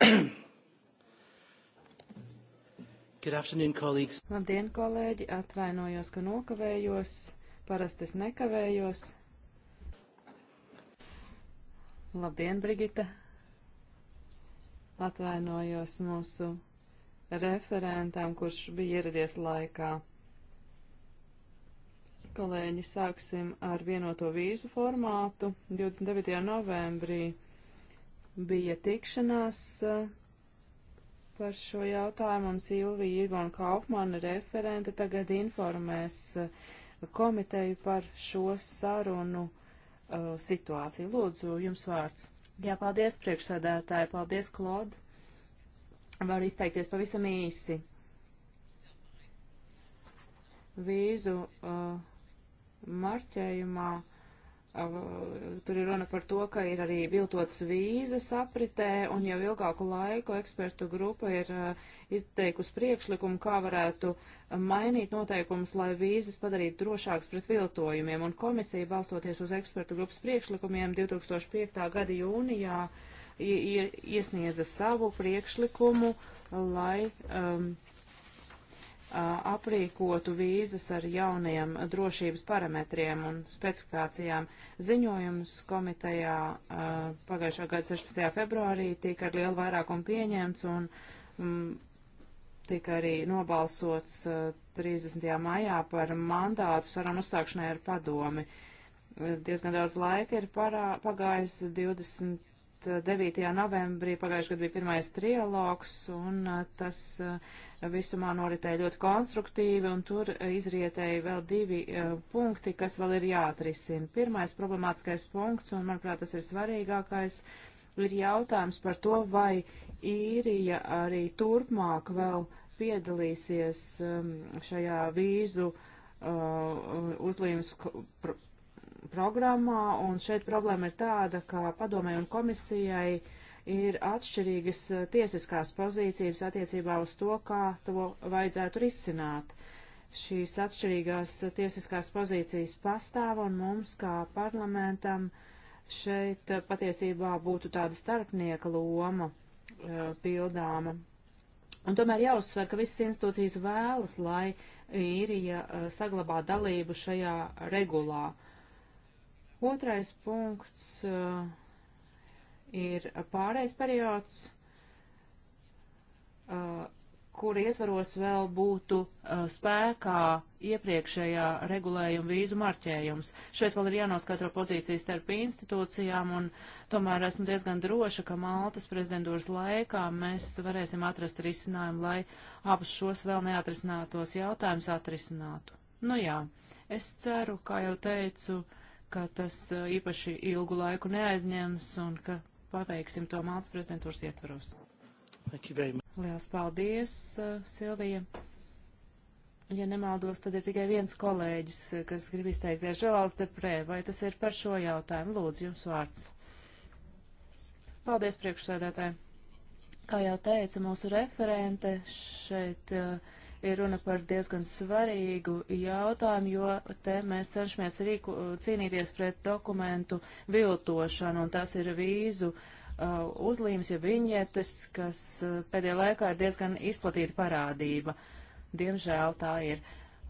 Good afternoon, colleagues. Labdien, kolēģi! Atvainojos, ka nokavējos. Parasti es nekavējos. Labdien, Brigita! Atvainojos mūsu referentam, kurš bija ieradies laikā. Kolēģi, sāksim ar vienoto vīzu formātu 29. novembrī bija tikšanās eh, par šo jautājumu, un Silvija Irgona Kaufmana referente tagad informēs eh, komiteju par šo sarunu uh, situāciju. Lūdzu, jums vārds. Jā, paldies, priekšsēdētāji, paldies, Klod. Varu izteikties pavisam īsi. Vīzu uh, marķējumā. Uh, Tur ir runa par to, ka ir arī viltotas vīzas apritē, un jau ilgāku laiku ekspertu grupa ir eh, izteikusi priekšlikumu, kā varētu mainīt noteikumus, lai vīzas padarītu drošākas pret viltojumiem. Un komisija, balstoties uz ekspertu grupas priekšlikumiem, 2005. gada jūnijā iesniedza savu priekšlikumu, lai. Um, aprīkotu vīzas ar jauniem drošības parametriem un specifikācijām. Ziņojums komitejā pagājušā gada 16. februārī tika ar lielu vairākumu pieņemts un m, mm, tika arī nobalsots 30. maijā par mandātu sarunu uzsākšanai ar padomi. Diezgan daudz laika ir parā, pagājis 20 9. Eh, novembrī pagājušajā gadā bija pirmais trialogs, un eh, tas eh, visumā noritēja ļoti konstruktīvi, un tur izrietēja vēl divi punkti, kas vēl ir jāatrisina. Pirmais problemātiskais punkts, un manuprāt tas ir svarīgākais, ir jautājums par to, vai īrija arī turpmāk vēl piedalīsies ehm, šajā vīzu uzlīmes programmā, un šeit problēma ir tāda, ka padomē un komisijai ir atšķirīgas eh, tiesiskās pozīcijas attiecībā uz to, kā to vajadzētu risināt. Šīs atšķirīgās eh, tiesiskās pozīcijas pastāv, un mums kā parlamentam šeit eh, patiesībā būtu tāda starpnieka loma pildāma. Un tomēr jāuzsver, ka visas institūcijas vēlas, lai īrija saglabā dalību šajā regulā. Uh, Otrais punkts uh, ir pārējais periods, uh, eh, kura ietvaros vēl būtu uh, spēkā iepriekšējā regulējuma vīzu marķējums. Šeit vēl ir jānoskatro pozīcijas starp institūcijām, un tomēr esmu diezgan droša, ka Maltas prezidentūras laikā mēs varēsim atrast risinājumu, lai abus šos vēl neatrisinātos jautājumus atrisinātu. Nu jā, es ceru, kā jau teicu, uh, ka tas īpaši ilgu laiku neaizņems un ka paveiksim to Maltas prezidentūras ietvaros. Lielas paldies, Silvija. Ja nemaldos, tad ir tikai viens kolēģis, kas grib izteikties. Žēlās deprē, vai tas ir par šo jautājumu? Lūdzu, jums vārds. Paldies, priekšsēdētāji. Kā jau teica mūsu referente, šeit uh, ir runa par diezgan svarīgu jautājumu, jo te mēs cenšamies rīku, cīnīties pret dokumentu viltošanu, un tas ir vīzu uh, uzlīmes, ja viņietes, kas uh, pēdējā laikā ir diezgan izplatīta parādība. Diemžēl tā ir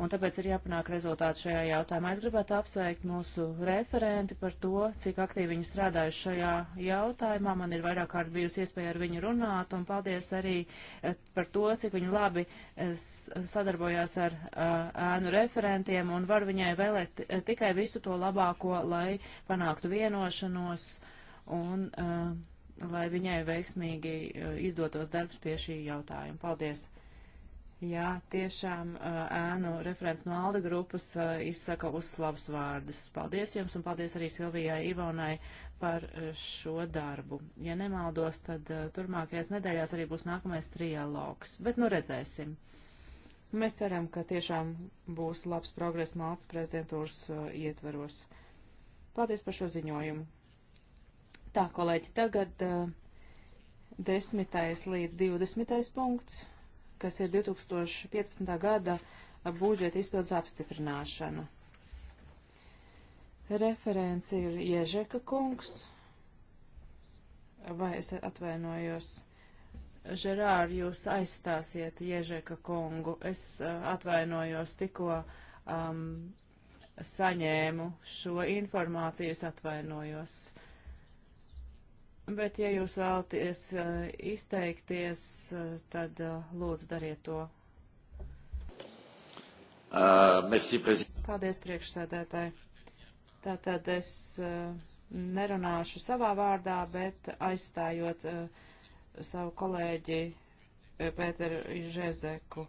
un tāpēc ir jāpanāk rezultāti šajā jautājumā. Es gribētu apsveikt mūsu referenti par to, cik aktīvi viņi strādājuši šajā jautājumā. Man ir vairāk kārt bijusi iespēja ar viņu runāt, un paldies arī eh, par to, cik viņi labi eh, sadarbojās ar eh, ēnu referentiem, un var viņai vēlēt tikai visu to labāko, lai panāktu vienošanos un lai viņai veiksmīgi izdotos darbs pie šī jautājuma. Paldies! Jā, tiešām ēnu referents no Alda grupas izsaka uzslavas vārdus. Paldies jums un paldies arī Silvijai Ivonai par šo darbu. Ja nemaldos, tad turmākajās nedēļās arī būs nākamais trialogs, bet nu redzēsim. Mēs ceram, ka tiešām būs labs progress Maltas prezidentūras ietvaros. Paldies par šo ziņojumu. Tā, kolēģi, tagad desmitais līdz divdesmitais punkts kas ir 2015. gada budžeta izpildes apstiprināšana. Referents ir Ježeka kungs, vai es atvainojos, Žerār, jūs aizstāsiet Ježeka kungu. Es uh, atvainojos tikko um, saņēmu šo informāciju, es atvainojos. Uh, Bet, ja jūs vēlaties eh, izteikties, eh, tad eh, lūdzu dariet to. Uh, merci, Paldies, priekšsēdētāji. Tātad es nerunāšu savā vārdā, bet aizstājot savu kolēģi Pēteru Žezeku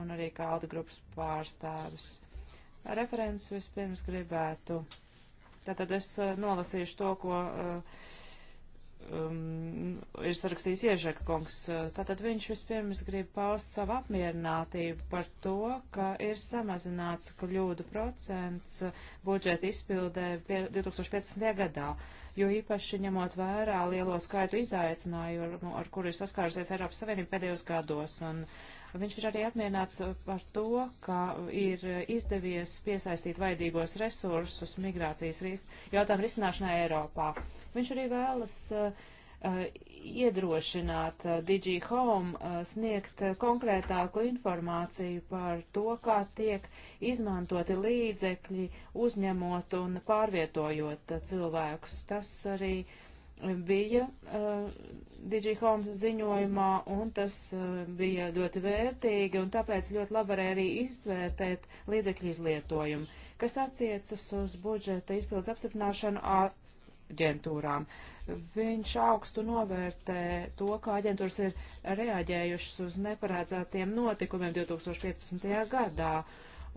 un arī kā Alta grupas pārstāvis. Referents vispirms gribētu Tātad es eh, nolasīšu to, ko eh, um, ir sarakstījis Iežeka kungs. Eh, tātad viņš vispirms grib paust savu apmierinātību par to, ka ir samazināts kļūdu procents budžeta izpildē 2015. gadā jo īpaši ņemot vērā lielo skaitu izaicinājumu, ar, ar kuru ir saskārusies Eiropas Savienība pēdējos gados. Un Viņš ir arī apmierināts par to, ka ir izdevies piesaistīt vajadīgos resursus migrācijas jautājumu risināšanai Eiropā. Viņš arī vēlas uh, uh iedrošināt uh, DG Home uh, sniegt konkrētāku informāciju par to, kā tiek izmantoti līdzekļi uzņemot un pārvietojot uh, cilvēkus. Tas arī uh, bija uh, eh, DigiHome ziņojumā, un tas uh, bija ļoti vērtīgi, un tāpēc ļoti labi varēja arī izvērtēt līdzekļu izlietojumu, kas attiecas uz budžeta izpildes apstiprināšanu aģentūrām. Viņš augstu novērtē to, kā aģentūras ir reaģējušas uz neparedzētiem notikumiem 2015. gadā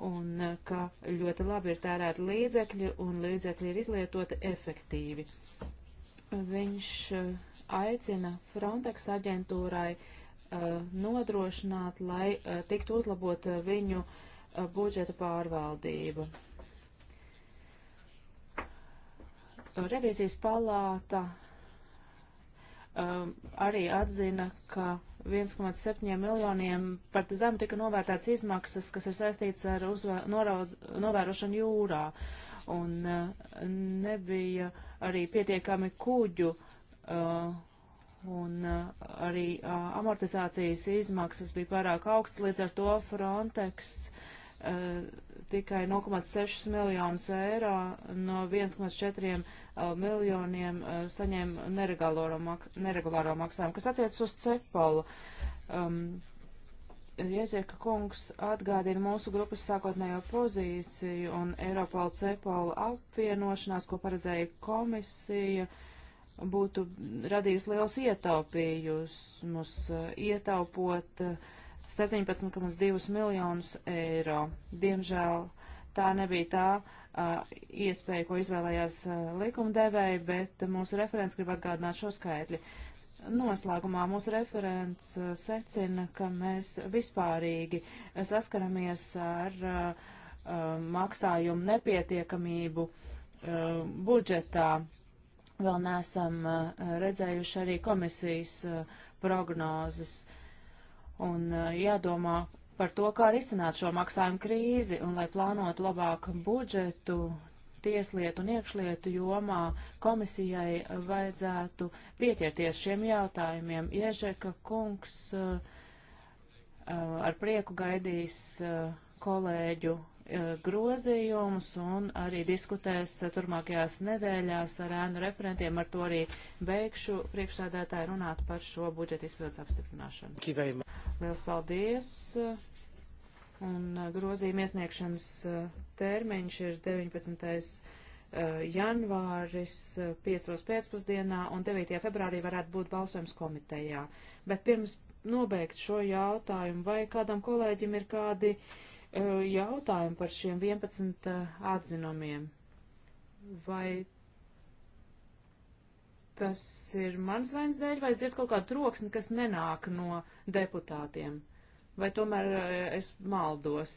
un eh, ka ļoti labi ir tērēti līdzekļi un līdzekļi ir izlietoti efektīvi. Viņš eh, aicina Frontex aģentūrai eh, nodrošināt, lai eh, tiktu uzlabot viņu budžeta pārvaldību. Revīzijas palāta um, arī atzina, ka 1,7 miljoniem par zemu tika novērtēts izmaksas, kas ir saistīts ar noraud, novērošanu jūrā. Un uh, nebija uh, arī pietiekami kuģu uh, un uh, arī uh, amortizācijas izmaksas bija pārāk augsts, līdz ar to Frontex uh, tikai 0,6 miljonus eiro no 1,4 uh, miljoniem uh, saņēma neregulāro maksājumu, kas attiecas uz cepolu. Um, Jēzieka kungs atgādina mūsu grupas sākotnējo pozīciju un Eiropola cepola apvienošanās, ko paredzēja komisija, būtu radījusi liels ietaupījus, mums eh, ietaupot 17,2 eh, miljonus eiro. Diemžēl tā nebija tā uh, iespēja, ko izvēlējās uh, likumdevēji, bet mūsu referents grib atgādināt šo skaitļi. Noslēgumā mūsu referents uh, secina, ka mēs vispārīgi saskaramies ar uh, um, maksājumu nepietiekamību uh, budžetā. Vēl neesam uh, redzējuši arī komisijas uh, prognozes. Un uh, jādomā par to, kā risināt šo maksājumu krīzi un lai plānotu labāku budžetu, tieslietu un iekšlietu jomā komisijai vajadzētu pieķerties šiem jautājumiem. Iežeka kungs uh, ar prieku gaidīs uh, kolēģu grozījumus un arī diskutēs turmākajās nedēļās ar ēnu referentiem. Ar to arī beigšu priekšsādētāju runāt par šo budžeta izpildes apstiprināšanu. Lielas paldies! un uh, grozījuma iesniegšanas uh, termiņš ir 19. Uh, janvāris 5. pēcpusdienā un 9. februārī varētu būt balsojums komitejā. Bet pirms nobeigt šo jautājumu, vai kādam kolēģim ir kādi jautājumi par šiem 11 atzinumiem? Vai tas ir mans vainas dēļ, vai es dzirdu kaut kādu troksni, kas nenāk no deputātiem? vai tomēr eh, es maldos?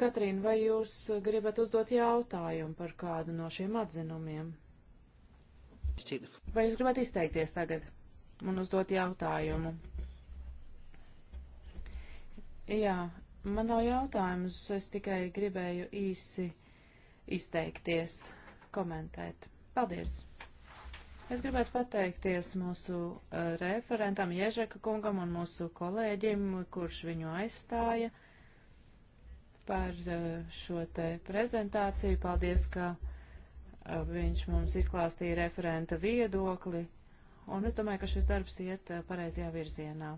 Katrīna, vai jūs gribat uzdot jautājumu par kādu no šiem atzinumiem? Vai jūs gribat izteikties tagad un uzdot jautājumu? Jā, man nav jautājums, es tikai gribēju īsi izteikties, komentēt. Paldies! Es gribētu pateikties mūsu uh, referentam Ježeka kungam un mūsu kolēģim, kurš viņu aizstāja par uh, šo te prezentāciju. Paldies, ka uh, viņš mums izklāstīja referenta viedokli. Un es domāju, ka šis darbs iet pareizajā virzienā.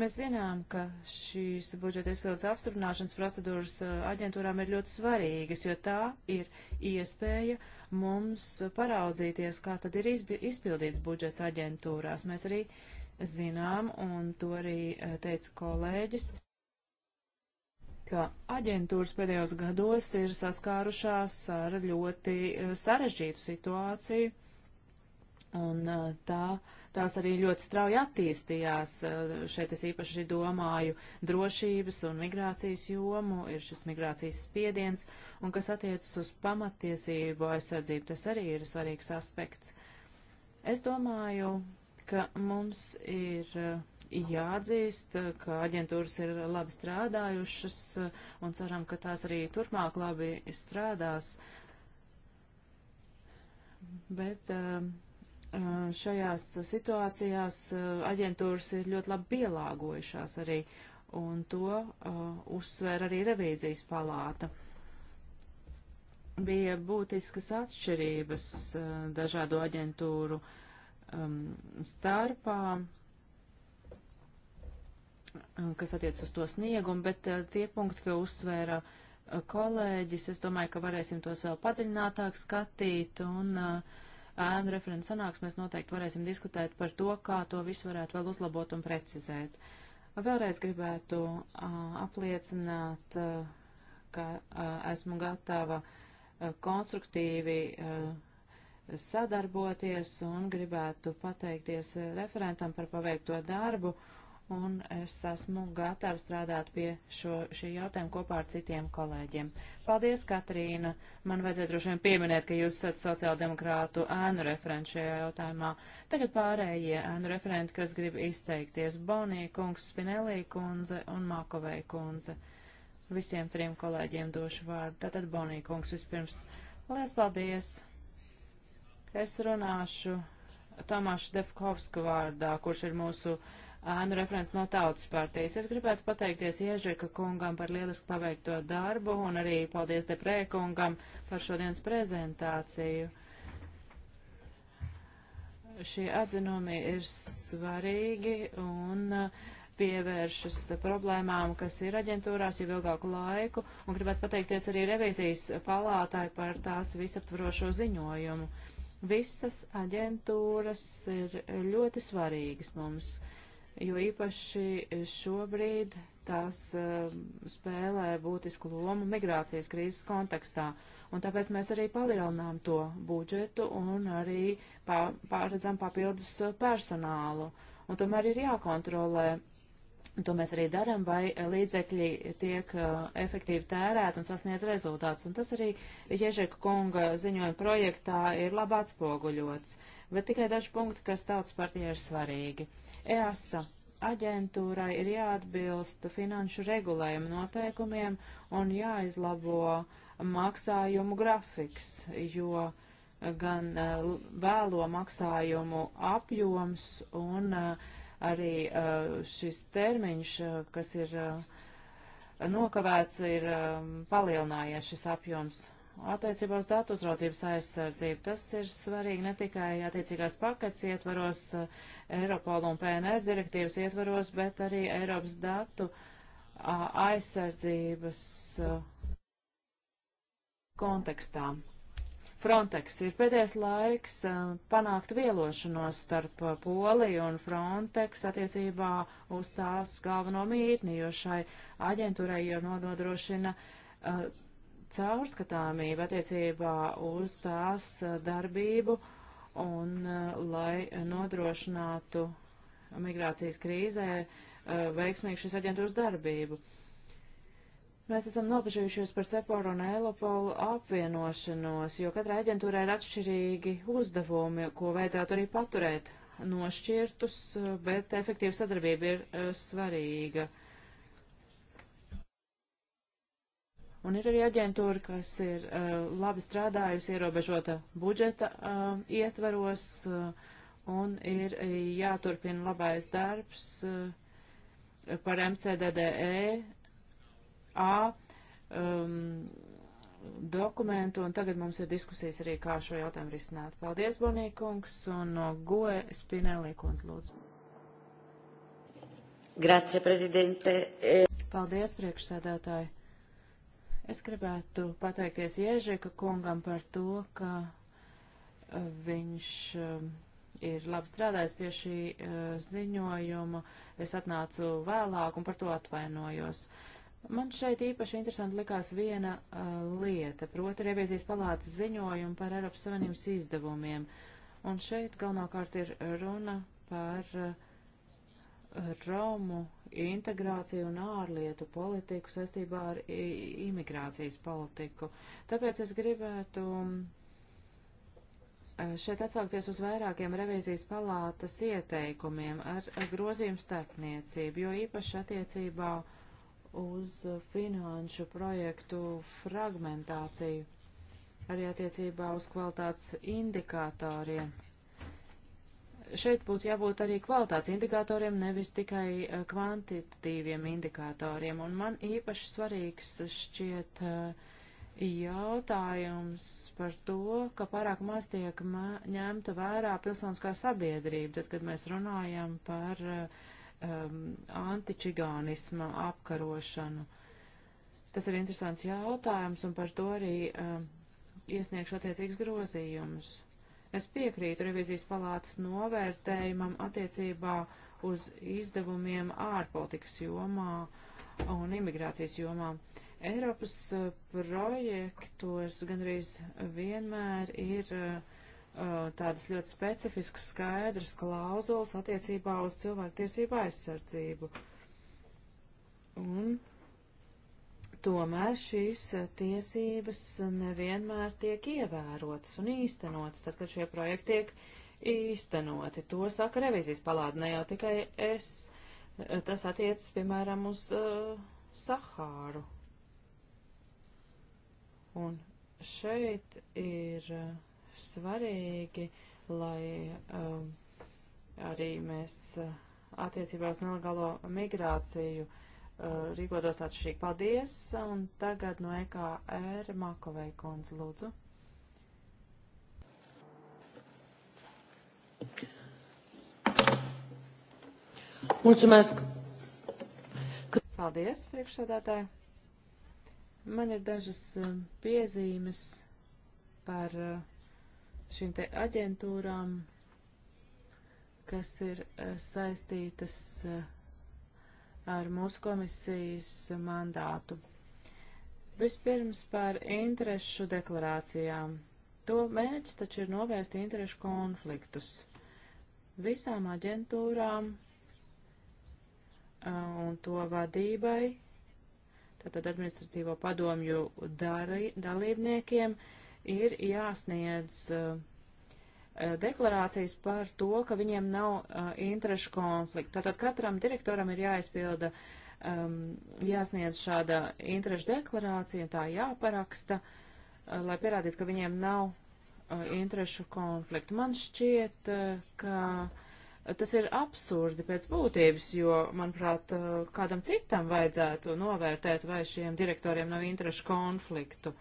Mēs zinām, ka šīs budžeta izpildes apstiprināšanas procedūras uh, aģentūrām ir ļoti svarīgas, jo tā ir iespēja mums paraudzīties, kā tad ir izpildīts budžets aģentūrās. Mēs arī zinām, un to arī uh, teica kolēģis, ka aģentūras pēdējos gados ir saskārušās ar ļoti uh, sarežģītu situāciju, un tā tās arī ļoti strauji attīstījās. Eh, šeit es īpaši domāju drošības un migrācijas jomu, ir šis migrācijas spiediens, un kas attiecas uz pamattiesību aizsardzību, tas arī ir svarīgs aspekts. Es domāju, ka mums ir eh, jāatzīst, ka aģentūras ir labi strādājušas eh, un ceram, ka tās arī turpmāk labi strādās. Bet uh, šajās situācijās aģentūras ir ļoti labi pielāgojušās arī, un to uzsver arī revīzijas palāta. Bija būtiskas atšķirības dažādu aģentūru starpā, kas attiec uz to sniegumu, bet tie punkti, ko uzsvēra kolēģis, es domāju, ka varēsim tos vēl padziļinātāk skatīt un uh, ēnu referentu sanāksmēs noteikti varēsim diskutēt par to, kā to visu varētu vēl uzlabot un precizēt. Vēlreiz gribētu uh, apliecināt, uh, ka uh, esmu gatava uh, konstruktīvi uh, sadarboties un gribētu pateikties referentam par paveikto darbu un es esmu gatava strādāt pie šo, šī jautājuma kopā ar citiem kolēģiem. Paldies, Katrīna. Man vajadzēja droši vien pieminēt, ka jūs esat sociāldemokrātu ēnu referents šajā jautājumā. Tagad pārējie ēnu referenti, kas grib izteikties - Bonija kungs, Spinelī kundze un Makovei kundze. Visiem trim kolēģiem došu vārdu. Tātad Bonija kungs vispirms. Lielas paldies! Es runāšu Tomāšu Defkovsku vārdā, kurš ir mūsu uh, ēnu referents no Tautas partijas. Es gribētu pateikties Iežeka kungam par lieliski paveikto darbu un arī paldies Deprē kungam par šodienas prezentāciju. Šie atzinumi ir svarīgi un uh, pievēršas problēmām, kas ir aģentūrās jau ilgāku laiku, un gribētu pateikties arī revizijas palātai par tās visaptvarošo ziņojumu. Visas aģentūras ir ļoti svarīgas mums. Uh, jo īpaši šobrīd tās uh, um, spēlē būtisku lomu migrācijas krīzes kontekstā. Un tāpēc mēs arī palielinām to budžetu un arī pā, pārredzam papildus personālu. Un tomēr ir jākontrolē, un to mēs arī daram, vai līdzekļi tiek uh, efektīvi tērēt un sasniedz rezultāts. Un tas arī Ježeka kunga ziņojuma projektā ir labi atspoguļots. Uh, bet tikai daži punkti, kas tautas partijai ir svarīgi. EASA aģentūrai ir jāatbilst finanšu regulējumu noteikumiem un jāizlabo maksājumu grafiks, jo gan uh, vēlo maksājumu apjoms un uh, arī uh, šis termiņš, kas ir nokavēts, ir palielinājies šis apjoms attiecībā uz datu uzraudzības aizsardzību. Tas ir svarīgi ne tikai attiecīgās pakets ietvaros, eh, Eiropola un PNR direktīvas ietvaros, bet arī Eiropas datu aizsardzības kontekstā. Frontex ir pēdējais laiks panākt vielošanos starp Poliju un Frontex attiecībā uz tās galveno mītni, jo šai aģentūrai jau nododrošina uh, caurskatāmība attiecībā uz tās eh, darbību un eh, lai nodrošinātu migrācijas krīzē eh, veiksmīgu šīs aģentūras darbību. Mēs esam nobežījušies par Cepolu un Eiropolu apvienošanos, jo katrai aģentūrai ir atšķirīgi uzdevumi, ko vajadzētu arī paturēt nošķirtus, bet efektīva sadarbība ir svarīga. Un ir arī aģentūra, kas ir uh, labi strādājusi ierobežota budžeta uh, ietvaros, uh, un ir jāturpina labais darbs uh, par MCDDE A um, dokumentu, un tagad mums ir diskusijas arī, kā šo jautājumu risināt. Paldies, Bonīkungs, un no Goe Spinelī kundz lūdzu. Grazie, prezidente. Paldies, priekšsēdētāji. Es gribētu pateikties Ježeka kungam par to, ka eh, viņš eh, ir labi strādājis pie šī eh, ziņojuma. Es atnācu vēlāk un par to atvainojos. Man šeit īpaši interesanti likās viena uh, lieta, proti Revizijas palātas ziņojumu par Eiropas Savienības izdevumiem. Un šeit galvenokārt ir runa par uh, Romu integrāciju un ārlietu politiku saistībā ar imigrācijas politiku. Tāpēc es gribētu mm, eh, šeit atsaukties uz vairākiem revīzijas palātas ieteikumiem ar grozījumu starpniecību, jo īpaši attiecībā uz finanšu projektu fragmentāciju, arī attiecībā uz kvalitātes indikatoriem šeit būtu jābūt arī kvalitātes indikatoriem, nevis tikai eh, kvantitatīviem indikatoriem. Un man īpaši svarīgs šķiet eh, jautājums par to, ka pārāk maz tiek ņemta vērā pilsoniskā sabiedrība, tad, kad mēs runājam par eh, um, antičigānisma apkarošanu. Tas ir interesants jautājums, un par to arī um, iesniegšu attiecīgus grozījumus. Es piekrītu revizijas palātas novērtējumam attiecībā uz izdevumiem ārpolitikas jomā un imigrācijas jomā. Eiropas eh, projektos gandrīz vienmēr ir uh, tādas ļoti specifiskas, skaidras klauzulas attiecībā uz cilvēktiesību aizsardzību. Un tomēr šīs eh, tiesības eh, nevienmēr tiek ievērotas un īstenotas, tad, kad šie projekti tiek īstenoti. To saka revizijas palāda, ne jau tikai es. Eh, tas attiecas, piemēram, uz uh, Sahāru. Un šeit ir uh, svarīgi, lai uh, arī mēs uh, attiecībā uz nelegālo migrāciju uh, Eh, rīkotos atšķirīgi. Paldies, un tagad no EKR Makovei kundze lūdzu. Mulțumesc! Paldies, priekšsēdētāji! Man ir dažas eh, piezīmes par eh, šīm te aģentūrām, kas ir saistītas ar ar mūsu komisijas mandātu. Vispirms par interešu deklarācijām. To mērķis taču ir novērst interešu konfliktus. Visām aģentūrām uh, un to vadībai, tātad administratīvo padomju dalībniekiem, ir jāsniedz uh, Eh, deklarācijas par to, ka viņiem nav uh, interešu konflikta. Tātad katram direktoram ir jāizpilda, um, jāsniedz šāda interešu deklarācija, tā jāparaksta, uh, lai pierādītu, ka viņiem nav uh, interešu konflikta. Man šķiet, uh, ka tas ir absurdi pēc būtības, jo, manuprāt, uh, kādam citam vajadzētu novērtēt, vai šiem direktoriem nav interešu konfliktu.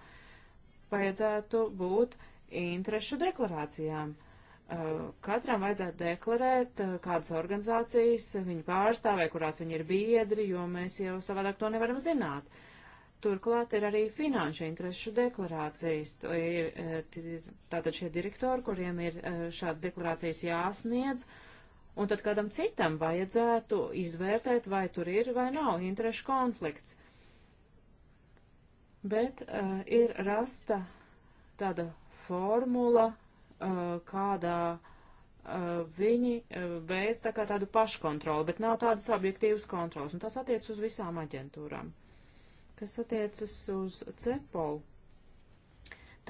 Vajadzētu būt interešu deklarācijām. Eh, katram vajadzētu deklarēt, eh, kādas organizācijas viņi pārstāvē, kurās viņi ir biedri, jo mēs jau savādāk to nevaram zināt. Turklāt ir arī finanšu interešu deklarācijas. Eh, ir tātad šie direktori, kuriem ir šādas deklarācijas jāsniedz, un tad kādam citam vajadzētu izvērtēt, vai tur ir vai nav interešu konflikts. Bet uh, ir rasta tāda formula, uh, kādā uh, viņi uh, veids tā kā tādu paškontroli, bet nav tādas objektīvas kontrolas, un tas attiec uz visām aģentūrām. Kas attiecas uz CEPOL,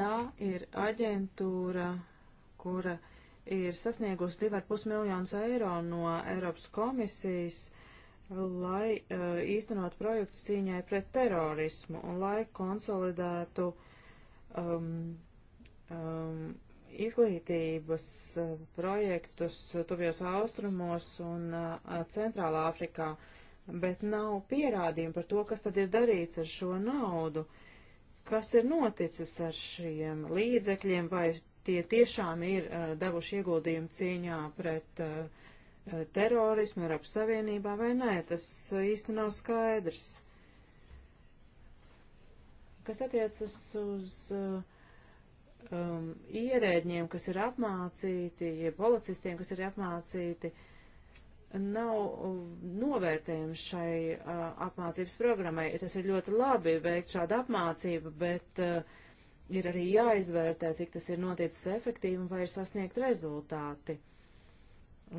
tā ir aģentūra, kura ir sasniegusi 2,5 miljonus eiro no Eiropas komisijas, lai uh, īstenot projektu cīņai pret terorismu un lai konsolidētu um, um, izglītības uh, projektus tuvjos austrumos un uh, centrālā Afrikā, bet nav pierādījumi par to, kas tad ir darīts ar šo naudu, kas ir noticis ar šiem līdzekļiem, vai tie tiešām ir uh, devuši ieguldījumu cīņā pret uh, terorismu Eiropas Savienībā vai nē, tas īsti nav skaidrs. Kas attiecas uz uh, um, ierēģiem, kas ir apmācīti, ja policistiem, kas ir apmācīti, nav um, novērtējums šai uh, apmācības programmai. Tas ir ļoti labi veikt šādu apmācību, bet uh, ir arī jāizvērtē, cik tas ir noticis efektīvi un vai ir sasniegt rezultāti.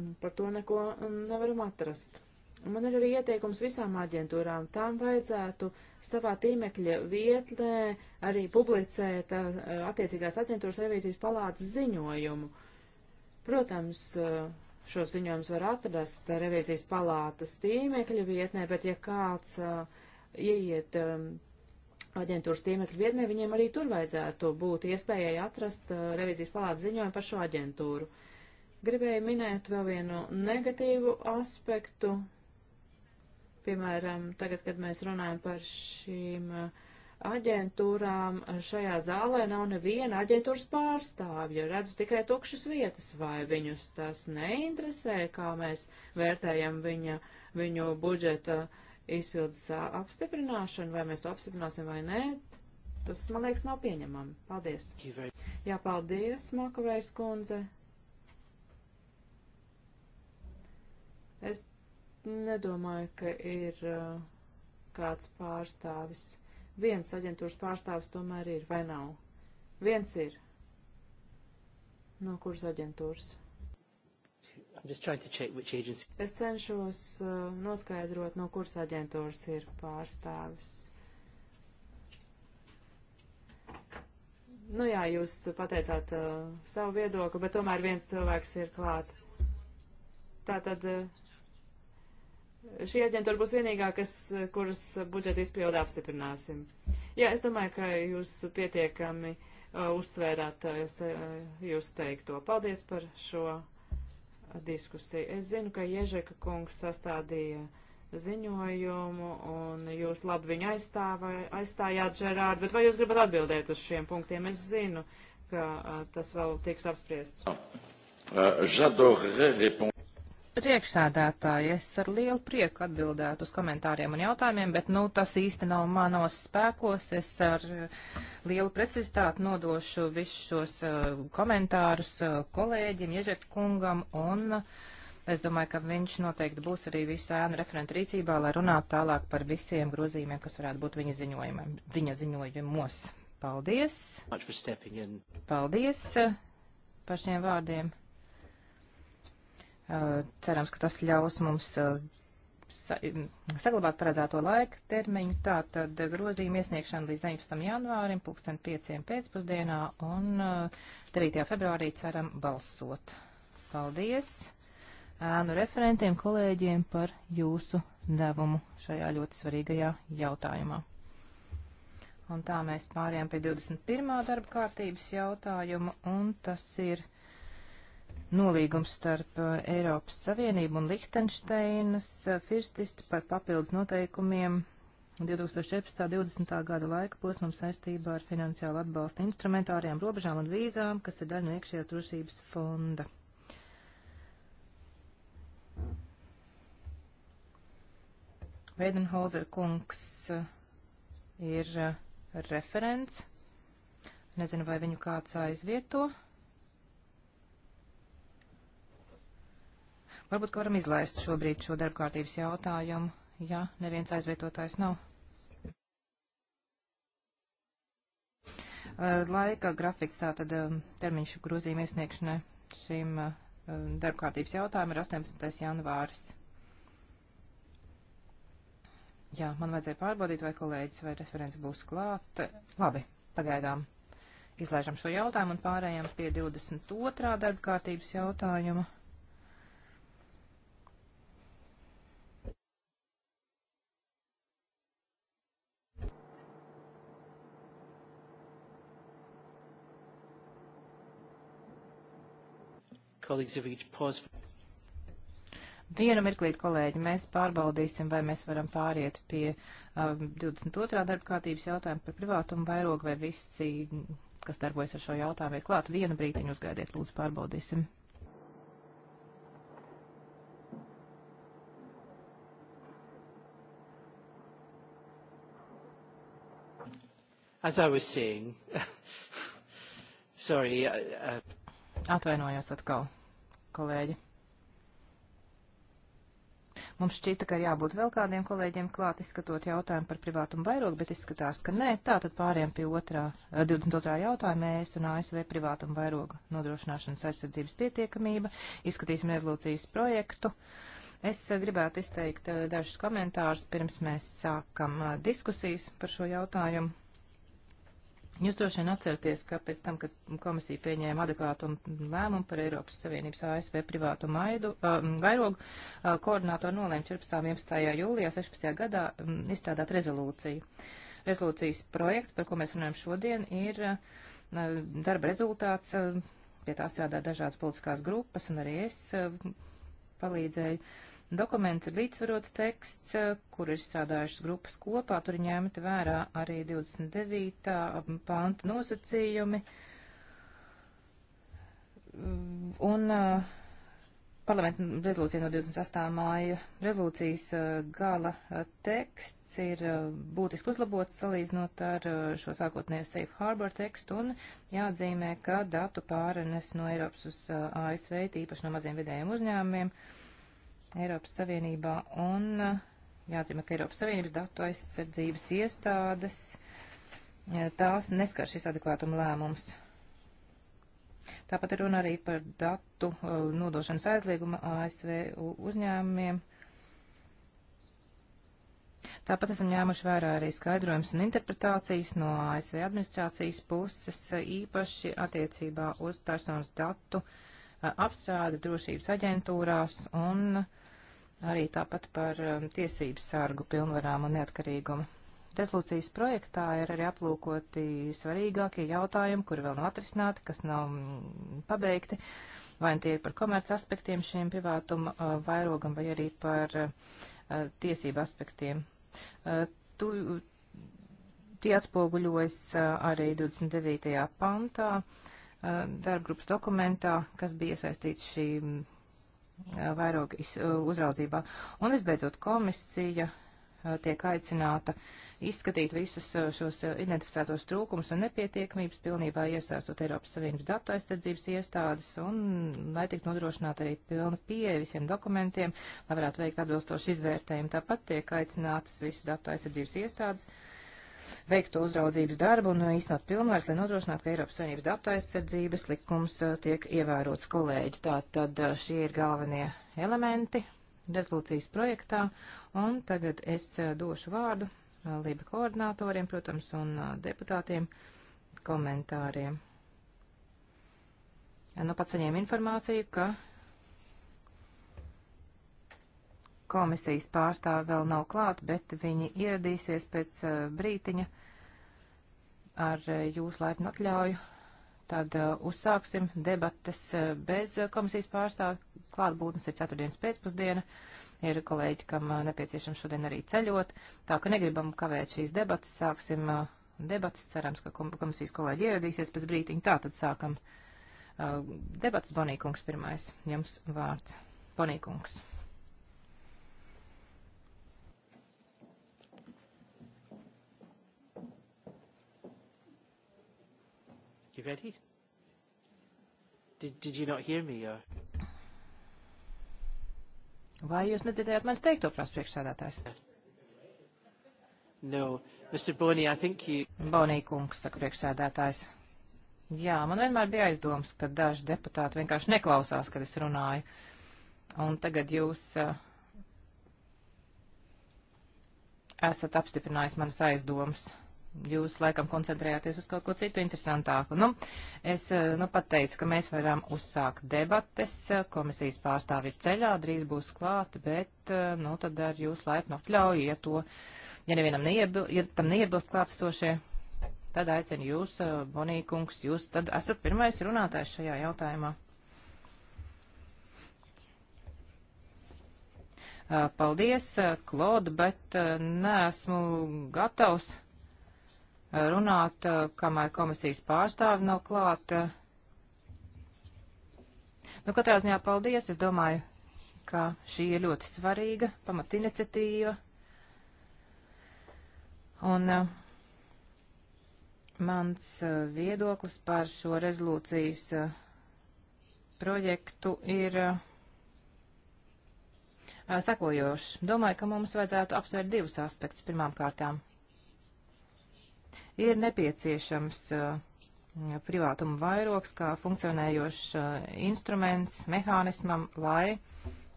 Un par to neko nevaram atrast. Man ir arī ieteikums visām aģentūrām. Tām vajadzētu savā tīmekļa vietnē arī publicēt uh, attiecīgās aģentūras revīzijas palātas ziņojumu. Protams, uh, šos ziņojumus var atrast revīzijas palātas tīmekļa vietnē, bet ja kāds uh, ieiet um, aģentūras tīmekļa vietnē, viņiem arī tur vajadzētu būt iespējai atrast revīzijas palātas ziņojumu par šo aģentūru. Gribēju minēt vēl vienu negatīvu aspektu, Piemēram, tagad, kad mēs runājam par šīm uh, aģentūrām, uh, šajā zālē nav neviena aģentūras pārstāvja. Redzu tikai tukšas vietas, vai viņus tas neinteresē, kā mēs vērtējam viņa, viņu budžeta izpildes uh, apstiprināšanu, vai mēs to apstiprināsim vai nē. Tas, man liekas, nav pieņemami. Paldies. Jā, paldies, Makavējs kundze. Es Nedomāju, ka ir uh, kāds pārstāvis. Viens aģentūras pārstāvis tomēr ir, vai nav? Viens ir. No kuras aģentūras? Es cenšos uh, noskaidrot, no kuras aģentūras ir pārstāvis. nu jā, jūs pateicāt uh, savu viedokli, bet tomēr viens cilvēks ir klāt. Tā tad uh, Šī aģentūra būs vienīgā, kas, kuras budžeta izpildu apstiprināsim. Jā, es domāju, ka jūs pietiekami uh, uzsvērāt uh, uh jūs teikto. Paldies par šo diskusiju. Es zinu, ka Ježeka kungs sastādīja ziņojumu, un jūs labi viņu aizstāvā, aizstājāt, Žerārd, bet vai jūs gribat atbildēt uz šiem punktiem? Es zinu, ka uh, tas vēl tiks apspriests. Uh, priekšsēdētāji, es ar lielu prieku atbildētu uz komentāriem un jautājumiem, bet, nu, tas īsti nav manos spēkos. Es ar uh, lielu precizitāti nodošu visus šos uh, komentārus uh, kolēģim, Ježek kungam, un uh, es domāju, ka viņš noteikti būs arī visu ēnu referentu rīcībā, lai runātu tālāk par visiem grozījumiem, kas varētu būt viņa, ziņojumiem, viņa ziņojumos. Paldies! Paldies uh, par šiem vārdiem! Cerams, ka tas ļaus mums saglabāt paredzēto laika termiņu. Tātad grozījuma iesniegšana līdz 19. janvārim, pulksten 5. pēcpusdienā un 9. februārī ceram balsot. Paldies ēnu referentiem, kolēģiem par jūsu devumu šajā ļoti svarīgajā jautājumā. Un tā mēs pārējām pie 21. darba kārtības jautājuma, un tas ir nolīgums starp uh, Eiropas Savienību un Lihtenšteinas uh, firstisti par papildus noteikumiem 2017.20. gada laika posmam saistībā ar finansiālu atbalstu instrumentāriem robežām un vīzām, kas ir daļa no iekšējās drošības fonda. Veidenholzer kungs uh, ir referents. Nezinu, vai viņu kāds aizvieto. Varbūt, ka varam izlaist šobrīd šo darbkārtības jautājumu, ja neviens aizvietotājs nav. Laika grafiks, tātad termiņš grozījuma iesniegšanai šim darbkārtības jautājumam ir 18. janvārs. Jā, man vajadzēja pārbaudīt, vai kolēģis vai referents būs klāt. Labi, pagaidām. Izlaižam šo jautājumu un pārējām pie 22. darba kārtības jautājuma. Colleagues, if we could pause. Vienu mirklīt, kolēģi, mēs pārbaudīsim, vai mēs varam pāriet pie uh, um, 22. darba kārtības jautājuma par privātumu vairogu, vai visi, kas darbojas ar šo jautājumu, ir klāt. Vienu brītiņu uzgaidiet, lūdzu, pārbaudīsim. As I was saying, sorry. Uh, uh... Atvainojos atkal, kolēģi. Mums šķita, ka ir jābūt vēl kādiem kolēģiem klāt izskatot jautājumu par privātumu vairogu, bet izskatās, ka nē. Tātad pāriem pie otrā, 22. Eh, jautājuma ES un ASV privātumu vairogu nodrošināšanas aizsardzības pietiekamība. Izskatīsim rezolūcijas projektu. Es eh, gribētu izteikt eh, dažus komentārus, pirms mēs sākam diskusijas par šo jautājumu. Jūs droši vien atceraties, ka pēc tam, kad komisija pieņēma adekvātu lēmumu par Eiropas Savienības ASV privātu maidu, uh, vairogu, uh, koordinātori nolēma 14. un 11. jūlijā 16. gadā um, izstrādāt rezolūciju. Rezolūcijas projekts, par ko mēs runājam šodien, ir uh, darba rezultāts. Uh, pie tā strādā dažādas politiskās grupas, un arī es uh, palīdzēju. Uh, Dokuments ir līdzsvarots teksts, eh, kur ir strādājušas grupas kopā, tur ņemta vērā arī 29. Mm, panta nosacījumi. Mm, un uh, parlamenta rezolūcija no 28. māja rezolūcijas eh, gala teksts ir būtiski uzlabots salīdzinot ar šo sākotnējo Safe Harbor tekstu un jāatzīmē, ka datu pārenes no Eiropas uz ASV, tīpaši no maziem vidējiem uzņēmumiem, uh, Eiropas Savienībā un eh, jāatzīmē, ka Eiropas Savienības datu aizsardzības iestādes eh, tās neskar šis adekvātuma lēmums. Tāpat runa arī par datu eh, nodošanas aizliegumu ASV uzņēmumiem. Tāpat esam ņēmuši vērā arī skaidrojums un interpretācijas no ASV administrācijas puses, īpaši attiecībā uz personas datu apstrādi drošības aģentūrās un uh, arī tāpat par um, tiesības sargu pilnvarām un neatkarīgumu. Rezolūcijas projektā ir arī aplūkoti svarīgākie jautājumi, kuri vēl nav atrisināti, kas nav mm, pabeigti, vai tie ir par komerc aspektiem šiem privātuma uh, vairogam, vai arī par uh, tiesību aspektiem. Uh, tu, tie atspoguļojas uh, arī 29. pantā uh, darba grupas dokumentā, kas bija iesaistīts šī mm, vairogu uh, uzraudzībā. Un visbeidzot, komisija uh, tiek aicināta izskatīt visus uh, šos identificētos trūkumus un nepietiekamības, pilnībā iesaistot Eiropas Savienības datu aizsardzības iestādes un lai tiktu nodrošināta arī pilna pieeja visiem dokumentiem, lai varētu veikt atbilstošu izvērtējumu. Tāpat tiek aicinātas visas datu aizsardzības iestādes veiktu uzraudzības darbu un īstenot pilnvairs, lai nodrošinātu, ka Eiropas Savienības datu aizsardzības likums tiek ievērots kolēģi. Tātad šie ir galvenie elementi rezolūcijas projektā, un tagad es došu vārdu Lība koordinātoriem, protams, un deputātiem komentāriem. Nu, pats saņēmu informāciju, ka Komisijas pārstāvi vēl nav klāt, bet viņi ieradīsies pēc uh, brītiņa ar uh, jūsu laipnu atļauju. Tad uh, uzsāksim debates bez komisijas pārstāvi. Klātbūtnes ir ceturtdienas pēcpusdiena. Ir kolēģi, kam nepieciešams šodien arī ceļot. Tā ka negribam kavēt šīs debatas. Sāksim debatas. Cerams, ka komisijas kolēģi ieradīsies pēc brītiņa. Tā tad sākam. Debats Bonīkungs pirmais. Jums vārds. Bonīkungs. You ready? Did, did you not hear me? Or? Uh? Vai jūs nedzirdējāt manis teikto, prasa priekšsēdētājs? No, Mr. Boney, I think you... Boney kungs, saka priekšsēdētājs. Jā, man vienmēr bija aizdoms, ka daži deputāti vienkārši neklausās, kad es runāju. Un tagad jūs uh, esat apstiprinājis manas aizdomas. Jūs laikam koncentrējāties uz kaut ko citu interesantāku. Nu, es eh, nu, pat teicu, ka mēs varam uzsākt debates. Eh, komisijas pārstāvi ir ceļā, drīz būs klāti, bet eh, nu, tad ar jūs laipnu atļauju, ja, to, ja nevienam neiebil, ja tam neiebilst klātesošie, tad aicinu jūs, Bonīkungs, jūs tad esat pirmais runātājs šajā jautājumā. Paldies, Klod, bet neesmu gatavs runāt, eh, kamēr komisijas pārstāvi nav klāt. Nu, katrā ziņā paldies. Es domāju, ka šī ir ļoti svarīga pamatiniciatīva. Un uh, mans uh, viedoklis par šo rezolūcijas uh, projektu ir sekojošs. Domāju, ka mums vajadzētu apsvērt divus aspektus pirmām kārtām ir nepieciešams uh, privātuma vairoks kā funkcionējošs uh, instruments mehānismam, lai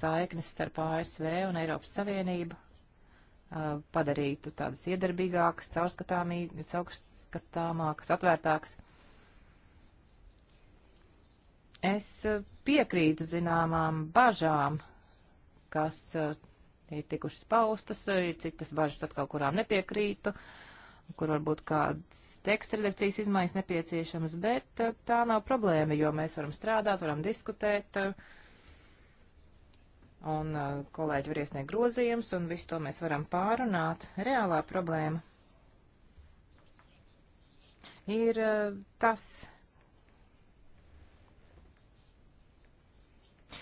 saiknes starp ASV un Eiropas Savienību uh, padarītu tādas iedarbīgākas, caurskatāmākas, atvērtākas. Es piekrītu zināmām bažām, kas ir tikušas paustas, ir citas bažas atkal, kurām nepiekrītu. Uh, kur varbūt kādas teksta redakcijas izmaiņas nepieciešamas, bet eh, tā nav problēma, jo mēs varam strādāt, varam diskutēt, eh, un eh, kolēģi var iesniegt grozījums, un visu to mēs varam pārunāt. Reālā problēma ir tas,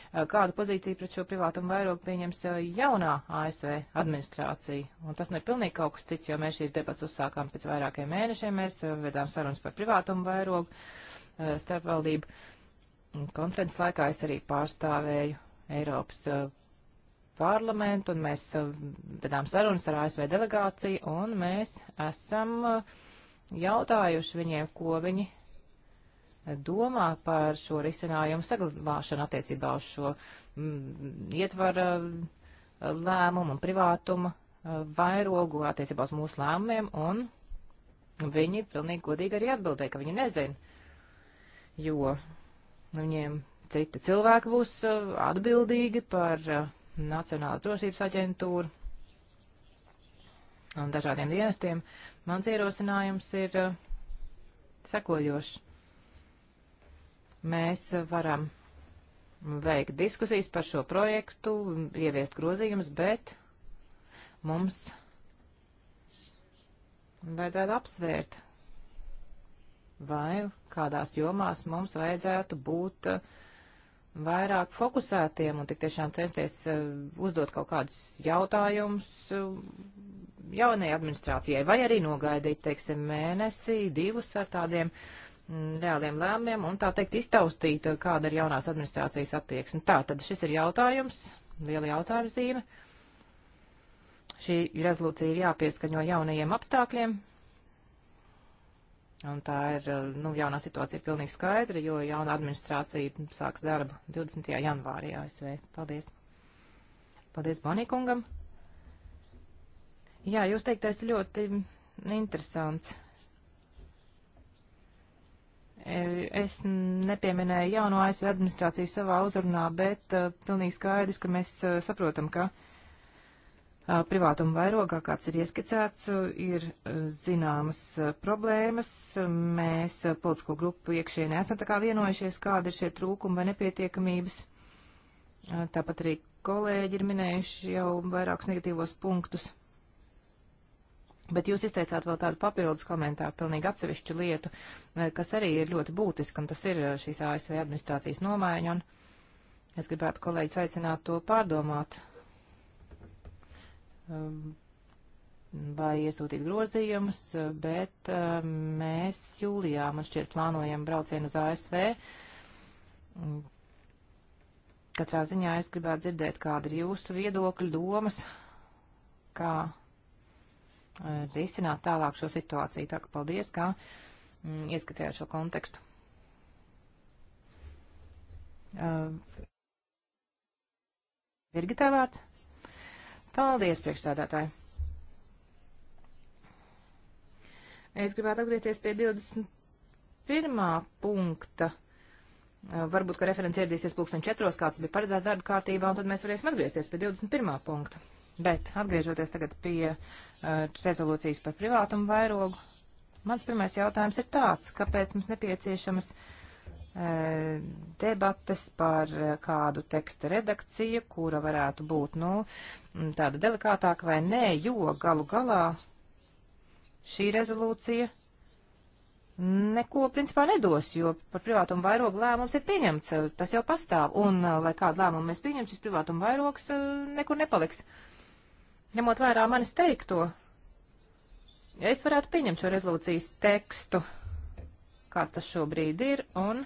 Eh, kādu pozīciju pret šo privātumu vairogu pieņems eh, jaunā ASV administrācija. Un tas nav nu pilnīgi kaut kas cits, jo mēs šīs debats uzsākām pēc vairākiem mēnešiem. Mēs eh, vedām sarunas par privātumu vairogu starpvaldību konferences laikā. Es arī pārstāvēju Eiropas parlamentu, un mēs vedām sarunas ar ASV delegāciju, un mēs esam jautājuši viņiem, ko viņi domā par šo risinājumu saglabāšanu attiecībā uz šo m, mm, ietvara eh, lēmumu un privātuma eh, vairogu attiecībā uz mūsu lēmumiem, un viņi pilnīgi godīgi arī atbildēja, ka viņi nezina, jo viņiem citi cilvēki būs eh, atbildīgi par Nacionālas drošības aģentūru un dažādiem dienestiem. Mans ierosinājums ir sekojošs mēs varam veikt diskusijas par šo projektu, ieviest grozījumus, bet mums vajadzētu apsvērt, vai kādās jomās mums vajadzētu būt uh, vairāk fokusētiem un tik tiešām censties uh, uzdot kaut kādus jautājumus uh, jaunajai administrācijai, vai arī nogaidīt, teiksim, mēnesī, divus ar tādiem uh, reāliem lēmumiem un tā teikt iztaustīt, eh, kāda ir jaunās administrācijas attieksme. Tā tad šis ir jautājums, liela jautājuma zīme. Šī rezolūcija ir jāpieskaņo jaunajiem apstākļiem. Un tā ir, eh, nu, jaunā situācija ir pilnīgi skaidra, jo jauna administrācija sāks darbu 20. janvārī ASV. Paldies. Paldies Banīkungam. Jā, jūs teiktais ļoti interesants. Es nepieminēju jauno ASV administrāciju savā uzrunā, bet uh, pilnīgi skaidrs, ka mēs uh, saprotam, ka uh, privātuma vairogā, kāds ir ieskicēts, uh, ir uh, zināmas uh, problēmas. Mēs politisko grupu iekšienē esam tā kā vienojušies, kāda ir šie trūkumi vai nepietiekamības. Tāpat arī kolēģi ir minējuši jau vairākus negatīvos punktus. Bet jūs izteicāt vēl tādu papildus komentāru, pilnīgi atsevišķu lietu, eh, kas arī ir ļoti būtiska, un tas ir eh, šīs ASV administrācijas nomaiņa, un es gribētu kolēģis aicināt to pārdomāt, um, vai iesūtīt grozījumus, bet um, mēs jūlijā, man šķiet, plānojam braucienu uz ASV. Mm. Katrā ziņā es gribētu dzirdēt, kāda ir jūsu viedokļa, domas, kā Eh, risināt tālāk šo situāciju. Tā ka paldies, kā mm, ieskatījāt šo kontekstu. Uh, eh, Virgitē vārds. Paldies, priekšsādātāji. Es gribētu atgriezties pie 21. punkta. Eh, varbūt, ka referents ieradīsies pulksten četros, kāds bija paredzēts darba kārtībā, un tad mēs varēsim atgriezties pie 21. punkta. Bet atgriežoties tagad pie uh, Eh, rezolūcijas par privātumu vairogu. Mans pirmais jautājums ir tāds, kāpēc mums nepieciešamas eh, debates par eh, kādu teksta redakciju, kura varētu būt, nu, tāda delikātāka vai nē, jo galu galā šī rezolūcija neko principā nedos, jo par privātumu vairogu lēmums ir pieņemts, tas jau pastāv, un lai kādu lēmumu mēs pieņemsim, šis privātumu vairogs nekur nepaliks. Uh, ņemot vērā manis teikto, es varētu pieņemt šo rezolūcijas tekstu, kāds tas šobrīd ir, un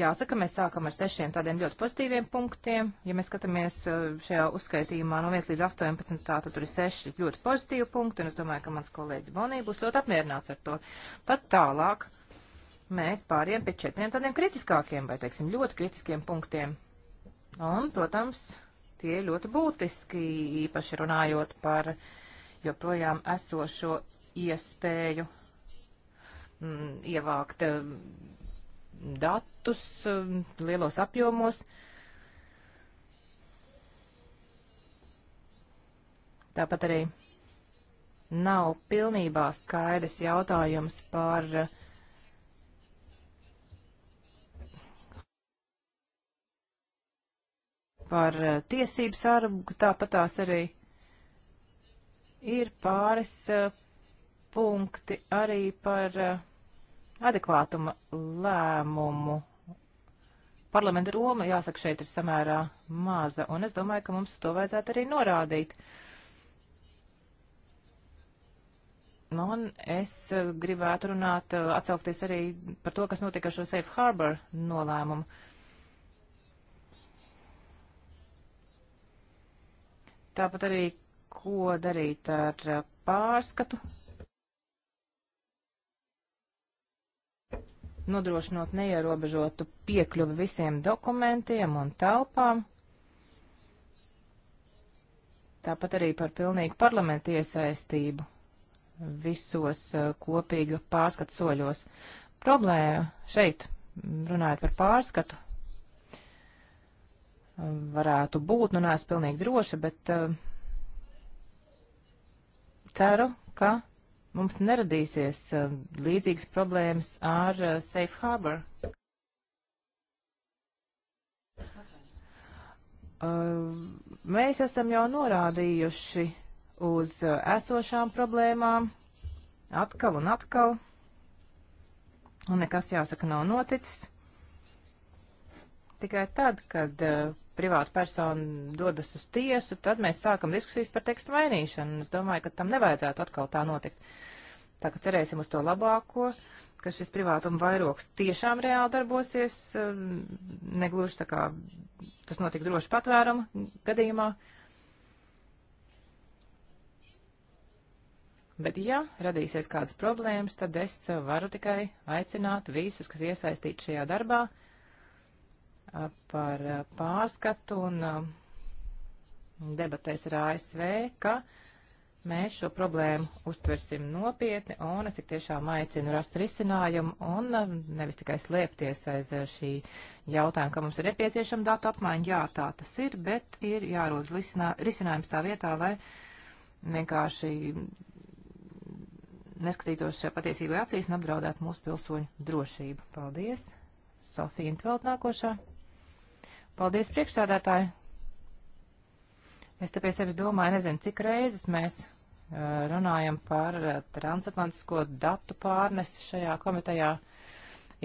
jāsaka, mēs sākam ar sešiem tādiem ļoti pozitīviem punktiem. Ja mēs skatāmies uh, šajā uzskaitījumā no 1 līdz 18, tad tur ir seši ļoti pozitīvi punkti, un es domāju, ka mans kolēģis Bonī būs ļoti apmierināts ar to. Tad tālāk mēs pāriem pie četriem tādiem kritiskākiem vai, teiksim, ļoti kritiskiem punktiem. Un, protams, tie ļoti būtiski, īpaši runājot par joprojām esošo iespēju m, mm, ievākt m, mm, datus m, mm, lielos apjomos. Tāpat arī nav pilnībā skaidrs jautājums par uh, par eh, tiesību sargu, tāpat tās arī ir pāris eh, punkti arī par eh, adekvātuma lēmumu. Parlamenta Roma, jāsaka, šeit ir samērā maza, un es domāju, ka mums to vajadzētu arī norādīt. Nu, un es gribētu runāt, atsaukties arī par to, kas notika ar šo Safe Harbor nolēmumu. Uh, Tāpat arī, ko darīt ar eh, pārskatu, nodrošinot neierobežotu piekļuvi visiem dokumentiem un telpām. Tāpat arī par pilnīgu parlamentu iesaistību visos eh, kopīga pārskatu soļos. Problēma šeit, runājot par pārskatu, varētu būt. Nu, neesmu pilnīgi droša, bet uh, ceru, ka mums neradīsies uh, līdzīgas problēmas ar uh, Safe Harbor. Mēs esam jau norādījuši uz esošām problēmām atkal un atkal, un nekas jāsaka nav noticis. Tikai tad, kad uh, privāta persona dodas uz tiesu, tad mēs sākam diskusijas par tekstu mainīšanu. Es domāju, ka tam nevajadzētu atkal tā notikt. Tā kā cerēsim uz to labāko, ka šis privātuma vairoks tiešām reāli darbosies, eh, negluži tā kā tas notika droši patvērumu gadījumā. Bet ja radīsies kādas problēmas, tad es eh, varu tikai aicināt visus, kas iesaistīti šajā darbā, uh, par pārskatu un debatēs ar ASV, ka mēs šo problēmu uztversim nopietni, un es tik tiešām aicinu rast risinājumu un nevis tikai slēpties aiz šī jautājuma, ka mums ir nepieciešama datu apmaiņa. Jā, tā tas ir, bet ir jārod risinājums tā vietā, lai vienkārši neskatītos šajā patiesībā acīs un apdraudētu mūsu pilsoņu drošību. Paldies! Sofija Intveld nākošā. Paldies, priekšsādātāji! Es te pie sevis domāju, nezinu, cik reizes mēs uh, runājam par uh, transatlantisko datu pārnesi šajā komitejā.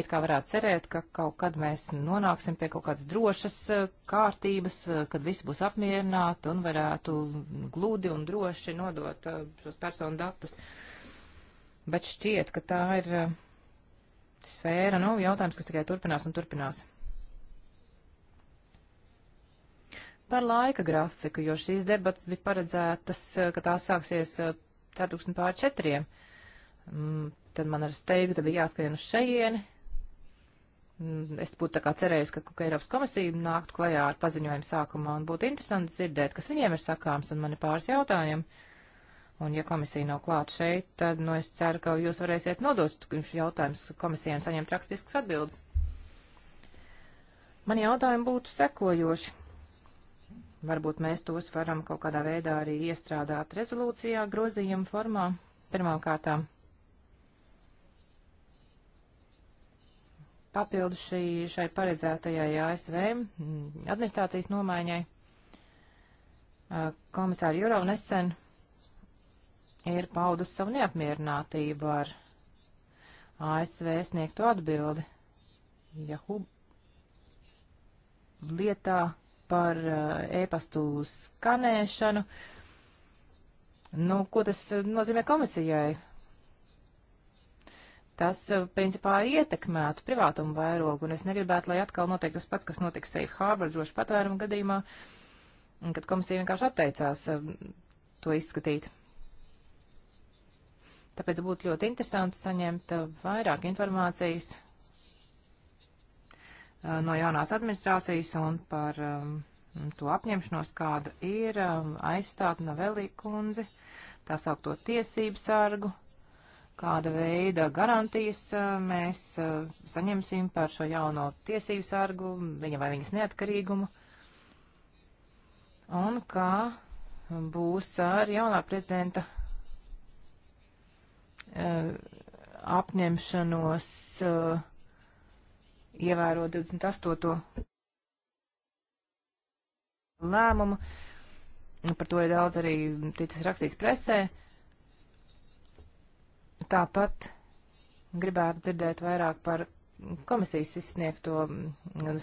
It kā varētu cerēt, ka kaut kad mēs nonāksim pie kaut kādas drošas uh, kārtības, kad visi būs apmierināti un varētu glūdi un droši nodot šos personu datus. Bet šķiet, ka tā ir sfēra, nu, jautājums, kas tikai turpinās un turpinās. Par laika grafiku, jo šīs debats bija paredzētas, eh, ka tās sāksies eh, ceturksni pār četriem. Mm, tad man ar steigu bija jāskrien uz šejieni. Mm, es būtu tā kā cerējis, ka, ka Eiropas komisija nāktu klajā ar paziņojumu sākumā un būtu interesanti dzirdēt, kas viņiem ir sakāms un man ir pāris jautājumi. Un, ja komisija nav klāta šeit, tad nu, es ceru, ka jūs varēsiet nodot jautājumus komisijai un saņemt rakstiskas atbildes. Mani jautājumi būtu sekojoši. Varbūt mēs tos varam kaut kādā veidā arī iestrādāt rezolūcijā grozījuma formā pirmām kārtām. Papildu šī, šai paredzētajai ASV administrācijas nomaiņai komisāri Juro nesen ir paudus savu neapmierinātību ar ASV sniegto atbildi. Jahu lietā par eh, e-pastu skanēšanu. Nu, ko tas eh, nozīmē komisijai? tas eh, principā ietekmētu privātumu vairogu, un es negribētu, lai atkal notiek tas pats, kas notika Safe Harbor droši patvērumu gadījumā, kad komisija vienkārši atteicās to izskatīt. Tāpēc būtu ļoti interesanti saņemt vairāk informācijas Uh, no jaunās administrācijas un par um, to apņemšanos, kāda ir um, aizstāt Navelī kundzi, tā saukto tiesību sargu, kāda veida garantijas uh, mēs uh, saņemsim par šo jauno tiesību sargu, viņa vai viņas neatkarīgumu, un kā būs ar jaunā prezidenta uh, apņemšanos uh, ievēro 28. lēmumu. Par to ir daudz arī ticis rakstīts presē. Tāpat gribētu dzirdēt vairāk par komisijas izsniegto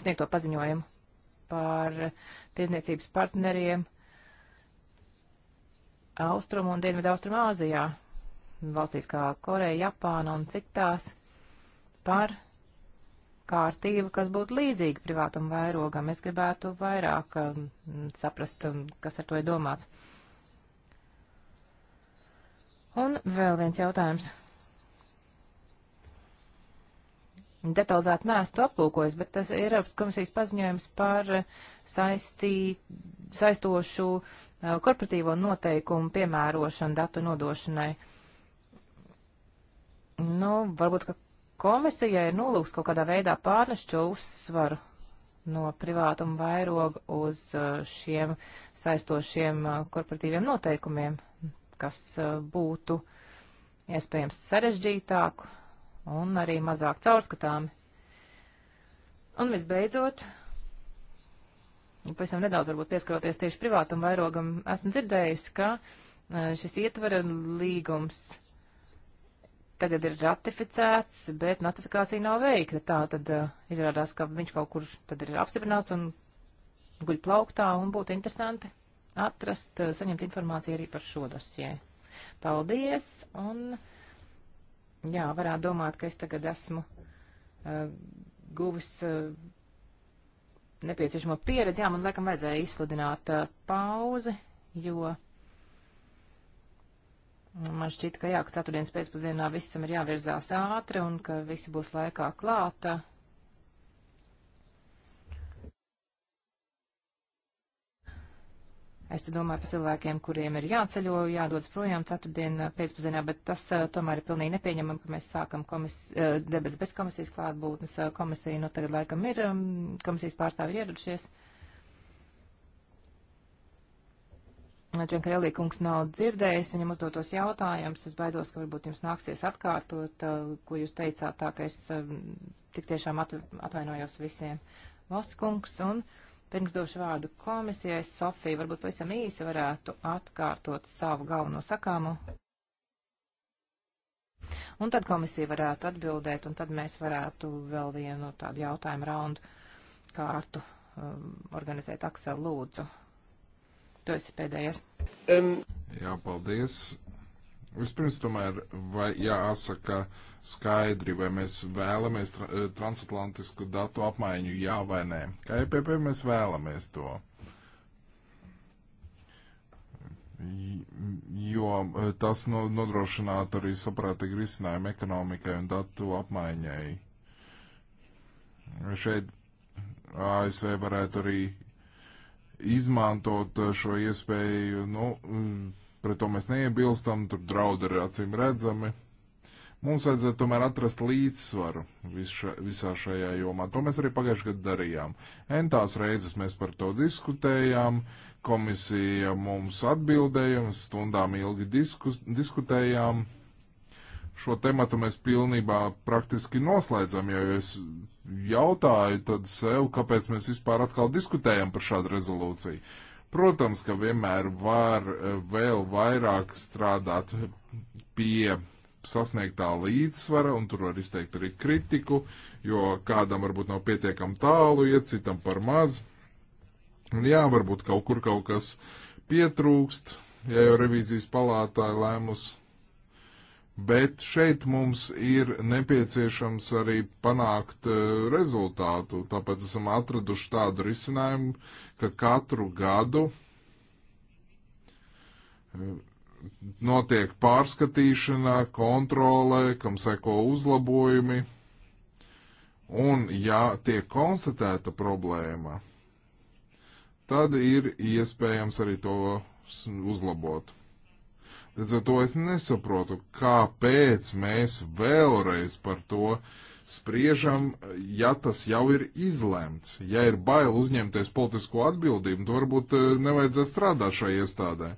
sniegto paziņojumu par tiesniecības partneriem Austrumu un Dienvidu Austrumu Āzijā, valstīs kā Koreja, Japāna un citās, par kārtība, kas būtu līdzīga privātam vairogam. Es gribētu vairāk um, saprast, um, kas ar to ir domāts. Un vēl viens jautājums. Detalizēti neesmu to aplūkojis, bet tas ir Eiropas komisijas paziņojums par uh, saistī, saistošu uh, korporatīvo noteikumu piemērošanu datu nodošanai. Nu, varbūt, ka Komisijai ir nolūks kaut kādā veidā pārnest šo uzsvaru no privātuma vairoga uz uh, šiem saistošiem uh, korporatīviem noteikumiem, kas uh, būtu iespējams sarežģītāk un arī mazāk caurskatāmi. Un visbeidzot, pavisam nedaudz varbūt pieskaroties tieši privātuma vairogam, esmu dzirdējusi, ka šis ietvara līgums tagad ir ratificēts, bet notifikācija nav veikta. Tā tad uh, izrādās, ka viņš kaut kur tad ir apstiprināts un guļ plauktā un būtu interesanti atrast, uh, saņemt informāciju arī par šo dosie. Paldies! Un, jā, varētu domāt, ka es tagad esmu uh, guvis uh, nepieciešamo pieredzi. Jā, man laikam vajadzēja izsludināt uh, pauzi, jo. Man šķiet, ka jā, ka ceturtdienas pēcpusdienā visam ir jāvirzās ātri un ka visi būs laikā klāta. Es te domāju par cilvēkiem, kuriem ir jāceļo, jādodas projām ceturtdien pēcpusdienā, bet tas uh, tomēr ir pilnīgi nepieņemami, ka mēs sākam komis, uh, debes bez komisijas klātbūtnes. Uh, komisija, nu tagad laikam ir, um, komisijas pārstāvi ieradušies. Uh, Čankarelī kungs nav dzirdējis viņam uzdotos jautājumus. Es baidos, ka varbūt jums nāksies atkārtot, uh, ko jūs teicāt, tā ka es um, tik tiešām atvainojos visiem valsts kungs. Un pirms došu vārdu komisijai, Sofija, varbūt pavisam īsi varētu atkārtot savu galveno sakāmu. Un tad komisija varētu atbildēt, un tad mēs varētu vēl vienu tādu jautājumu raundu kārtu um, organizēt. Aksel, lūdzu. Tu esi pēdējais. Um. Jā, paldies. Vispirms tomēr vai jāsaka skaidri, vai mēs vēlamies tra eh, transatlantisku datu apmaiņu, jā vai nē. Kā EPP mēs vēlamies to. Jo eh, tas nodrošinātu arī saprātīgi risinājumu ekonomikai un datu apmaiņai. Šeit ASV varētu arī izmantot eh, šo iespēju, nu, mm, pret to mēs neiebilstam, tur draudi ir acīm redzami. Mums vajadzētu tomēr atrast līdzsvaru visša, visā šajā jomā. To mēs arī pagājušajā gadā darījām. Entās reizes mēs par to diskutējām, komisija mums atbildēja, stundām ilgi diskus, diskutējām šo tematu mēs pilnībā praktiski noslēdzam, jo es jautāju tad sev, kāpēc mēs vispār atkal diskutējam par šādu rezolūciju. Protams, ka vienmēr var eh, vēl vairāk strādāt pie sasniegtā līdzsvara, un tur var izteikt arī kritiku, jo kādam varbūt nav pietiekam tālu, iet citam par maz. Un jā, varbūt kaut kur kaut kas pietrūkst, ja jau revīzijas palātā lēmus bet šeit mums ir nepieciešams arī panākt uh, rezultātu. Tāpēc esam atraduši tādu risinājumu, ka katru gadu uh, notiek pārskatīšana, kontrole, kam seko uzlabojumi. Un, ja tiek konstatēta problēma, tad ir iespējams arī to uzlabot. Līdz ar to es nesaprotu, kāpēc mēs vēlreiz par to spriežam, ja tas jau ir izlemts. Ja ir bail uzņemties politisko atbildību, tad varbūt eh, nevajadzētu strādāt šai iestādē.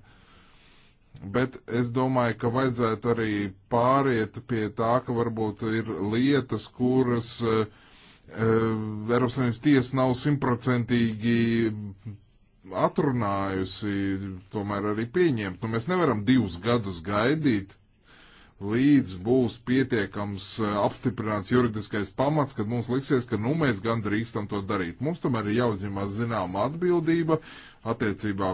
Bet es domāju, ka vajadzētu arī pāriet pie tā, ka varbūt ir lietas, kuras uh, Eiropas Savienības tiesa nav simtprocentīgi atrunājusi, tomēr arī pieņemt. Nu, mēs nevaram divus gadus gaidīt, līdz būs pietiekams e, apstiprināts juridiskais pamats, kad mums liksies, ka nu mēs gan drīkstam to darīt. Mums tomēr ir jāuzņemās zināma atbildība attiecībā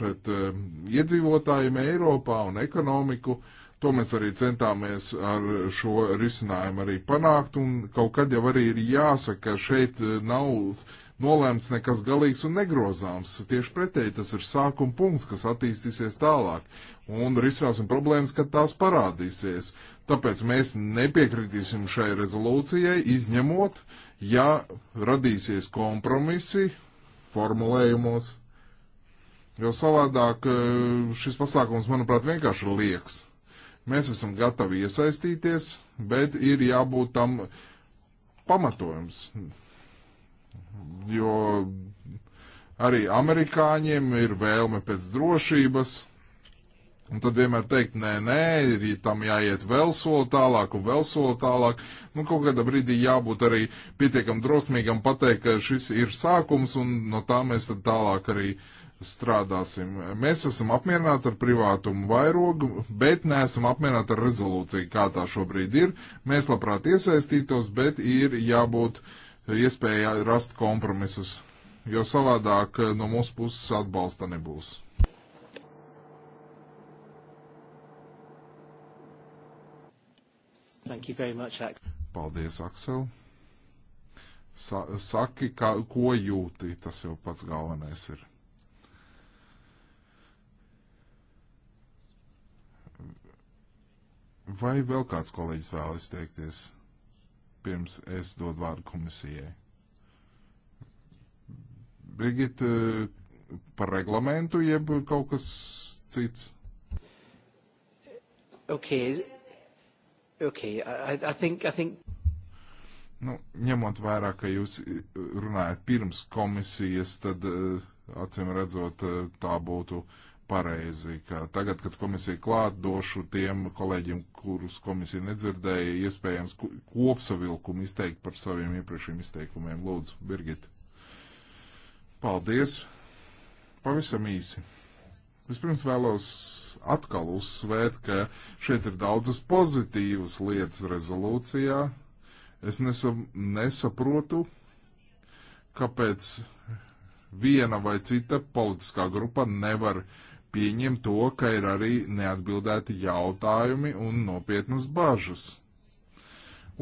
pret uh, iedzīvotājiem Eiropā un ekonomiku. To mēs arī centāmies ar šo risinājumu arī panākt, un kaut kad jau arī ir jāsaka, ka šeit e, nav nolēmts nekas galīgs un negrozāms. Tieši pretēji tas ir sākuma punkts, kas attīstīsies tālāk un risināsim problēmas, kad tās parādīsies. Tāpēc mēs nepiekritīsim šai rezolūcijai, izņemot, ja radīsies kompromisi formulējumos. Jo savādāk eh, šis pasākums, manuprāt, vienkārši ir liekas. Mēs esam gatavi iesaistīties, bet ir jābūt tam pamatojums jo arī amerikāņiem ir vēlme pēc drošības. Un tad vienmēr teikt, nē, nē, ir tam jāiet vēl soli tālāk un vēl soli tālāk. Nu, kaut kādā brīdī jābūt arī pietiekam drosmīgam pateikt, ka šis ir sākums un no tā mēs tad tālāk arī strādāsim. Mēs esam apmierināti ar privātumu vairogu, bet neesam apmierināti ar rezolūciju, kā tā šobrīd ir. Mēs labprāt iesaistītos, bet ir jābūt. Uh, iespēja rast kompromisus, jo savādāk eh, no mūsu puses atbalsta nebūs. Much, Aksel. Paldies, Aksel. Sa saki, kā, ko jūti, tas jau pats galvenais ir. Vai vēl kāds kolēģis vēl izteikties? pirms es dodu vārdu komisijai. Brigita, eh, par reglamentu jeb kaut kas cits? Okay. Okay. I, I think, I think... Nu, ņemot vērā, ka jūs runājat pirms komisijas, tad eh, acīm redzot, eh, tā būtu uh, pareizi, ka tagad, kad komisija klāt, došu tiem kolēģiem, kurus komisija nedzirdēja, iespējams kopsavilkumu izteikt par saviem iepriekšējiem izteikumiem. Lūdzu, Birgit. Paldies. Pavisam īsi. Vispirms vēlos atkal uzsvērt, ka šeit ir daudzas pozitīvas lietas rezolūcijā. Es nesam, nesaprotu, kāpēc viena vai cita politiskā grupa nevar uh, pieņem to, ka ir arī neatbildēti jautājumi un nopietnas bažas.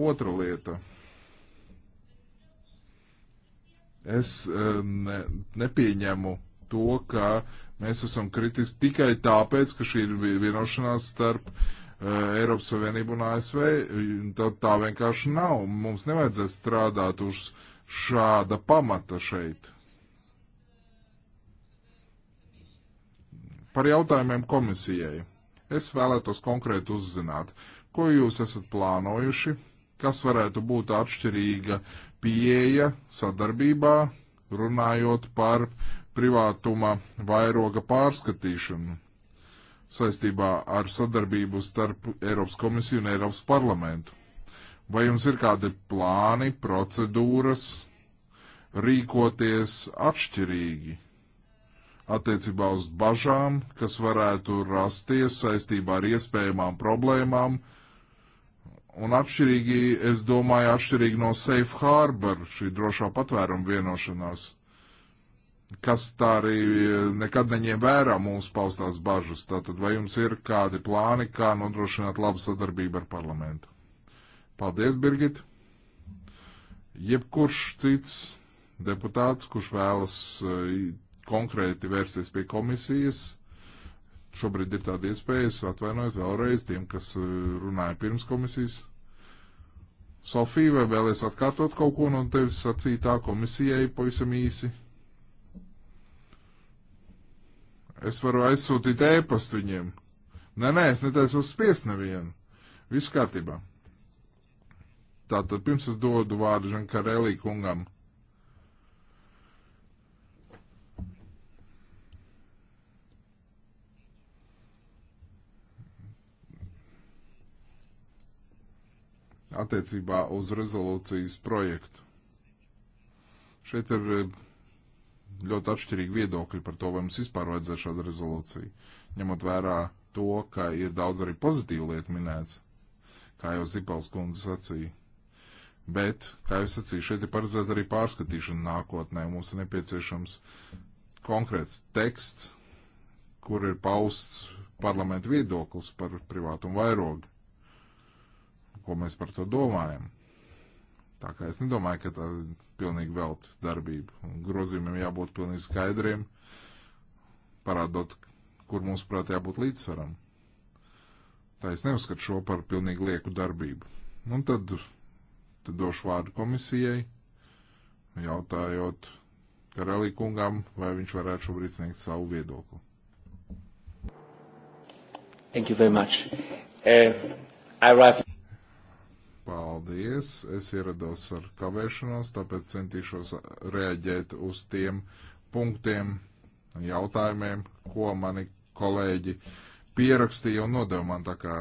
Otra lieta. Es eh, ne, nepieņemu to, ka mēs esam kritiski tikai tāpēc, ka šī ir vienošanās starp uh, Eiropas Savienību un ASV. Tā, tā vienkārši nav. Mums nevajadzētu strādāt uz šāda pamata šeit. Par jautājumiem komisijai. Es vēlētos konkrēti uzzināt, ko jūs esat plānojuši, kas varētu būt atšķirīga pieeja sadarbībā, runājot par privātuma vairoga pārskatīšanu saistībā ar sadarbību starp Eiropas komisiju un Eiropas parlamentu. Vai jums ir kādi plāni, procedūras rīkoties atšķirīgi? attiecībā uz bažām, kas varētu rasties saistībā ar iespējamām problēmām. Un atšķirīgi, es domāju, atšķirīgi no Safe Harbor, šī drošā patvēruma vienošanās, kas tā arī nekad neņem vērā mūsu paustās bažas. Tātad, vai jums ir kādi plāni, kā nodrošināt labu sadarbību ar parlamentu? Paldies, Birgit! Jebkurš cits deputāts, kurš vēlas eh, konkrēti vērsties pie komisijas. Šobrīd ir tāda iespēja, es atvainojos vēlreiz tiem, kas e, runāja pirms komisijas. Sofija, vai vēlies atkārtot kaut ko no tevis sacītā komisijai pavisam īsi? Es varu aizsūtīt ēpastu viņiem. Nē, nē, es netaisos spiest nevienu. Viss kārtībā. Tātad pirms es dodu vārdu Žankarelī kungam. attiecībā uz rezolūcijas projektu. Šeit ir eh, ļoti atšķirīgi viedokļi par to, vai mums vispār vajadzēja šāda rezolūcija, ņemot vērā to, ka ir daudz arī pozitīvu lietu minēts, kā jau Zipels kundze sacīja. Bet, kā jau sacīju, šeit ir paredzēta arī pārskatīšana nākotnē. Mums ir nepieciešams konkrēts teksts, kur ir pausts parlamenta viedoklis par privātumu vairogu ko mēs par to domājam. Tā kā es nedomāju, ka tā pilnīgi velta darbība. Grozījumiem jābūt pilnīgi skaidriem, parādot, kur mums prāt jābūt līdzsvaram. Tā es neuzskatu šo par pilnīgi lieku darbību. Nu, un tad, tad došu vārdu komisijai, jautājot Karelī kungam, vai viņš varētu šobrīd sniegt savu viedokli. Thank you very much. Uh, I arrived... Paldies! Es ierados ar kavēšanos, tāpēc centīšos reaģēt uz tiem punktiem un jautājumiem, ko mani kolēģi pierakstīja un nodeva man tā kā.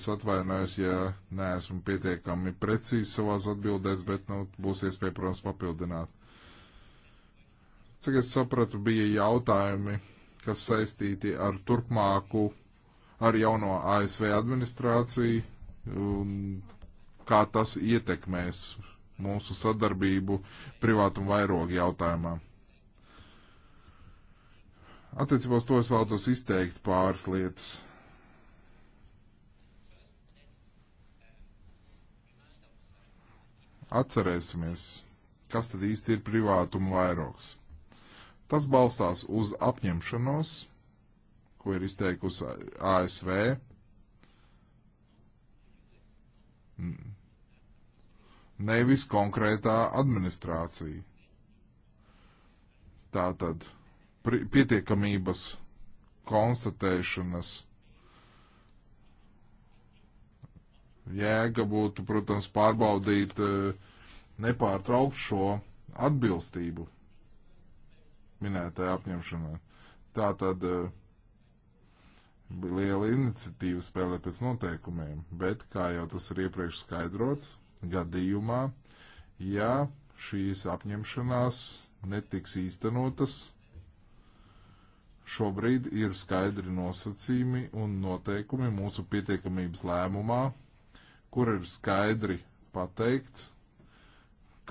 Es atvainojos, ja neesmu pietiekami precīzi savās atbildēs, bet nu, būs iespēja, protams, papildināt. Cik es sapratu, bija jautājumi, kas saistīti ar turpmāku, ar jauno ASV administrāciju un kā tas ietekmēs mūsu sadarbību privātuma vairogu jautājumā. Attiecībā uz to es vēlos izteikt pāris lietas. Atcerēsimies, kas tad īsti ir privātuma vairogs. Tas balstās uz apņemšanos, ko ir izteikusi ASV. Mm nevis konkrētā administrācija. Tātad pietiekamības konstatēšanas jēga būtu, protams, pārbaudīt eh, nepārtraukt šo atbilstību minētajā apņemšanā. Tā tad eh, liela iniciatīva spēlē pēc noteikumiem, bet, kā jau tas ir iepriekš skaidrots, gadījumā, ja šīs apņemšanās netiks īstenotas, šobrīd ir skaidri nosacījumi un noteikumi mūsu pietiekamības lēmumā, kur ir skaidri pateikts,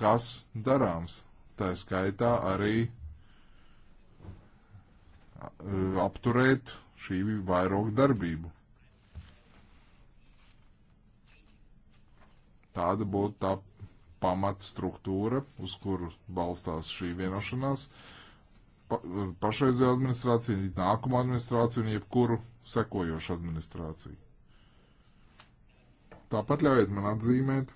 kas darāms. Tā skaitā arī apturēt šī vairoga darbību. Tāda būtu tā pamatstruktūra, uz kuru balstās šī vienošanās. Pa, pašreizējā administrācija, nākamā administrācija un jebkuru sekojošu administrāciju. Tāpat ļaujiet man atzīmēt,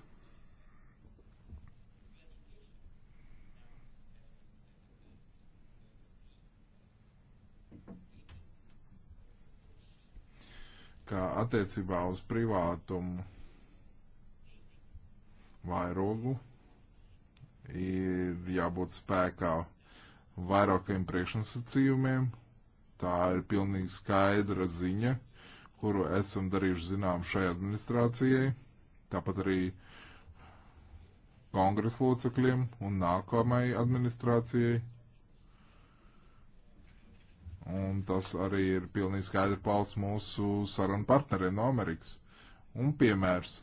ka attiecībā uz privātumu vairogu, ir jābūt spēkā vairākiem priekšnosacījumiem. Tā ir pilnīgi skaidra ziņa, kuru esam darījuši zinām šai administrācijai, tāpat arī kongresa locekļiem un nākamajai administrācijai. Un tas arī ir pilnīgi skaidri pausts mūsu sarunu partneriem no Amerikas. Un piemērs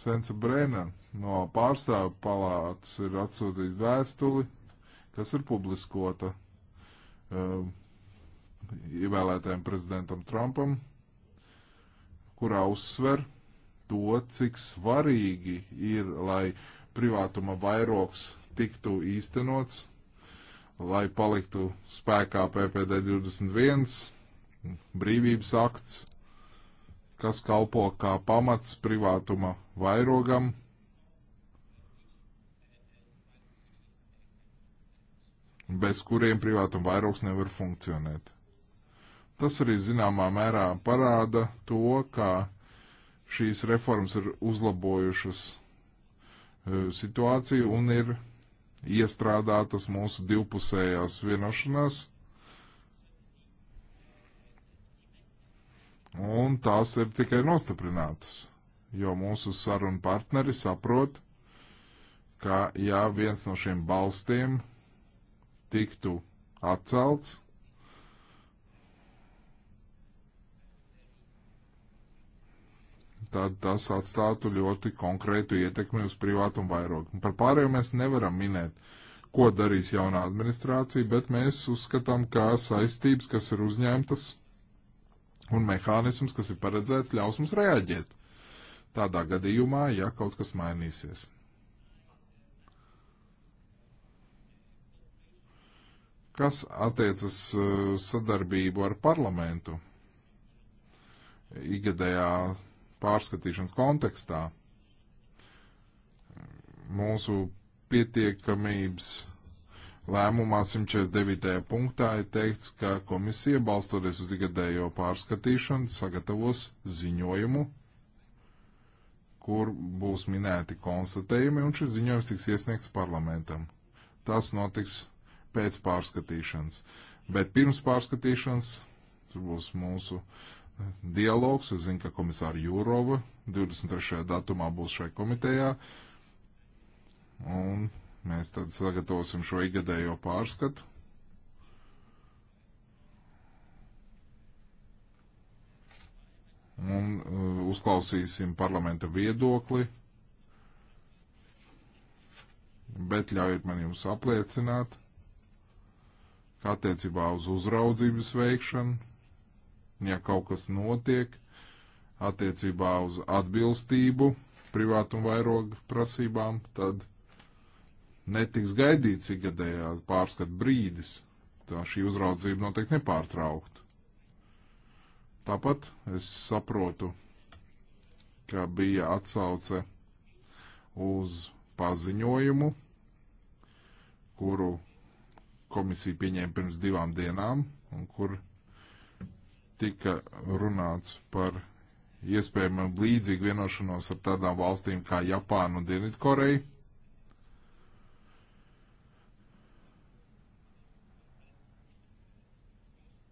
Sensa Brēna no pārstāvu palātas ir atsūtīta vēstuli, kas ir publiskota uh, ievēlētajam prezidentam Trumpam, kurā uzsver to, cik svarīgi ir, lai privātuma vairoks tiktu īstenots, lai paliktu spēkā PPD 21, brīvības akts, kas kalpo kā pamats privātuma vairogam. bez kuriem privātuma vairogs nevar funkcionēt. Tas arī zināmā mērā parāda to, kā šīs reformas ir uzlabojušas e, situāciju un ir iestrādātas mūsu divpusējās vienošanās Un tās ir tikai nostiprinātas, jo mūsu sarunu partneri saprot, ka ja viens no šiem balstiem tiktu atcelts, tad tas atstātu ļoti konkrētu ietekmi uz privātu un vairāk. Par pārējo mēs nevaram minēt, ko darīs jaunā administrācija, bet mēs uzskatām, ka saistības, kas ir uzņemtas, Un mehānisms, kas ir paredzēts, ļaus mums reaģēt. Tādā gadījumā, ja kaut kas mainīsies. Kas attiecas eh, sadarbību ar parlamentu? Igadējā pārskatīšanas kontekstā mūsu pietiekamības Lēmumā 149. punktā ir teikts, ka komisija, balstoties uz ikgadējo pārskatīšanu, sagatavos ziņojumu, kur būs minēti konstatējumi, un šis ziņojums tiks iesniegts parlamentam. Tas notiks pēc pārskatīšanas. Bet pirms pārskatīšanas būs mūsu dialogs. Es zinu, ka komisāra Jūrova 23. datumā būs šai komitejā. Un Mēs tad sagatavosim šo ikgadējo pārskatu. Un uh, uzklausīsim parlamenta viedokli. Bet ļaujiet man jums apliecināt, ka attiecībā uz uzraudzības veikšanu, ja kaut kas notiek, attiecībā uz atbilstību privātuma vairoga prasībām, tad netiks gaidīts ikgadējā pārskata brīdis, tā šī uzraudzība noteikti nepārtraukt. Tāpat es saprotu, ka bija atsauce uz paziņojumu, kuru komisija pieņēma pirms divām dienām, un kur tika runāts par iespējamam līdzīgu vienošanos ar tādām valstīm kā Japāna un Dienvidkoreja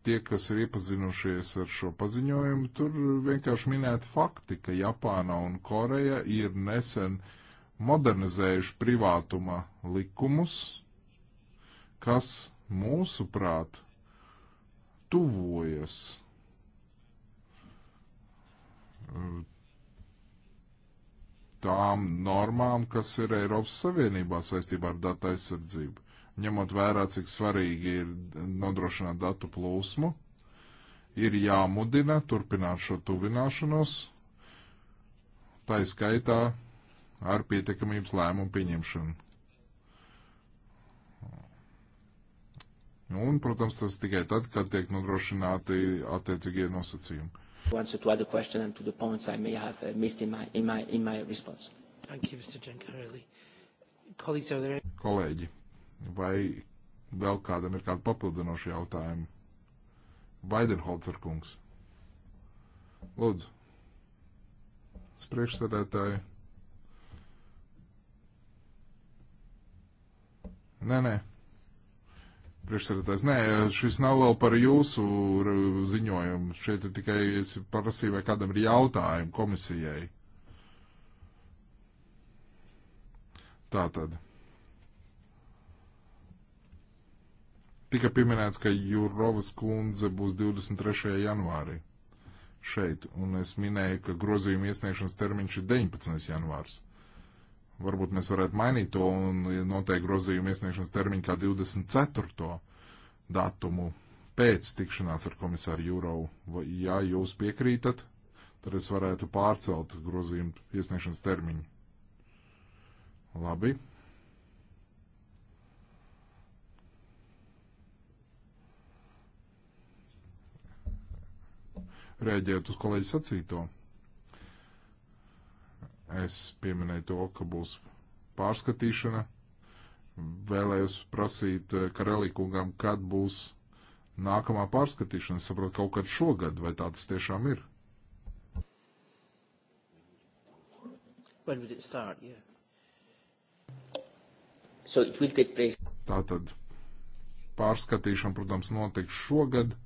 tie, kas ir iepazinušies ar šo paziņojumu, tur vienkārši minēti fakti, ka Japāna un Koreja ir nesen modernizējuši privātuma likumus, kas mūsuprāt tuvojas eh, tām normām, kas ir Eiropas Savienībā saistībā ar datu aizsardzību ņemot vērā, cik svarīgi ir nodrošināt datu plūsmu, ir jāmudina turpināt šo tuvināšanos, tā izskaitā ar pietiekamības lēmumu pieņemšanu. Un, protams, tas tikai tad, kad tiek nodrošināti attiecīgie nosacījumi. Answer to other question and to the points I may have uh, missed in my, in my, in my response. Thank you, Mr. Giancarelli. Colleagues, are there any... Kolēģi, Vai vēl kādam ir kādi papildinoši jautājumi? Vaidenholzer kungs. Lūdzu. Spriekšsēdētāji. Nē, nē. Priekšsēdētājs, nē, šis nav vēl par jūsu ziņojumu. Šeit ir tikai es parasīju, vai kādam ir jautājumi komisijai. Tā tad. Tika pieminēts, ka Jurovas kundze būs 23. janvārī šeit, un es minēju, ka grozījuma iesniegšanas termiņš ir 19. janvārs. Varbūt mēs varētu mainīt to un noteikt grozījuma iesniegšanas termiņu kā 24. datumu pēc tikšanās ar komisāru Jūrovu. Ja jūs piekrītat, tad es varētu pārcelt grozījumu iesniegšanas termiņu. Labi, rēģēt uz kolēģi sacīto. Es pieminēju to, ka būs pārskatīšana. Vēlējos prasīt eh, Karelīkungam, kad būs nākamā pārskatīšana. Saprotu, kaut kad šogad, vai tā tas tiešām ir? When would it start? Yeah. So it will take place. Tātad pārskatīšana, protams, notiks šogad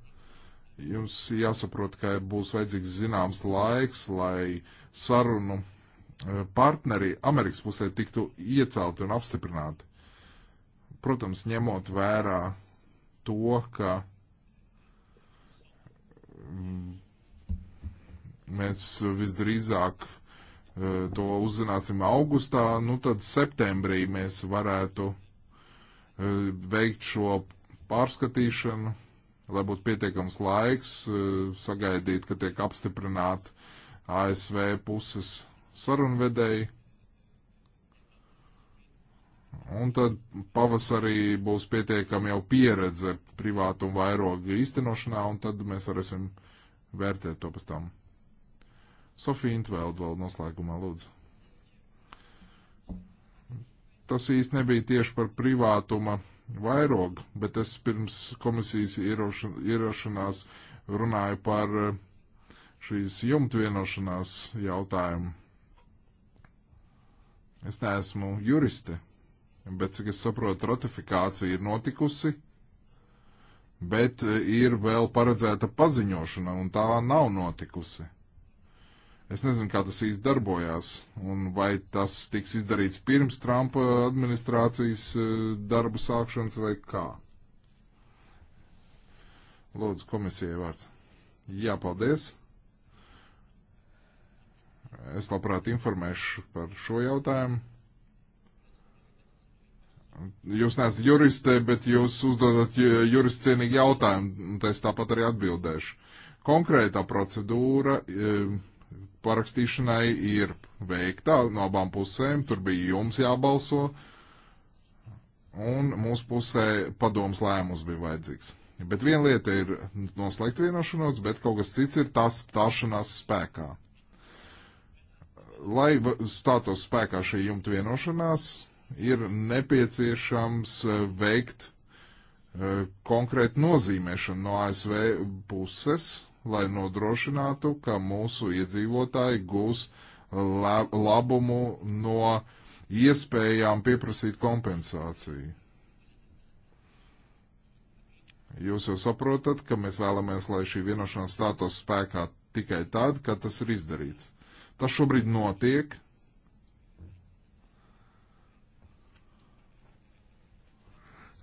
jums jāsaprot, ka būs vajadzīgs zināms laiks, lai sarunu eh, partneri Amerikas pusē tiktu iecelti un apstiprināti. Protams, ņemot vērā to, ka mm, mēs visdrīzāk eh, to uzzināsim augustā, nu tad septembrī mēs varētu eh, veikt šo pārskatīšanu lai būtu pietiekams laiks eh, sagaidīt, ka tiek apstiprināti ASV puses sarunvedēji. Un tad pavasarī būs pietiekami jau pieredze privātuma vairoga īstenošanā, un tad mēs varēsim vērtēt to pēc tam. Sofija Intveld vēl noslēgumā lūdzu. Tas īsti nebija tieši par privātuma vairogu, bet es pirms komisijas ierašanās runāju par eh, šīs jumta vienošanās jautājumu. Es neesmu juriste, bet, cik es saprotu, ratifikācija ir notikusi, bet eh, ir vēl paredzēta paziņošana, un tā nav notikusi. Es nezinu, kā tas īsti darbojās, un vai tas tiks izdarīts pirms Trumpa administrācijas e, darba sākšanas vai kā. Lūdzu, komisijai vārds. Jā, paldies. Es labprāt informēšu par šo jautājumu. Jūs neesat juriste, bet jūs uzdodat juristu cienīgu jautājumu, un es tāpat arī atbildēšu. Konkrētā procedūra. E, parakstīšanai ir veikta no abām pusēm, tur bija jums jābalso, un mūsu pusē padoms lēmums bija vajadzīgs. Bet viena lieta ir noslēgt vienošanos, bet kaut kas cits ir tās stāšanās spēkā. Lai stātos spēkā šī jumta vienošanās, ir nepieciešams eh, veikt eh, konkrētu nozīmēšanu no ASV puses, lai nodrošinātu, ka mūsu iedzīvotāji gūs uh, labumu no iespējām pieprasīt kompensāciju. Jūs jau saprotat, ka mēs vēlamies, lai šī vienošanās stātos spēkā tikai tad, kad tas ir izdarīts. Tas šobrīd notiek.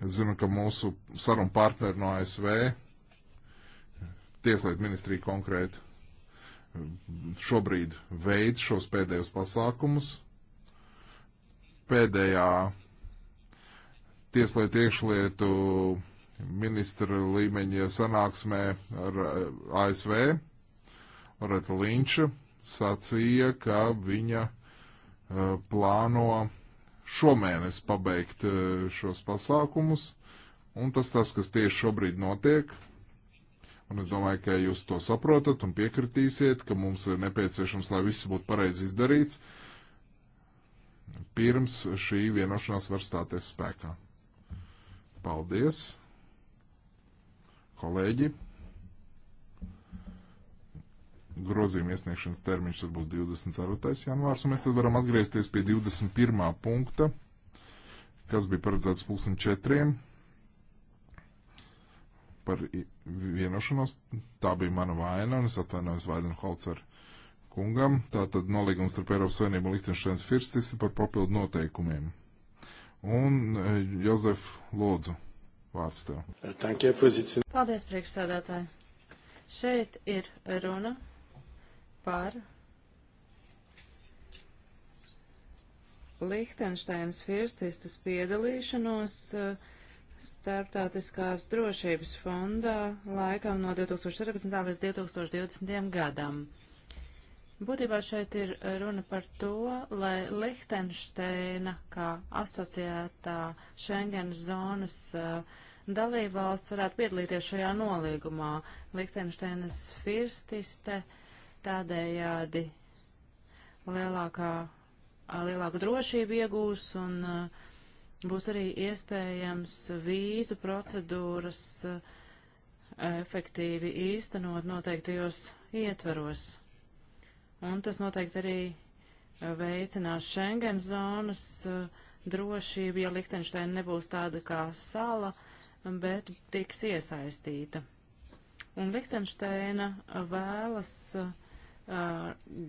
Es zinu, ka mūsu sarunu partneri no ASV Tieslietu ministrija konkrēti šobrīd veid šos pēdējos pasākumus. Pēdējā Tieslietu iekšlietu ministra līmeņa sanāksmē ar eh, ASV Loreta Linča sacīja, ka viņa uh, plāno šomēnes pabeigt uh, šos pasākumus, un tas tas, kas tieši šobrīd notiek, Un es domāju, ka jūs to saprotat un piekritīsiet, ka mums ir nepieciešams, lai viss būtu pareizi izdarīts, pirms šī vienošanās var stāties spēkā. Paldies, kolēģi! Grozījuma iesniegšanas termiņš tad būs 24. janvārs, un mēs tad varam atgriezties pie 21. punkta, kas bija paredzēts pulksten četriem par vienošanos. Tā bija mana vaina, un es atvainojos Vaidenholzer kungam. Tātad nolīgums starp Eiropas Savienību un Lichtensteins Firstisi par papildu noteikumiem. Un eh, Jozef Lodzu, vārds tev. Paldies, priekšsēdētāji. Šeit ir runa par Lichtensteins Firstistas piedalīšanos uh, eh, Startautiskās drošības fondā laikam no 2014. līdz 2020. gadam. Būtībā šeit ir runa par to, lai Lihtenšteina kā asociētā Schengenas zonas uh, dalībvalsts varētu piedalīties šajā nolīgumā. Lihtenšteinas firstiste tādējādi lielākā, lielāku drošību iegūs un uh, būs arī iespējams vīzu procedūras eh, efektīvi īstenot noteiktajos ietvaros. Un tas noteikti arī eh, veicinās Schengen zonas eh, drošību, ja Lichtensteina nebūs tāda kā sala, bet tiks iesaistīta. Un Lichtensteina vēlas uh,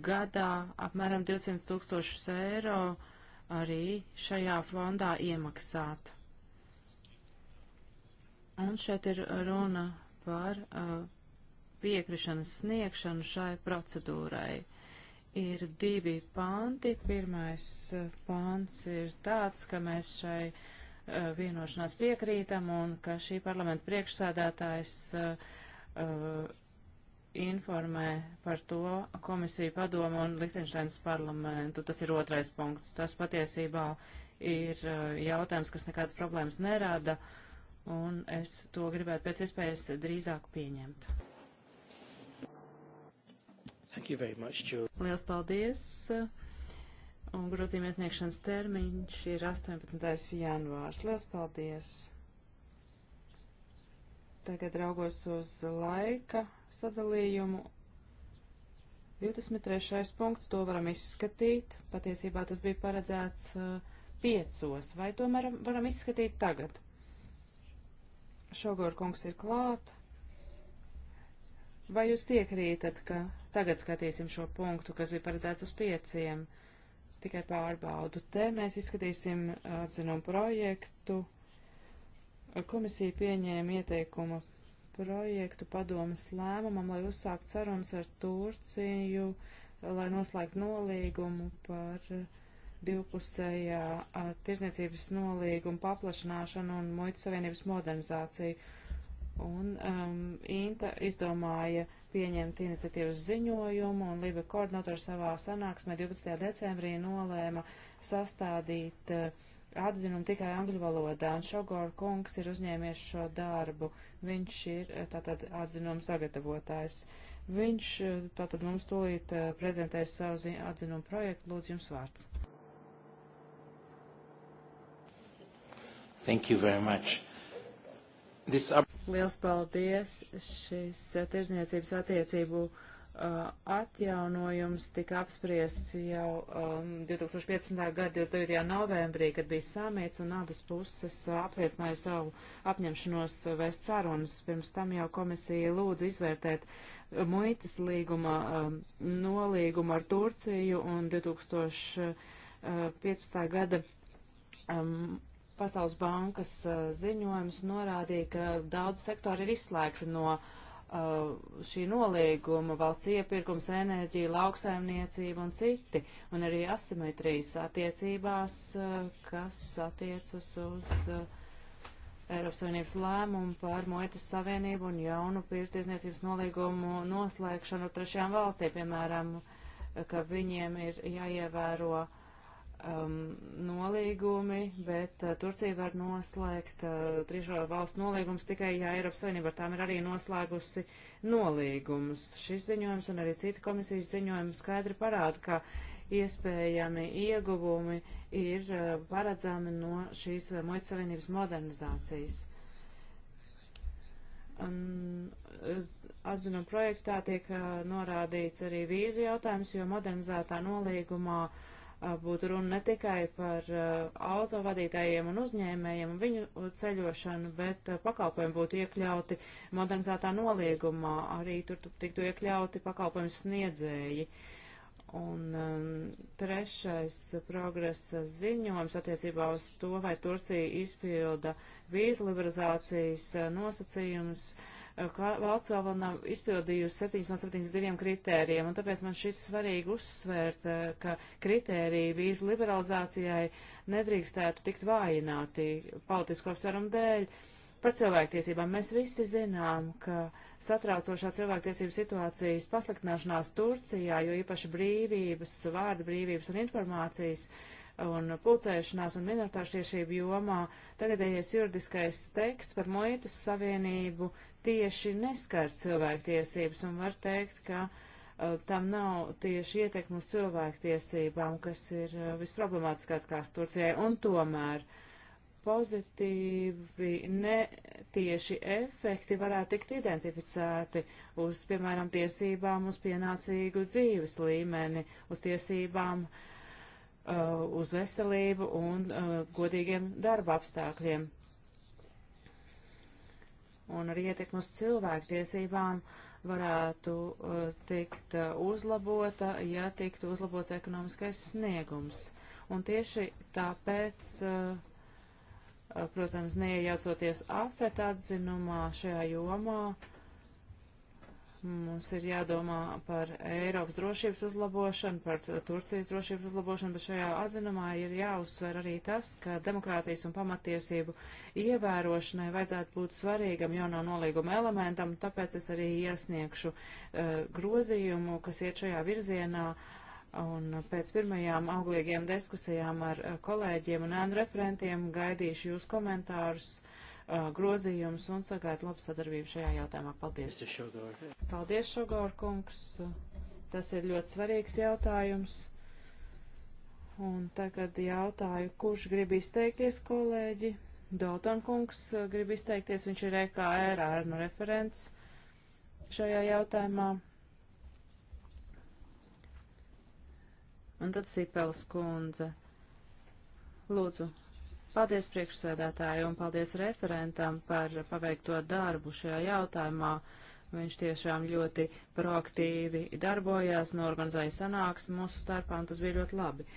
gadā apmēram 200 tūkstošus eiro uh, arī šajā fondā iemaksāt. Un šeit ir runa par uh, piekrišanas sniegšanu šai procedūrai. Ir divi panti. Pirmais uh, pants ir tāds, ka mēs šai uh, vienošanās piekrītam un ka šī parlamenta priekšsādātājs uh, uh informē par to komisiju padomu un Lichtensteins parlamentu. Tas ir otrais punkts. Tas patiesībā ir uh, jautājums, kas nekādas problēmas nerada, un es to gribētu pēc iespējas drīzāk pieņemt. Much, Julie. Liels paldies! Un grozījuma iesniegšanas termiņš ir 18. janvārs. Liels paldies! Tagad raugos uz laika sadalījumu. 23. punkts, to varam izskatīt. Patiesībā tas bija paredzēts uh, piecos, vai tomēr varam izskatīt tagad? Šogor kungs ir klāt. Vai jūs piekrītat, ka tagad skatīsim šo punktu, kas bija paredzēts uz pieciem? Tikai pārbaudu. Te mēs izskatīsim atzinumu projektu. Komisija pieņēma ieteikumu projektu padomas lēmumam, lai uzsākt sarunas ar Turciju, lai noslēgtu nolīgumu par divpusējā tirzniecības nolīgumu paplašināšanu un muitas savienības modernizāciju. Un um, Inta izdomāja pieņemt iniciatīvas ziņojumu, un Lība koordinatora savā sanāksmē 12. decembrī nolēma sastādīt uh, atzinumu tikai angļu valodā, un Šogor kungs ir uzņēmies šo darbu. Viņš ir eh, tātad atzinuma sagatavotājs. Viņš eh, tātad mums tūlīt eh, prezentēs savu atzinumu projektu. Lūdzu, jums vārds. Thank you very much. This... Liels paldies! Šis tirzniecības attiecību uh, Uh, atjaunojums tika apspriests jau um, 2015. gada 29. novembrī, kad bija samits, un abas puses uh, apliecināja savu apņemšanos vēst sarunas. Pirms tam jau komisija lūdza izvērtēt uh, muitas līguma um, nolīgumu ar Turciju un 2015. gada. Um, Pasaules bankas uh, ziņojums norādīja, ka daudz sektori ir izslēgti no uh, Uh, šī nolīguma, valsts iepirkums, enerģija, lauksaimniecība un citi, un arī asimetrijas attiecībās, uh, kas attiecas uz uh, Eiropas Savienības lēmumu par muitas savienību un jaunu pirtiesniecības nolīgumu noslēgšanu trešajām valstīm, piemēram, ka viņiem ir jāievēro uh, um, nolīgumi, bet uh, Turcija var noslēgt uh, trešo valstu nolīgumus tikai, ja Eiropas Savienība ar tām ir arī noslēgusi nolīgumus. Šis ziņojums un arī cita komisijas ziņojums skaidri parāda, ka iespējami ieguvumi ir uh, paredzami no šīs uh, Moitas Savienības modernizācijas. Un atzinuma projektā tiek uh, norādīts arī vīzu jautājums, jo modernizētā nolīgumā uh, būtu runa ne tikai par autovadītājiem un uzņēmējiem un viņu ceļošanu, bet pakalpojumi būtu iekļauti modernizētā noliegumā, arī tur tiktu iekļauti pakalpojumu sniedzēji. Un um, trešais progresa ziņojums attiecībā uz to, vai Turcija izpilda vīzu liberalizācijas nosacījumus. Uh, Eh, valsts vēl, vēl nav izpildījusi 7 no 72 kritērijiem, un tāpēc man šķiet svarīgi uzsvērt, eh, ka kritēriji vīzu liberalizācijai nedrīkstētu tikt vājināti politisko apsvērumu dēļ. Par cilvēktiesībām mēs visi zinām, ka satraucošā cilvēktiesību situācijas pasliktināšanās Turcijā, jo īpaši brīvības, vārda brīvības un informācijas un pulcēšanās un minoritāšu tiešību jomā Tagadējais juridiskais teksts par muitas savienību tieši neskar cilvēktiesības un var teikt, ka uh, tam nav tieši ietekmu uz cilvēktiesībām, kas ir uh, visproblemātiskākās Turcijai. Un tomēr pozitīvi, netieši efekti varētu tikt identificēti uz, piemēram, tiesībām uz pienācīgu dzīves līmeni, uz tiesībām uh, Uh, uz veselību un uh, godīgiem darba apstākļiem. Un arī ietekmi uz cilvēktiesībām varētu uh, tikt uzlabota, ja tiktu uzlabots ekonomiskais sniegums. Un tieši tāpēc, protams, neiejaucoties afret atzinumā šajā jomā, uh, Mums ir jādomā par Eiropas drošības uzlabošanu, par Turcijas drošības uzlabošanu, bet šajā atzinumā ir jāuzsver arī tas, ka demokrātijas un pamatiesību ievērošanai vajadzētu būt svarīgam jaunā nolīguma elementam, tāpēc es arī iesniegšu uh, grozījumu, kas iet šajā virzienā. Un pēc pirmajām auglīgajām diskusijām ar eh, kolēģiem un ēnu referentiem gaidīšu jūs komentārus uh, uh, grozījumus un sagaidu labu sadarbību šajā jautājumā. Paldies! Paldies, Šogor kungs! Tas ir ļoti svarīgs jautājums. Un tagad jautāju, kurš grib izteikties, kolēģi? Dalton kungs grib izteikties, viņš ir EKR ārnu referents šajā jautājumā. Un tad Sipels kundze. Lūdzu, Paldies priekšsēdētāju un paldies referentam par paveikto darbu šajā jautājumā. Viņš tiešām ļoti proaktīvi darbojās, norganizēja sanāks mūsu starpā, un tas bija ļoti labi.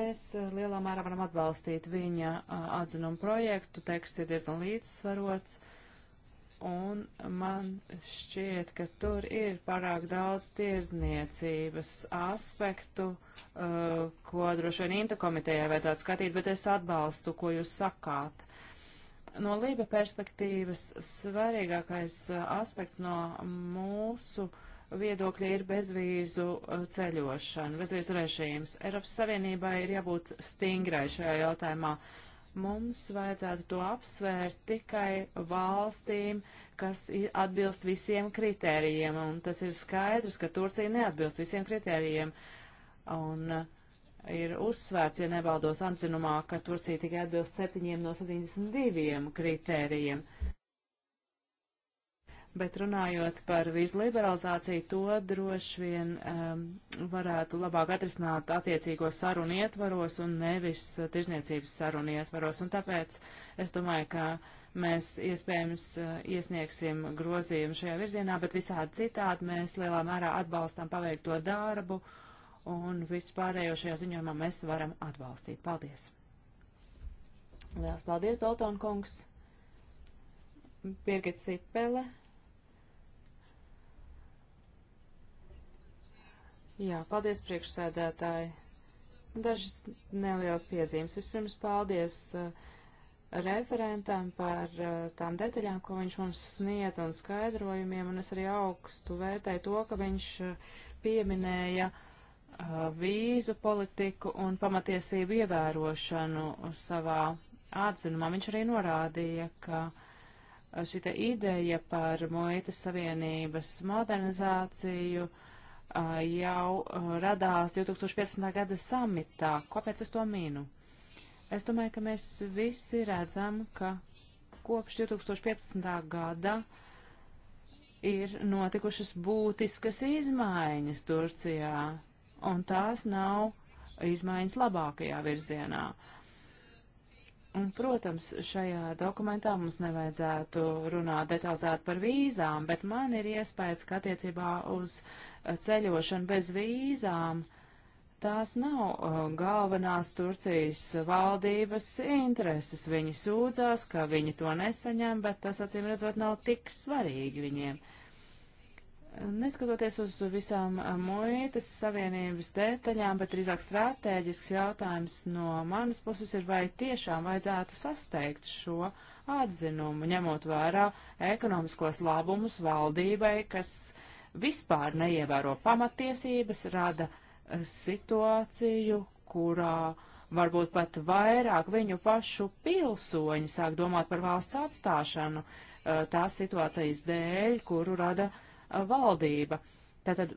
Mēs eh, lielā mērā varam atbalstīt viņa eh, atzinumu projektu, teksts ir diezgan līdzsvarots. Uh, un man šķiet, ka tur ir pārāk daudz tirdzniecības aspektu, uh, ko droši vien Inta komitejai vajadzētu skatīt, bet es atbalstu, ko jūs sakāt. No Lība perspektīvas svarīgākais uh, aspekts no mūsu viedokļa ir bezvīzu uh, ceļošana, bezvīzu režīms. Eiropas Savienībai ir jābūt stingrai šajā jautājumā. Uh, Mums vajadzētu to apsvērt tikai valstīm, kas atbilst visiem kritērijiem, un tas ir skaidrs, ka Turcija neatbilst visiem kritērijiem. Un uh, ir uzsvērts, ja nebaldos atzinumā, ka Turcija tikai atbilst 7 no 72 kritērijiem. Uh, bet runājot par vīzu liberalizāciju, to droši vien um, varētu labāk atrisināt attiecīgo sarunu ietvaros un nevis uh, tirzniecības sarunu ietvaros. Un tāpēc es domāju, ka mēs iespējams uh, iesniegsim grozījumu šajā virzienā, bet visādi citādi mēs lielā mērā atbalstām paveikto darbu un visu pārējo šajā ziņojumā mēs varam atbalstīt. Paldies! Lielas paldies, Dalton kungs! Birgit Sipele Jā, paldies priekšsēdētāji. Dažas nelielas piezīmes. Vispirms paldies uh, referentam par uh, tām detaļām, ko viņš mums sniedz un skaidrojumiem, un es arī augstu vērtēju to, ka viņš uh, pieminēja vīzu politiku un pamatiesību ievērošanu savā atzinumā. Viņš arī norādīja, ka šita ideja par muitas savienības modernizāciju uh, jau radās 2015. gada samitā. Kāpēc es to mīnu? Es domāju, ka mēs visi redzam, ka kopš 2015. gada ir notikušas būtiskas izmaiņas Turcijā, un tās nav izmaiņas labākajā virzienā. Un, protams, šajā dokumentā mums nevajadzētu runāt detalizēti par vīzām, bet man ir iespējas, ka attiecībā uz eh, ceļošanu bez vīzām tās nav uh, galvenās Turcijas valdības intereses. Viņi sūdzās, ka viņi to nesaņem, bet tas acīm redzot nav tik svarīgi viņiem. Uh, Neskatoties uz visām muitas savienības detaļām, bet drīzāk strateģisks jautājums no manas puses ir, vai tiešām vajadzētu sasteigt šo atzinumu, ņemot vērā ekonomiskos labumus valdībai, kas vispār neievēro pamatiesības, rada situāciju, kurā varbūt pat vairāk viņu pašu pilsoņi sāk domāt par valsts atstāšanu tās situācijas dēļ, kuru rada uh, valdība. Tātad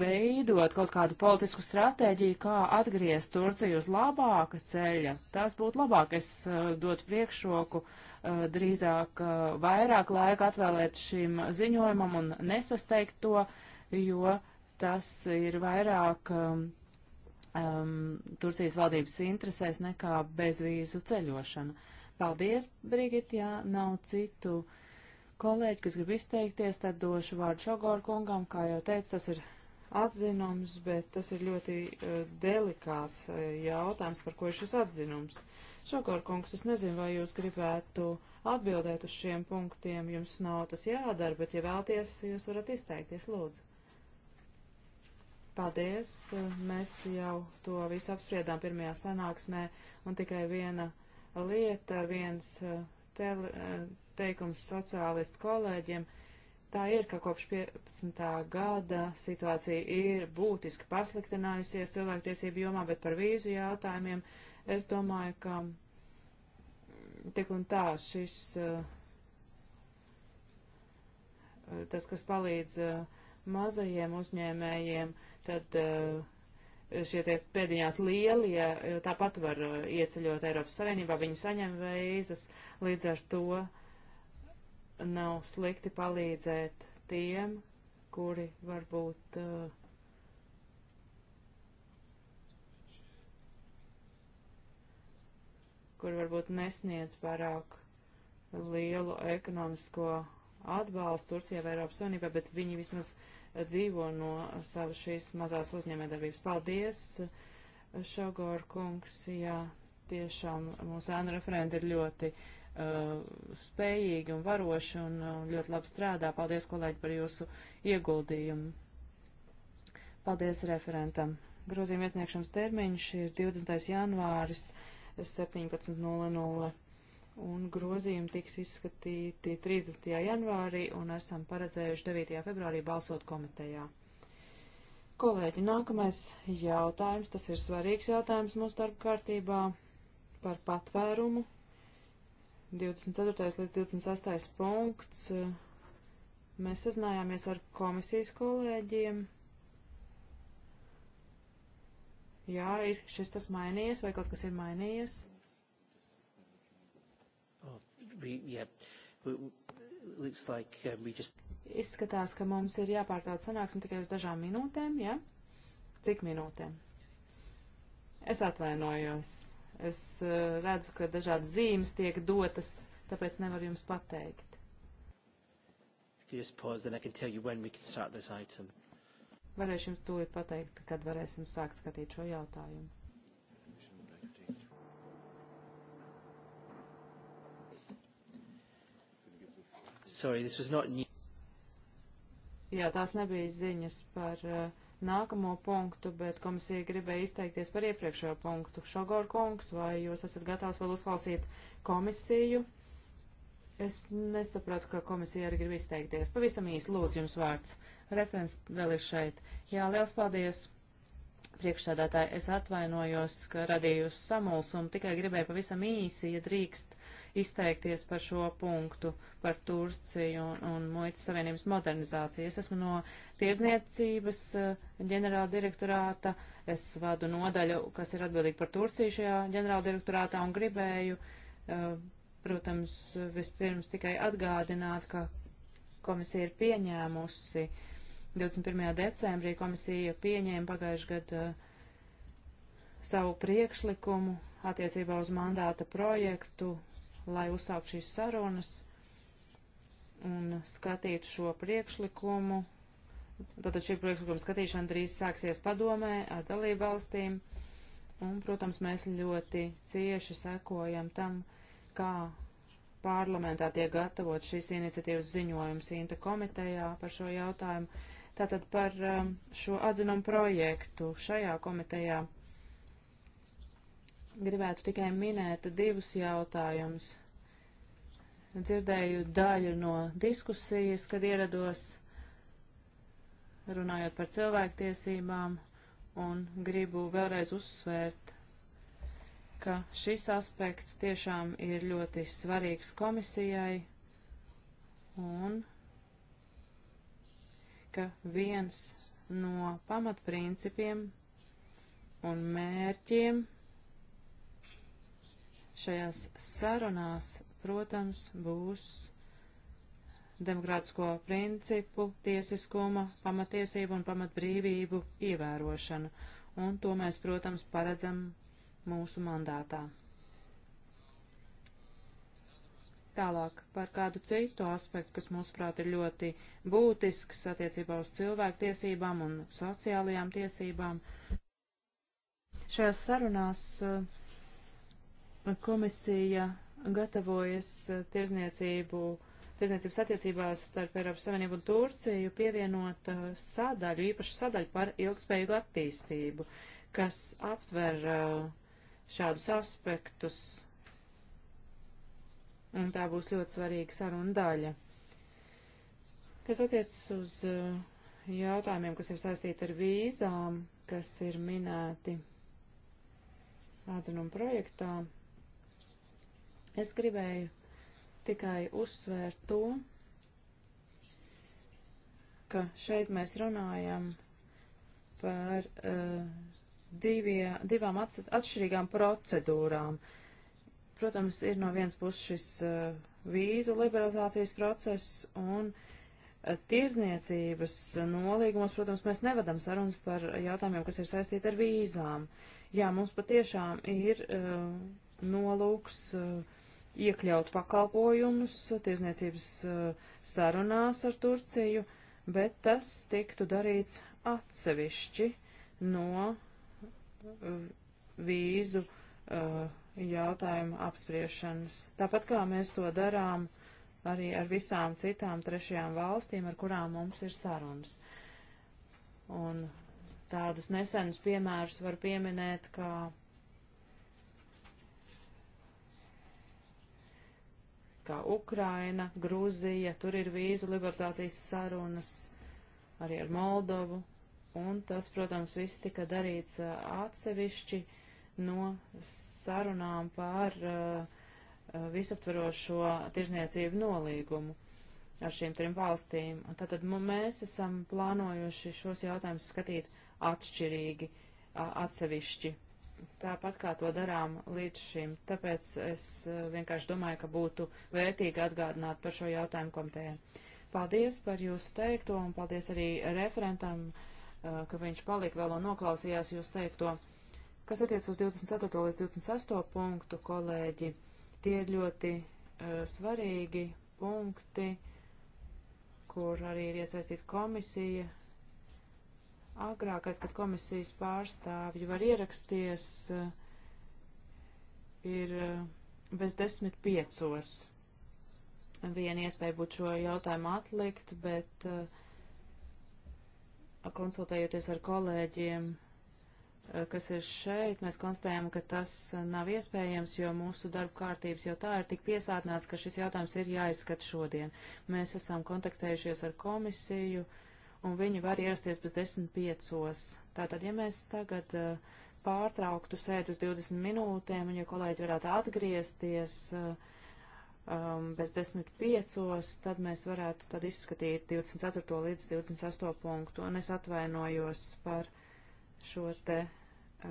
veidot kaut kādu politisku stratēģiju, kā atgriezt Turciju uz labāka ceļa. Tas būtu labāk. Es uh, dotu priekšroku uh, drīzāk uh, vairāk laika atvēlēt šim ziņojumam un nesasteigt to, jo tas ir vairāk um, um, Turcijas valdības interesēs nekā bezvīzu ceļošana. Paldies, Brigit, jā, nav citu. Uh, kolēģi, kas grib izteikties, tad došu vārdu Šogoru kungam. Kā jau teicu, tas ir atzinums, bet tas ir ļoti uh, delikāts uh, jautājums, par ko ir šis atzinums. Šogoru kungs, es nezinu, vai jūs gribētu atbildēt uz šiem punktiem. Jums nav tas jādara, bet, ja vēlties, jūs varat izteikties, lūdzu. Paldies. Mēs jau to visu apspriedām pirmajā sanāksmē, un tikai viena lieta, viens eh, tele, teikums sociālistu kolēģiem. Tā ir, ka kopš 15. gada situācija ir būtiski pasliktinājusies cilvēktiesību jomā, bet par vīzu jautājumiem es domāju, ka tik un tā šis, eh, tas, kas palīdz eh, mazajiem uzņēmējiem, tad eh, šie tie pēdiņās lielie tāpat var ieceļot Eiropas Savienībā, viņi saņem vīzas, līdz ar to nav slikti palīdzēt tiem, kuri varbūt uh, eh, kur varbūt nesniedz pārāk lielu ekonomisko atbalstu Turcijai vai Eiropas Savienībā, bet viņi vismaz dzīvo no savas šīs mazās uzņēmējdarbības. Paldies, Šogor kungs, jā, tiešām mūsu ēnu referenti ir ļoti uh, Uh, spējīgi un varoši uh, un ļoti labi strādā. Paldies, kolēģi, par jūsu ieguldījumu. Paldies referentam. Grozījuma iesniegšanas termiņš ir 20. janvāris 17.00 un grozījumi tiks izskatīti 30. janvārī un esam paredzējuši 9. februārī balsot komitejā. Kolēģi, nākamais jautājums, tas ir svarīgs jautājums mūsu darba kārtībā par patvērumu 24. līdz 26. punkts. Mēs sazinājāmies ar komisijas kolēģiem. Jā, ir šis tas mainījies, vai kaut kas ir mainījies? Oh, we, yeah. we, looks like, um, we just... Izskatās, ka mums ir jāpārtrauc sanāksme tikai uz dažām minūtēm, jā? Ja? Cik minūtēm? Es atvainojos. Es eh, redzu, ka dažādas zīmes tiek dotas, tāpēc nevaru jums pateikt. Varēšu jums tūlīt pateikt, kad varēsim sākt skatīt šo jautājumu. Sorry, this was not new. Jā, tās nebija ziņas par uh, nākamo punktu, bet komisija gribēja izteikties par iepriekšējo punktu. Šogor kungs, vai jūs esat gatavs vēl uzklausīt komisiju? Es nesapratu, ka komisija arī grib izteikties. Pavisam īsi lūdzu jums vārds. Referents vēl ir šeit. Jā, liels paldies. Priekšsādātāji, es atvainojos, ka radīju samulsumu, tikai gribēju pavisam īsi, ja drīkst izteikties par šo punktu, par Turciju un, un Muitas Savienības modernizāciju. Es esmu no tirzniecības eh, ģenerāla direktorāta, es vadu nodaļu, kas ir atbildīga par Turciju šajā ģenerāla direktorātā un gribēju, eh, protams, vispirms tikai atgādināt, ka komisija ir pieņēmusi 21. decembrī komisija pieņēma pagājušajā gadā eh, savu priekšlikumu attiecībā uz mandāta projektu lai uzsākt šīs sarunas un skatītu šo priekšlikumu. Tātad šī priekšlikuma skatīšana drīz sāksies padomē ar dalību valstīm. Un, protams, mēs ļoti cieši sekojam tam, kā parlamentā tiek gatavot šīs iniciatīvas ziņojums Inta komitejā par šo jautājumu. Tātad par um, šo atzinumu projektu šajā komitejā gribētu tikai minēt divus jautājumus. Dzirdēju daļu no diskusijas, kad ierados runājot par cilvēktiesībām, un gribu vēlreiz uzsvērt, ka šis aspekts tiešām ir ļoti svarīgs komisijai, un ka viens no pamatprincipiem un mērķiem Šajās sarunās, protams, būs demokrātisko principu, tiesiskuma, pamatiesību un pamatbrīvību ievērošana, un to mēs, protams, paredzam mūsu mandātā. Tālāk par kādu citu aspektu, kas mūsuprāt ir ļoti būtisks attiecībā uz cilvēktiesībām un sociālajām tiesībām. Šajās sarunās uh, komisija gatavojas eh, tirzniecību, tirzniecības attiecībās starp Eiropas Savienību un Turciju pievienot eh, sadaļu, īpašu sadaļu par ilgspējīgu attīstību, kas aptver eh, šādus aspektus. Un tā būs ļoti svarīga saruna daļa. Kas attiecas uz jautājumiem, kas ir saistīti ar vīzām, kas ir minēti atzinuma projektā, Es gribēju tikai uzsvērt to, ka šeit mēs runājam par uh, divie, divām atšķirīgām procedūrām. Protams, ir no vienas puses šis uh, vīzu liberalizācijas process un uh, tirzniecības nolīgumos, protams, mēs nevedam sarunas par jautājumiem, kas ir saistīti ar vīzām. Jā, mums patiešām ir uh, nolūks. Uh, iekļaut pakalpojumus tirzniecības eh, sarunās ar Turciju, bet tas tiktu darīts atsevišķi no eh, vīzu eh, jautājuma apspriešanas. Tāpat kā mēs to darām arī ar visām citām trešajām valstīm, ar kurām mums ir sarunas. Un tādus nesenus piemērus var pieminēt, kā kā Ukraina, Grūzija, tur ir vīzu liberalizācijas sarunas arī ar Moldovu, un tas, protams, viss tika darīts uh, atsevišķi no sarunām par uh, uh visaptverošo tirzniecību nolīgumu ar šīm trim valstīm. Un tātad mēs esam plānojuši šos jautājumus skatīt atšķirīgi, atsevišķi tāpat kā to darām līdz šim. Tāpēc es eh, vienkārši domāju, ka būtu vērtīgi atgādināt par šo jautājumu komitējai. Paldies par jūsu teikto un paldies arī referentam, eh, ka viņš palika vēl un noklausījās jūsu teikto. Kas attiec uz 24. līdz 26. punktu, kolēģi, tie ir ļoti uh, svarīgi punkti, kur arī ir iesaistīta komisija, agrākais, kad komisijas pārstāvji var ieraksties, eh, ir eh, bez desmit piecos. Viena iespēja būtu šo jautājumu atlikt, bet eh, konsultējoties ar kolēģiem, kas ir šeit, mēs konstatējam, ka tas nav iespējams, jo mūsu darba kārtības jau tā ir tik piesātnēts, ka šis jautājums ir jāizskata šodien. Mēs esam kontaktējušies ar komisiju, uh, un viņi var ierasties pēc 10.5. Tātad, ja mēs tagad uh, pārtrauktu sēdi uz 20 minūtēm, un ja kolēģi varētu atgriezties eh, um, bez 10.5, tad mēs varētu tad izskatīt 24. līdz 28. punktu. Un es atvainojos par šo te uh,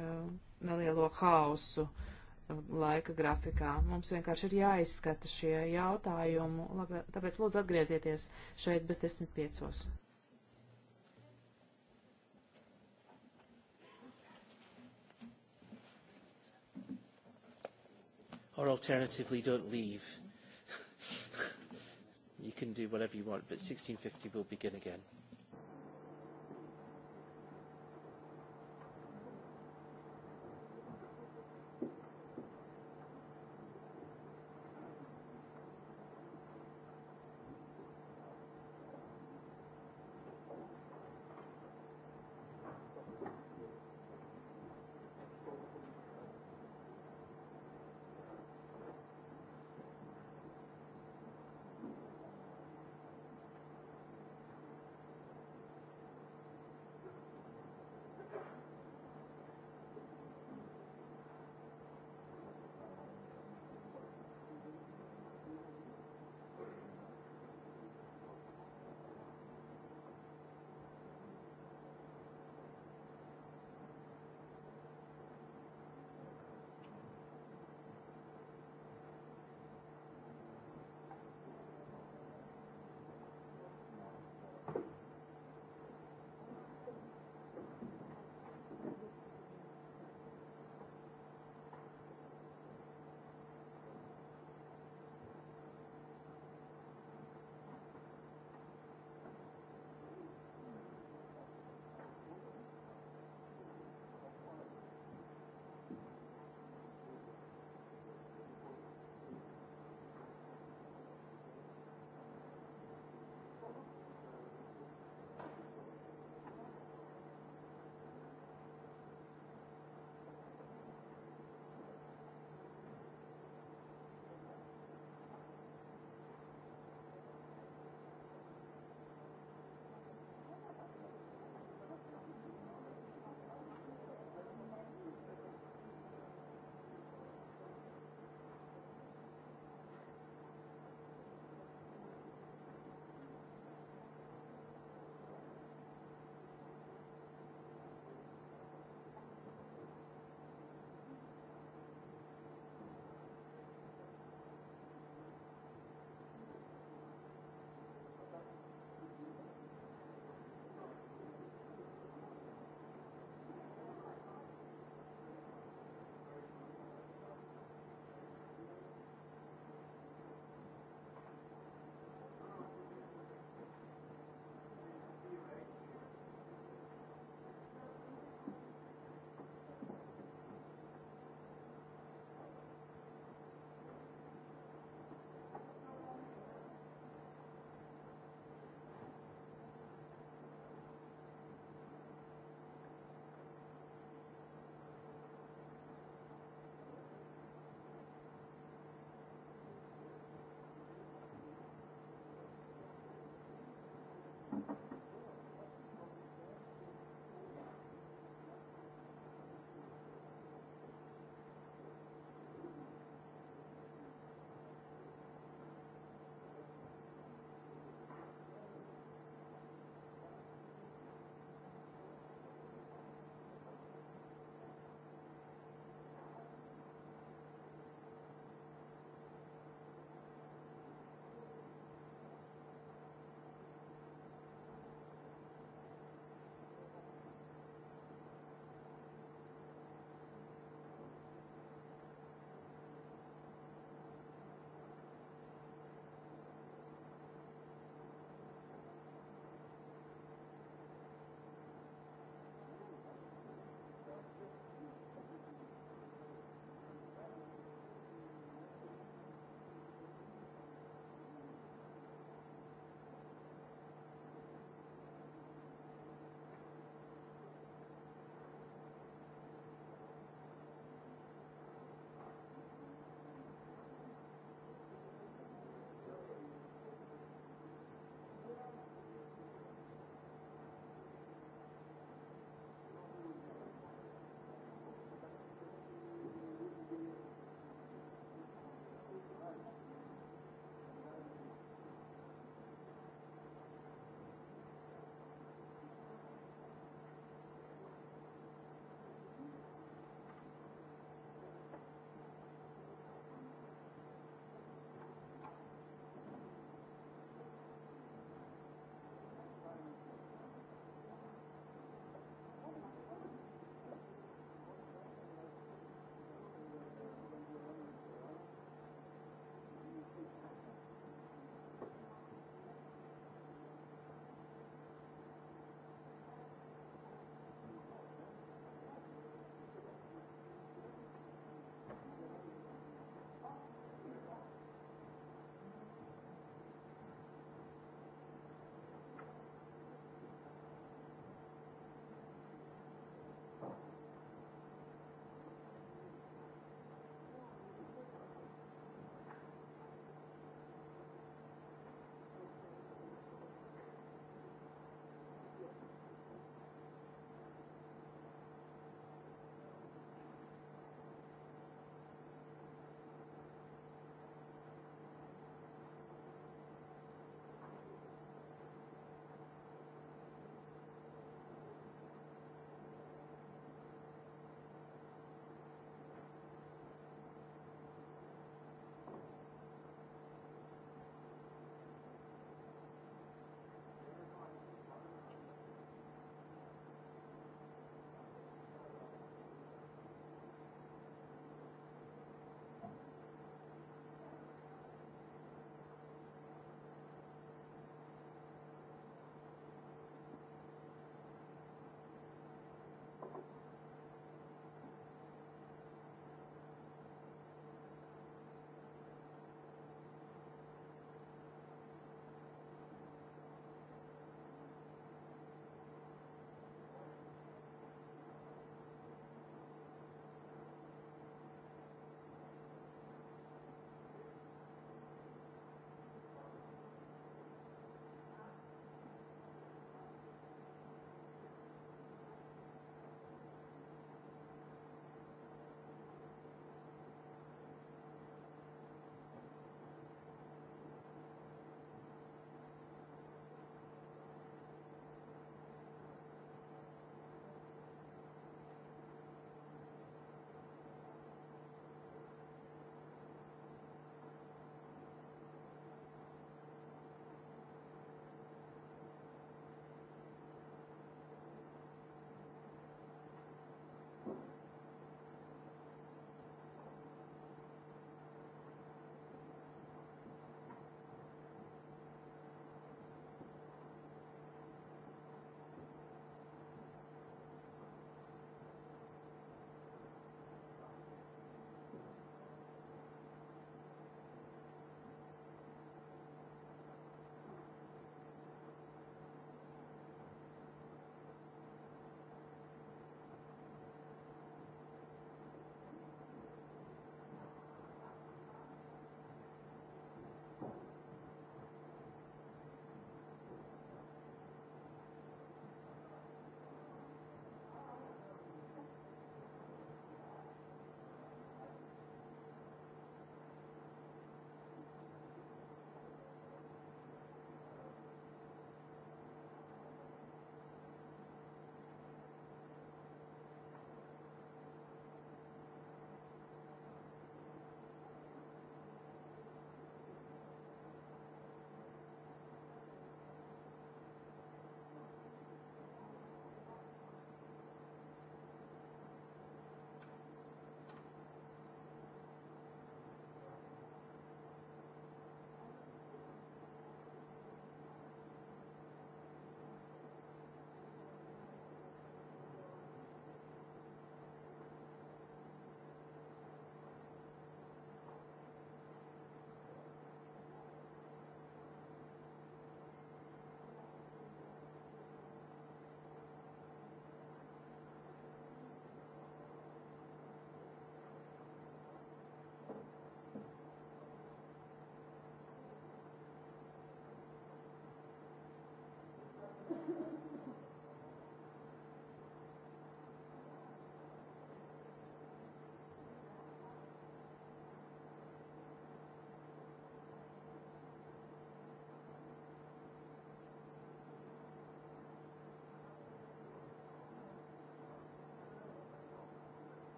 nelielo hausu uh, laika grafikā. Mums vienkārši ir jāizskata šie jautājumi, labi, tāpēc lūdzu atgriezieties šeit bez 10.5. or alternatively don't leave. you can do whatever you want, but 1650 will begin again.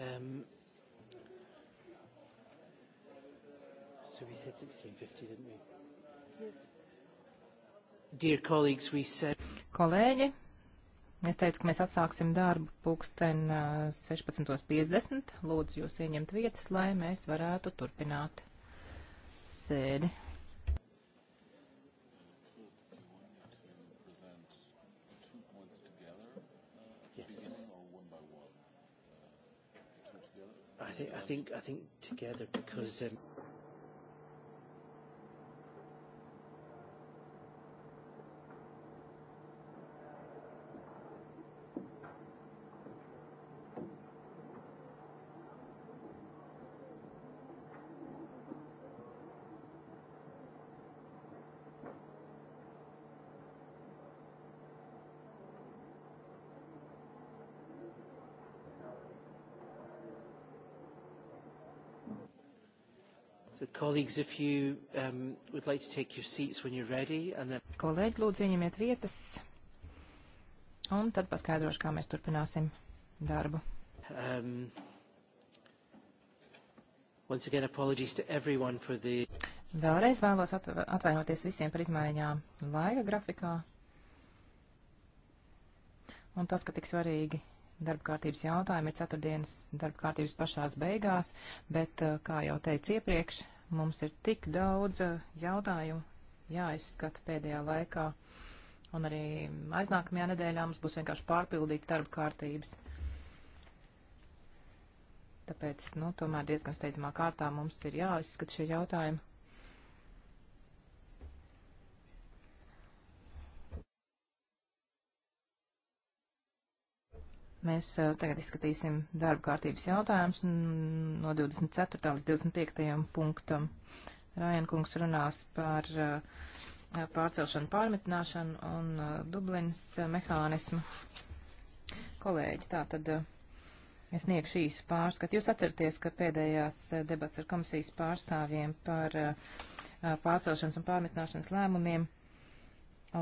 Um, so we said 1650, didn't we? Yes. Dear colleagues, we said... Kolēģi, es teicu, ka mēs atsāksim darbu pulksten 16.50. Uh, Lūdzu jūs ieņemt vietas, lai mēs varētu turpināt sēdi. I think, together because. Um, Colleagues, if you um, would like to take your seats when you're ready, and then... Kolēģi, lūdzu, ieņemiet vietas, un tad paskaidrošu, kā mēs turpināsim darbu. Um, once again, apologies to everyone for the... Vēlreiz vēlos atvainoties visiem par izmaiņām laika grafikā. Un tas, ka tik svarīgi darba kārtības jautājumi ir ceturtdienas darba kārtības pašās beigās, bet, uh, kā jau teicu iepriekš, Mums ir tik daudz eh, jautājumu jāizskata pēdējā laikā, un arī aiznākamajā nedēļā mums būs vienkārši pārpildīta darba kārtības. Tāpēc, nu, tomēr diezgan steidzamā kārtā mums ir jāizskata šie jautājumi. Mēs uh, tagad izskatīsim darba kārtības jautājumus no 24. līdz 25. punktam. Rājankungs runās par uh, pārcelšanu, pārmitināšanu un uh, Dublinas mehānismu. Kolēģi, tā tad es sniegšu īsu pārskatu. Jūs atceraties, ka pēdējās debats ar komisijas pārstāvjiem par pārcelšanas un pārmitināšanas lēmumiem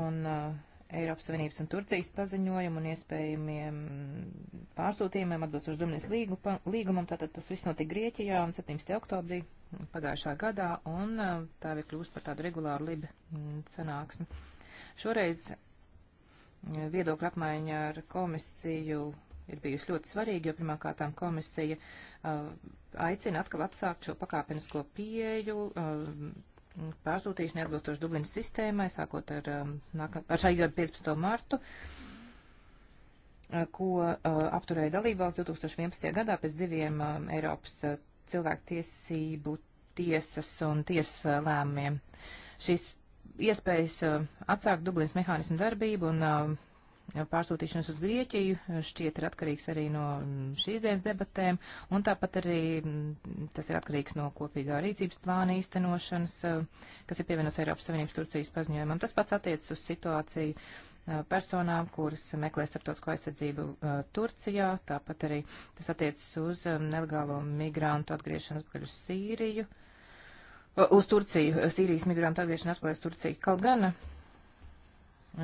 un uh, Eiropas Savienības un Turcijas paziņojumu un iespējamiem pārsūtījumiem atbilstoši Dumnijas līgumam. Tātad tas viss notika Grieķijā un 17. oktobrī pagājušā gadā, un tā bija kļūst par tādu regulāru libi mm, sanāksmi. Šoreiz viedokļa apmaiņa ar komisiju ir bijusi ļoti svarīga, jo pirmkārtām komisija uh, aicina atkal atsākt šo pakāpenisko pieeju, uh, pārsūtīšana atbilstoši Dublinas sistēmai, sākot ar, um, ar šā gada 15. martu, ko uh, apturēja dalībvalsts 2011. gadā pēc diviem um, Eiropas uh, cilvēktiesību tiesas un tiesas uh, lēmumiem. Šīs iespējas atsākt Dublinas mehānismu darbību un um, pārsūtīšanas uz Grieķiju šķiet ir atkarīgs arī no šīs dienas debatēm, un tāpat arī tas ir atkarīgs no kopīgā rīcības plāna īstenošanas, kas ir pievienots Eiropas Savienības Turcijas paziņojumam. Tas pats attiecas uz situāciju personām, kuras meklē starptautisko aizsardzību uh, Turcijā, tāpat arī tas attiecas uz um, nelegālo migrantu atgriešanu atpakaļ uz Sīriju, uh, uz Turciju, Sīrijas migrantu atgriešanu atpakaļ uz Turciju. Kaut gan uh,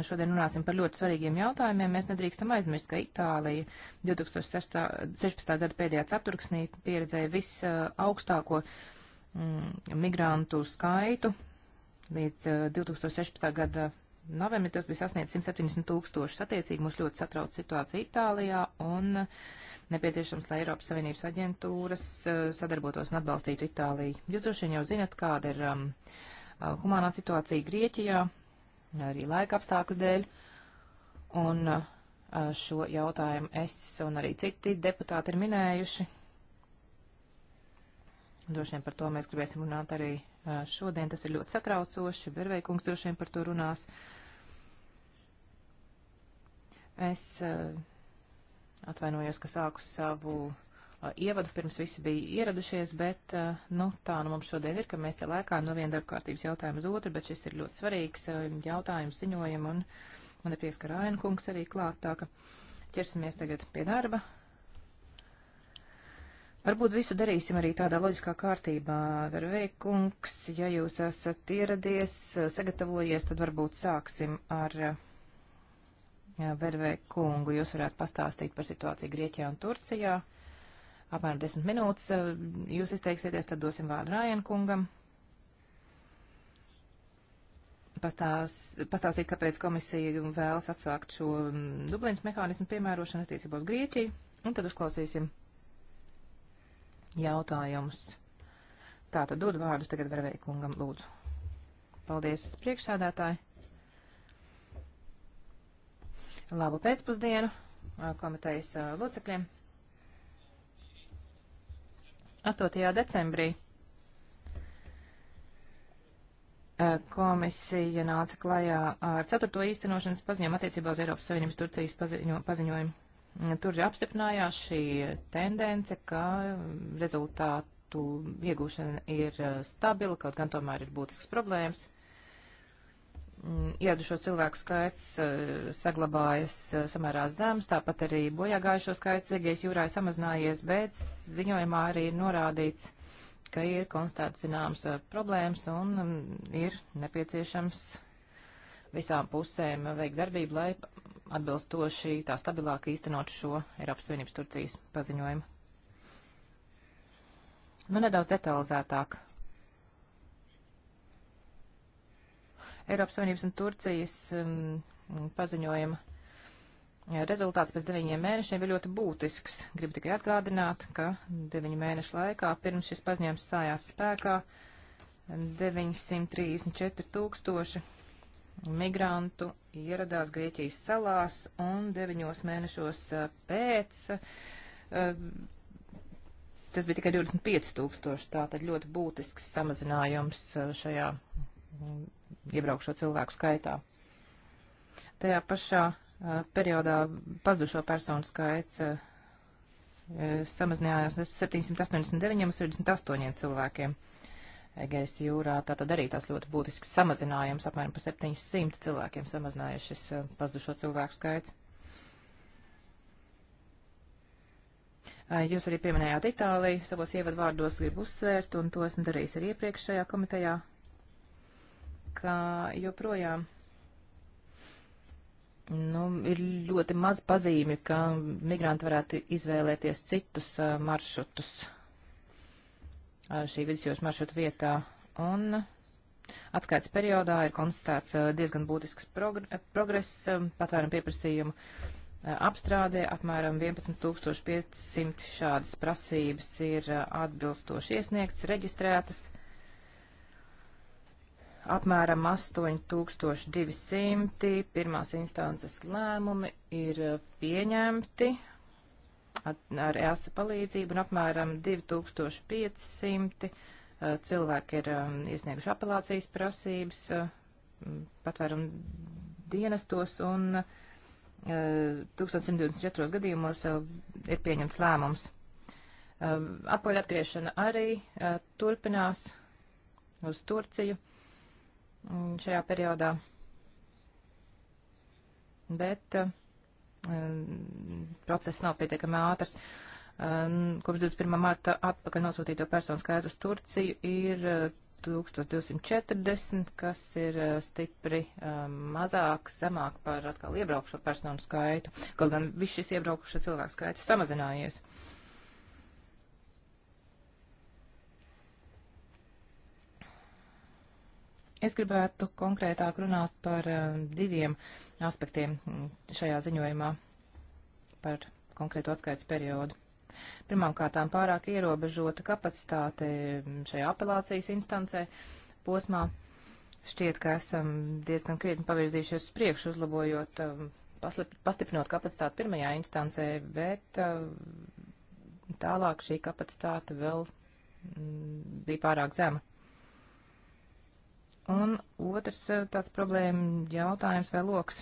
Šodien runāsim par ļoti svarīgiem jautājumiem. Mēs nedrīkstam aizmirst, ka Itālija 2016. gada pēdējā ceturksnī pieredzēja visaugstāko mm, migrantu skaitu. Līdz 2016. Eh, gada novembrī tas bija sasniegts 170 tūkstoši. Attiecīgi mums ļoti satrauc situācija Itālijā un nepieciešams, lai Eiropas Savienības aģentūras eh, sadarbotos un atbalstītu Itāliju. Jūs droši vien jau zinat, kāda ir um, humānā situācija Grieķijā arī laika apstākļu dēļ. Un uh, šo jautājumu es un arī citi deputāti ir minējuši. Droši vien par to mēs gribēsim runāt arī uh, šodien. Tas ir ļoti satraucoši. Berveikungs droši vien par to runās. Es uh, atvainojos, ka sāku savu Uh, ievadu, pirms visi bija ieradušies, bet, uh, nu, tā nu mums šodien ir, ka mēs te lēkājam no viena darbkārtības jautājuma uz otru, bet šis ir ļoti svarīgs uh, jautājums ziņojam, un man ir prieks, ka Rāina kungs arī klāt, tā ka ķersimies tagad pie darba. Varbūt visu darīsim arī tādā loģiskā kārtībā. Verveikungs, ja jūs esat ieradies, sagatavojies, tad varbūt sāksim ar Verveikungu. Jūs varētu pastāstīt par situāciju Grieķijā un Turcijā apmēram desmit minūtes eh, jūs izteiksieties, tad dosim vārdu Rājankungam. Pastāstīt, pastās kāpēc komisija vēlas atsākt šo mm, Dublīnas mehānismu piemērošanu attiecībā uz Grieķiju, un tad uzklausīsim jautājumus. Tātad dod vārdus tagad Verveikungam, lūdzu. Paldies, priekšsādātāji. Labu pēcpusdienu komitejas locekļiem. 8. decembrī eh, komisija nāca klajā ar 4. īstenošanas paziņojumu attiecībā uz Eiropas Savienības Turcijas paziņo, paziņojumu. Tur apstiprinājās šī tendence, ka rezultātu iegūšana ir eh, stabila, kaut gan tomēr ir būtisks problēmas. Mm, ieradušo cilvēku skaits uh, saglabājas uh, samērā zems, tāpat arī bojāgājušo skaits Egejas jūrā ir samazinājies, bet ziņojumā arī ir norādīts, ka ir konstatēts zināms uh, problēmas un um, ir nepieciešams visām pusēm veikt darbību, lai atbilstoši tā stabilāk īstenot šo Eiropas Savienības Turcijas paziņojumu. Nu, nedaudz detalizētāk Eiropas Savienības un Turcijas um, paziņojuma rezultāts pēc deviņiem mēnešiem ir ļoti būtisks. Gribu tikai atgādināt, ka deviņu mēnešu laikā pirms šis paziņojums stājās spēkā 934 tūkstoši migrantu ieradās Grieķijas salās un deviņos mēnešos uh, pēc. Uh, tas bija tikai 25 tūkstoši, tātad ļoti būtisks samazinājums uh, šajā iebraukšo cilvēku skaitā. Tajā pašā uh, periodā pazudušo personu skaits uh, uh, samazinājās 789 uz 68 cilvēkiem. Egejas jūrā. Tātad arī tas ļoti būtisks samazinājums, apmēram par 700 cilvēkiem samazinājies šis pazudušo cilvēku skaits. Jūs arī pieminējāt Itāliju, savos ievadvārdos gribu uzsvērt, un to esmu darījis arī iepriekšējā komitejā ka joprojām nu, ir ļoti maz pazīmi, ka migranti varētu izvēlēties citus uh, maršrutus uh, šī vidusjūras maršruta vietā. Un atskaits periodā ir konstatēts uh, diezgan būtisks progr progress patvērumu pieprasījumu apstrādē. Apmēram 11500 šādas prasības ir atbilstoši iesniegts, reģistrētas apmēram 8200 pirmās instances lēmumi ir eh, pieņemti ar EASA palīdzību un apmēram 2500 eh, cilvēki ir um, iesnieguši apelācijas prasības eh, patvērumu dienestos un 1124 gadījumos ir pieņemts lēmums. Atpakaļ atgriešana arī turpinās uz Turciju šajā periodā. Bet eh, process nav pietiekami ātrs. Eh, kopš 21. marta atpakaļ nosūtīto personu skaits uz Turciju ir 1240, eh, kas ir stipri mazāk, zemāk par atkal iebraukšo personu skaitu, kaut gan viss šis iebraukušo cilvēku skaits samazinājies. Es gribētu konkrētāk runāt par eh, diviem aspektiem mm, šajā ziņojumā par konkrētu atskaits periodu. Pirmkārt, pārāk ierobežota kapacitāte mm, šajā apelācijas instancē posmā. Šķiet, ka esam diezgan krietni pavirzījušies uz priekšu, uzlabojot, mm, pastiprinot kapacitāti pirmajā instancē, bet tālāk šī kapacitāte vēl bija pārāk zema. Un otrs eh, tāds problēma jautājums vai loks.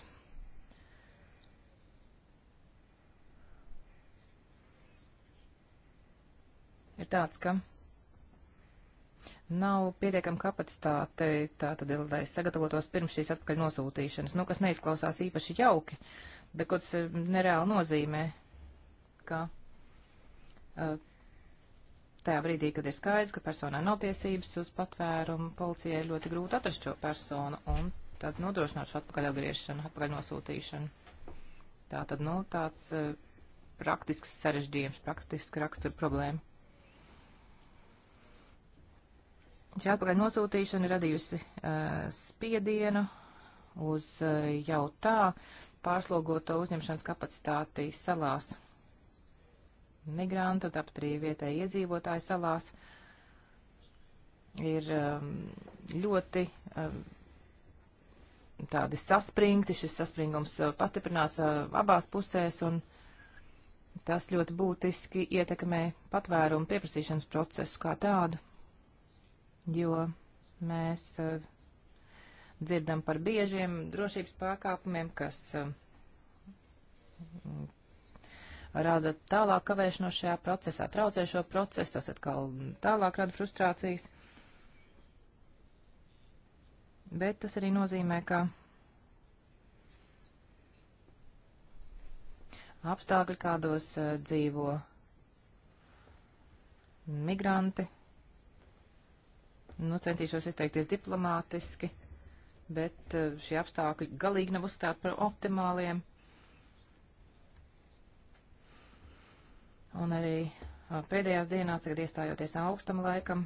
Ir tāds, ka nav pietiekama kapacitāte, tātad, lai sagatavotos pirms šīs atpakaļ nosūtīšanas, nu, kas neizklausās īpaši jauki, bet kaut kas eh, nereāli nozīmē, ka uh, Tajā brīdī, kad ir skaidrs, ka personā nav tiesības uz patvērumu, policijai ļoti grūti atrast šo personu un tad nodrošināt šo atpakaļ atgriešanu, atpakaļ nosūtīšanu. Tā tad, nu, tāds uh, praktisks sarežģījums, praktiski rakstura problēma. Šī atpakaļ nosūtīšana radījusi uh, spiedienu uz uh, jau tā pārslogoto uzņemšanas kapacitāti salās migrantu, tāpat arī vietēji iedzīvotāji salās ir um, ļoti um, tādi saspringti, šis saspringums uh, pastiprinās uh, abās pusēs, un tas ļoti būtiski ietekmē patvērumu pieprasīšanas procesu kā tādu, jo mēs uh, dzirdam par biežiem drošības pārkāpumiem, kas um, rada tālāk kavēšanos šajā procesā, traucē šo procesu, tas atkal tālāk rada frustrācijas. Bet tas arī nozīmē, ka apstākļi, kādos uh, dzīvo migranti. Nu, centīšos izteikties diplomātiski, bet uh, šie apstākļi galīgi nav uzstāti par optimāliem. Un arī pēdējās dienās, tagad iestājoties augstam laikam,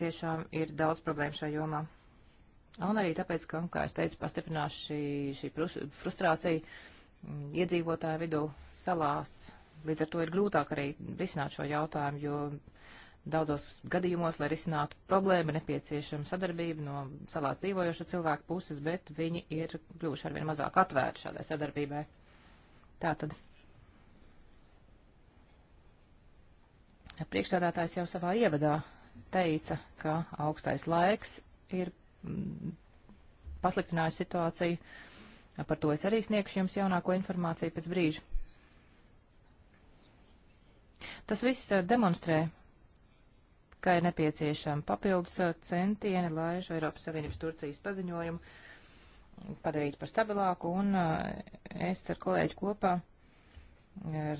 tiešām ir daudz problēmu šajā jomā. Un arī tāpēc, ka, kā es teicu, pastiprinās šī, šī frustrācija iedzīvotāju vidū salās. Līdz ar to ir grūtāk arī risināt šo jautājumu, jo daudzos gadījumos, lai risinātu problēmu, nepieciešama sadarbība no salās dzīvojoša cilvēka puses, bet viņi ir kļuvuši arvien mazāk atvērti šādai sadarbībai. Tātad. Priekšstādātājs jau savā ievadā teica, ka augstais laiks ir mm, pasliktinājis situāciju. Par to es arī sniegšu jums jaunāko informāciju pēc brīža. Tas viss eh, demonstrē, ka ir nepieciešama papildus eh, centieni, lai šo Eiropas Savienības Turcijas paziņojumu padarītu par stabilāku, un eh, es ar kolēģi kopā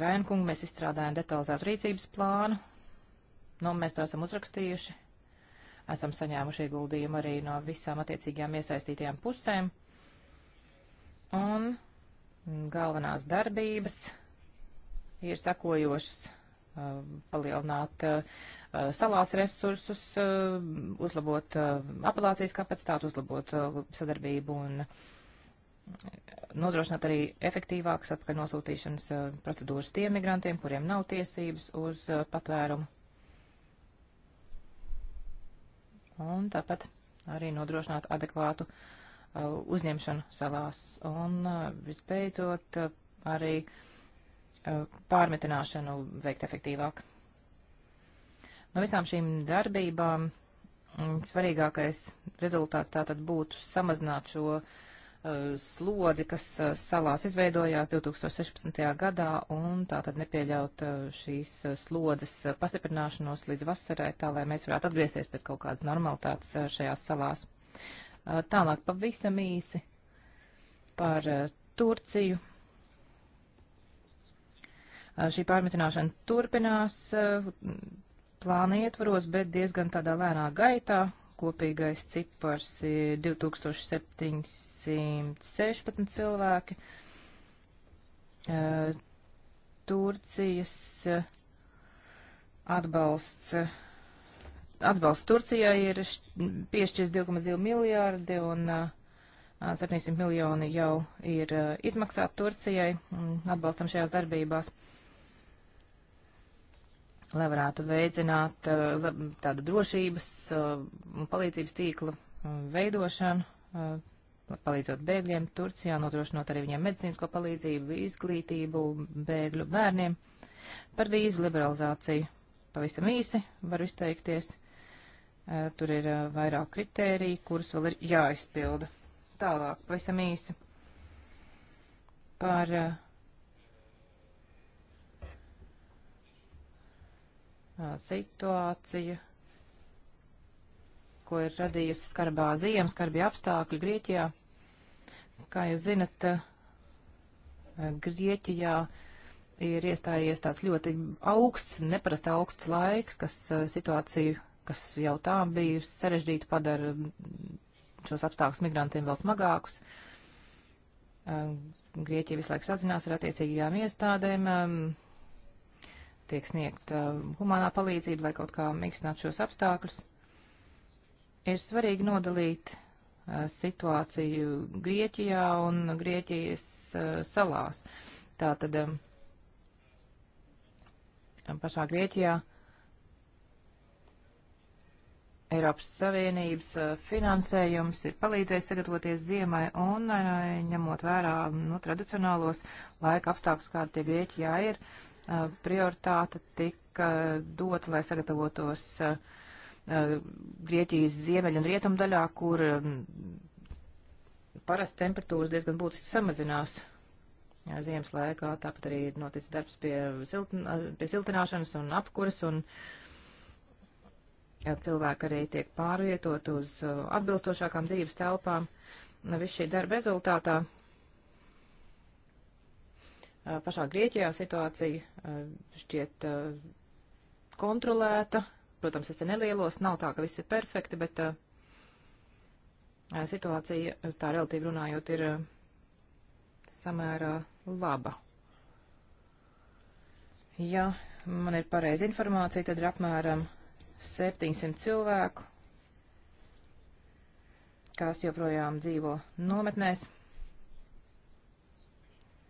Rēnkungu mēs izstrādājam detalizētu rīcības plānu. Nu, mēs to esam uzrakstījuši. Esam saņēmuši ieguldījumu arī no visām attiecīgajām iesaistītajām pusēm. Un galvenās darbības ir sakojošas uh, palielināt uh, salās resursus, uh, uzlabot apelācijas kapacitātu, uzlabot sadarbību un uh, nodrošināt arī efektīvākas atpakaļ nosūtīšanas eh, procedūras tiem migrantiem, kuriem nav tiesības uz eh, patvērumu. Un tāpat arī nodrošināt adekvātu eh, uzņemšanu salās. Un visbeidzot arī pārmetināšanu veikt efektīvāk. No visām šīm darbībām mm, svarīgākais rezultāts tātad būtu samazināt šo uh, Eh, slodzi, kas eh, salās izveidojās 2016. gadā, un tā tad nepieļaut eh, šīs slodzes pastiprināšanos līdz vasarai, tā lai mēs varētu atgriezties pēc kaut kādas normalitātes šajās salās. Tālāk pavisam īsi par Turciju. Šī pārmetināšana turpinās plāna ietvaros, bet diezgan tādā lēnā gaitā, kopīgais cipars ir 2716 cilvēki. Turcijas atbalsts. Atbalsts Turcijai ir piešķirs 2,2 miljārdi un 700 miljoni jau ir izmaksāti Turcijai atbalstam šajās darbībās lai varētu veicināt uh, tādu drošības uh, un palīdzības tīkla um, veidošanu, uh, palīdzot bēgļiem Turcijā, nodrošinot arī viņiem medicīnisko palīdzību, izglītību bēgļu bērniem. Par vīzu liberalizāciju pavisam īsi varu izteikties. Tur ir vairāk kritēriju, kuras vēl ir jāizpilda. Tālāk, pavisam īsi. Par uh, situācija, ko ir radījusi skarbā ziema, skarbie apstākļi Grieķijā. Kā jūs zinat, Grieķijā ir iestājies tāds ļoti augsts, neparasti augsts laiks, kas situāciju, kas jau tā bija sarežģīta, padara šos apstākļus migrantiem vēl smagākus. Grieķija visu laiku sazinās ar attiecīgajām iestādēm, tiek sniegt uh, humānā palīdzība, lai kaut kā mīkstinātu šos apstākļus. Ir svarīgi nodalīt uh, situāciju Grieķijā un Grieķijas uh, salās. Tātad um, pašā Grieķijā Eiropas Savienības uh, finansējums ir palīdzējis sagatavoties ziemai un uh, ņemot vērā nu, tradicionālos laika apstākļus, kādi tie Grieķijā ir. Uh, Eh, prioritāte tika dota, lai sagatavotos eh, eh, Grieķijas ziemeļu un rietumu daļā, kur mm, parasti temperatūras diezgan būtiski samazinās ziemas laikā. Tāpat arī ir noticis darbs pie, siltin, pie siltināšanas un apkuras, un cilvēki arī tiek pārvietot uz atbilstošākām dzīves telpām. Viss šī darba rezultātā Eh, pašā Grieķijā situācija eh, šķiet eh, kontrolēta. Protams, es te nelielos, nav tā, ka viss ir perfekti, bet situācija, tā relatīvi runājot, ir samērā laba. Ja man ir pareiza informācija, tad ir apmēram 700 cilvēku, kas joprojām dzīvo nometnēs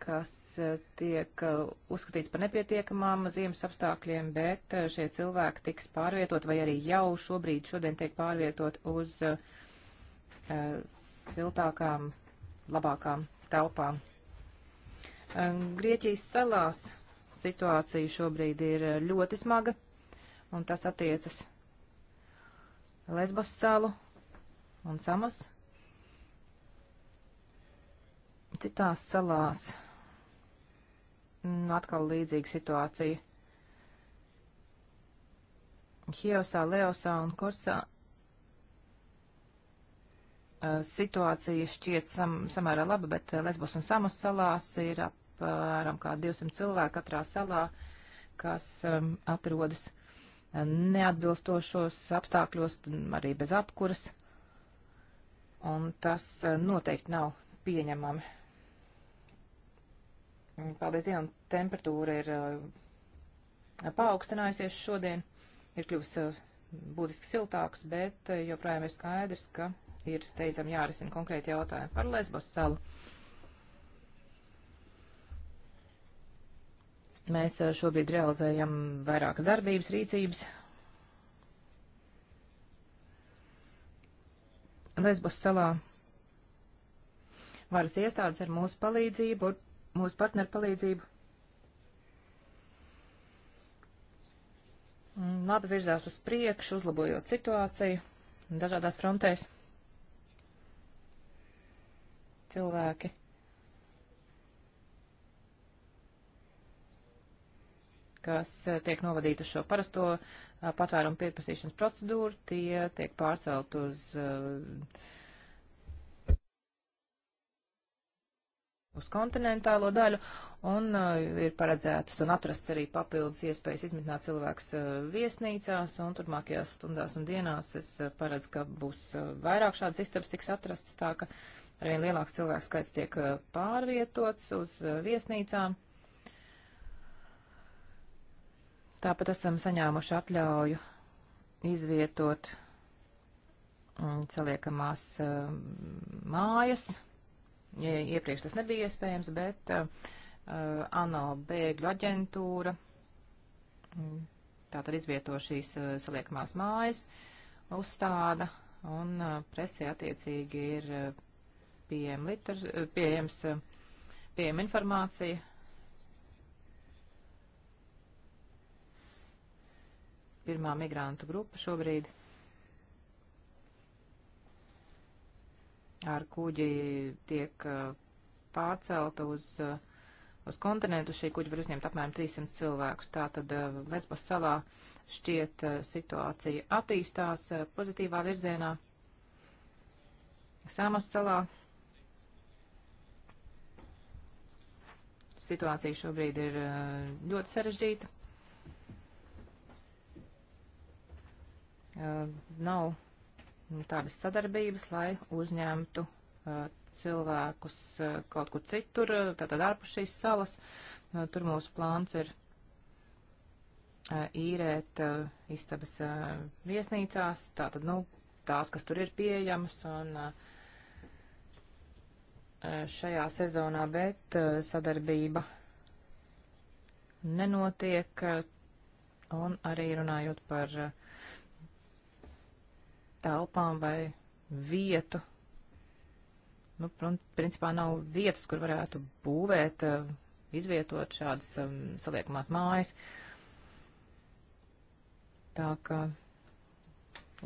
kas eh, tiek eh, uzskatīts par nepietiekamām ziemas apstākļiem, bet eh, šie cilvēki tiks pārvietot vai arī jau šobrīd šodien tiek pārvietot uz uh, siltākām, labākām telpām. Uh, Grieķijas salās situācija šobrīd ir ļoti smaga, un tas attiecas Lesbos salu un Samos citās salās. Nu, atkal līdzīga situācija. Hiosā, Leosā un Kursā situācija šķiet sam, samērā laba, bet Lesbos un Samas salās ir apmēram kā 200 cilvēku katrā salā, kas um, atrodas neatbilstošos apstākļos, arī bez apkuras. Un tas noteikti nav pieņemami. Mm, paldies Dievam, temperatūra ir uh, paaugstinājusies šodien, ir kļuvis uh, būtiski siltāks, bet uh, joprojām ir skaidrs, ka ir steidzam jārisina konkrēti jautājumi par Lesbos salu. Mēs šobrīd realizējam vairākas darbības, rīcības. Lesbos salā varas iestādes ar mūsu palīdzību mūsu partneru palīdzību. Labi virzās uz priekšu, uzlabojot situāciju dažādās frontēs. Cilvēki. kas eh, tiek novadīti uz šo parasto eh, patvērumu pieprasīšanas procedūru, tie tiek pārcelt uz uh, uz kontinentālo daļu, un uh, ir paredzētas un atrasts arī papildus iespējas izmitināt cilvēks uh, viesnīcās, un turpmākajās stundās un dienās es uh, paredzu, ka būs uh, vairāk šādas istabas tiks atrastas, tā ka arvien lielāks cilvēks skaits tiek uh, pārvietots uz uh, viesnīcām. Tāpat esam saņēmuši atļauju izvietot um, mm, saliekamās uh, mājas. Mm Iepriekš tas nebija iespējams, bet uh, uh ANO bēgļu aģentūra mm, tātad izvieto šīs uh, saliekamās mājas, uzstāda un uh, presē attiecīgi ir uh, pieejam liter, uh, pieejams, uh, pieejam informācija. Pirmā migrantu grupa šobrīd. ar kuģi tiek uh, pārcelta uz, uh, uz kontinentu. Šī kuģi var uzņemt apmēram 300 cilvēkus. Tātad uh, Lesbos salā šķiet situācija attīstās pozitīvā virzienā. Samos salā situācija šobrīd ir ļoti sarežģīta. Nav tādas sadarbības, lai uzņemtu uh, cilvēkus uh, kaut kur citur, tātad ārpus šīs salas. Uh, tur mūsu plāns ir īrēt istabas viesnīcās, tātad, nu, tās, kas tur ir pieejamas, un šajā sezonā, bet sadarbība nenotiek, un arī runājot par uh, telpām vai vietu. Nu, principā nav vietas, kur varētu būvēt, eh, izvietot šādas eh, saliekamās mājas. Tā ka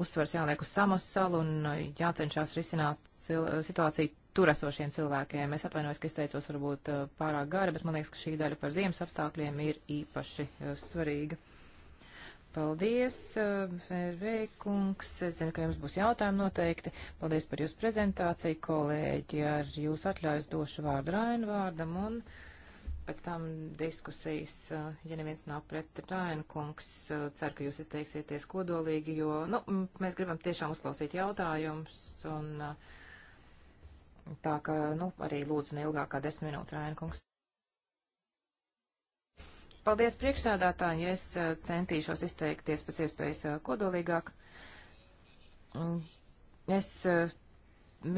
uzsvars jāliek uz samus salu un eh, jācenšas risināt situāciju tur esošiem cilvēkiem. Es atvainojos, ka izteicos varbūt pārāk gari, bet man liekas, ka šī daļa par ziemas apstākļiem ir īpaši svarīga. Paldies, Vērveikungs. Es zinu, ka jums būs jautājumi noteikti. Paldies par jūsu prezentāciju, kolēģi. Ar jūsu atļaujas došu vārdu Rainu vārdam un pēc tam diskusijas, ja neviens nav pret Rainu kungs, ceru, ka jūs izteiksieties kodolīgi, jo nu, mēs gribam tiešām uzklausīt jautājumus. Un, tā ka, nu, arī lūdzu neilgākā desmit minūtes Rainu kungs. Paldies priekšsādātāji, es eh, centīšos izteikties pēc iespējas eh, kodolīgāk. Mm. Es eh,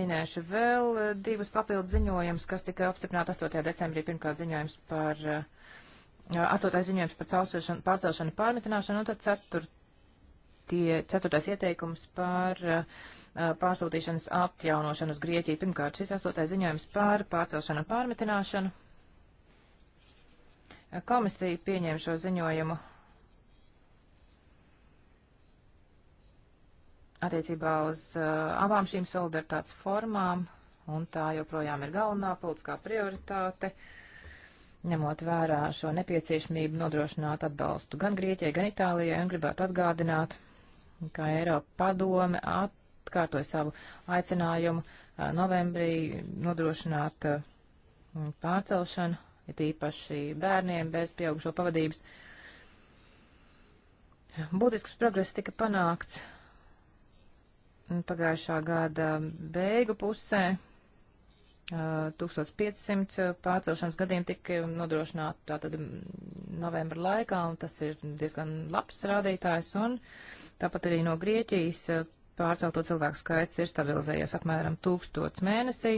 minēšu vēl divus papildu ziņojumus, kas tika apstiprināti 8. decembrī. Pirmkārt ziņojums par, 8. ziņojums par pārcelšanu pārmitināšanu, un tad 4. ceturtais ieteikums par pārsūtīšanas atjaunošanu uz Grieķiju. Pirmkārt šis 8. ziņojums par pārcelšanu pārmitināšanu komisija pieņēma šo ziņojumu attiecībā uz uh, abām šīm solidaritātes formām, un tā joprojām ir galvenā politiskā prioritāte, ņemot vērā šo nepieciešamību nodrošināt atbalstu gan Grieķijai, gan Itālijai, un gribētu atgādināt, ka Eiropa padome atkārtoja savu aicinājumu uh, novembrī nodrošināt uh, pārcelšanu it īpaši bērniem bez pieaugušo pavadības. Būtisks progress tika panākts pagājušā gada beigu pusē. 1500 pārcelšanas gadiem tika nodrošināti tātad novembra laikā, un tas ir diezgan labs rādītājs, un tāpat arī no Grieķijas pārcelto cilvēku skaits ir stabilizējies apmēram 1000 mēnesī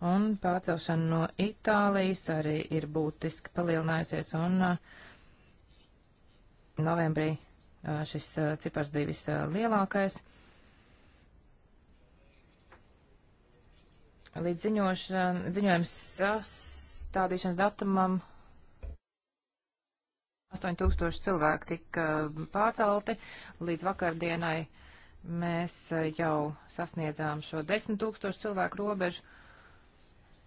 un pārcelšana no Itālijas arī ir būtiski palielinājusies, un uh, novembrī uh, šis uh, cipars bija vislielākais. Līdz ziņojums sastādīšanas datumam 8000 cilvēki tika pārcelti, līdz vakardienai mēs jau sasniedzām šo 10 tūkstošu cilvēku robežu.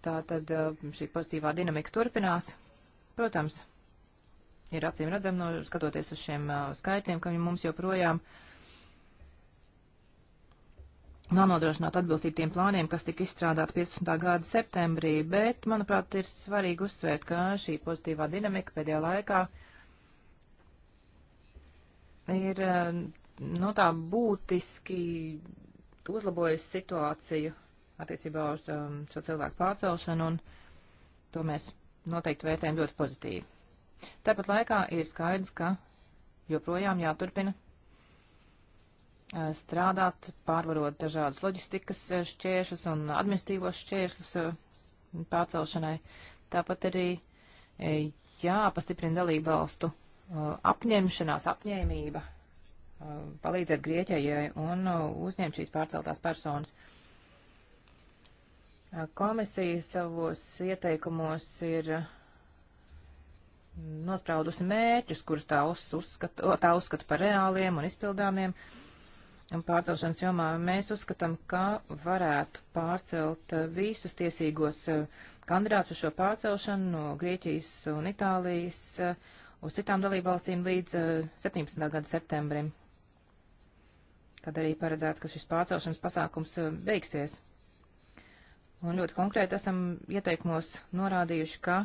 Tā tad eh, šī pozitīvā dinamika turpinās. Protams, ir acīm redzam, no, skatoties uz šiem eh, skaitļiem, ka mums joprojām nav nodrošināta atbilstība tiem plāniem, kas tika izstrādāti 15. gada septembrī, bet, manuprāt, ir svarīgi uzsvērt, ka šī pozitīvā dinamika pēdējā laikā ir, eh, no nu, tā būtiski uzlabojusi situāciju attiecībā uz um, šo cilvēku pārcelšanu, un to mēs noteikti vērtējam ļoti pozitīvi. Tāpat laikā ir skaidrs, ka joprojām jāturpina uh, strādāt, pārvarot dažādas loģistikas uh, šķēršļus un administrīvos šķēršļus uh, pārcelšanai. Tāpat arī jāpastiprina dalību valstu apņemšanās, apņēmība palīdzēt Grieķijai un uzņemt šīs pārceltās personas. Komisija savos ieteikumos ir nospraudusi mērķus, kurus tā uzskata, tā uzskata par reāliem un izpildāmiem. Un pārcelšanas jomā mēs uzskatām, ka varētu pārcelt eh, visus tiesīgos eh, kandidātus uz šo pārcelšanu no Grieķijas un Itālijas eh, uz citām dalībvalstīm līdz 17. gada septembrim, kad arī paredzēts, ka šis pārcelšanas pasākums beigsies. Un ļoti konkrēti esam ieteikumos norādījuši, ka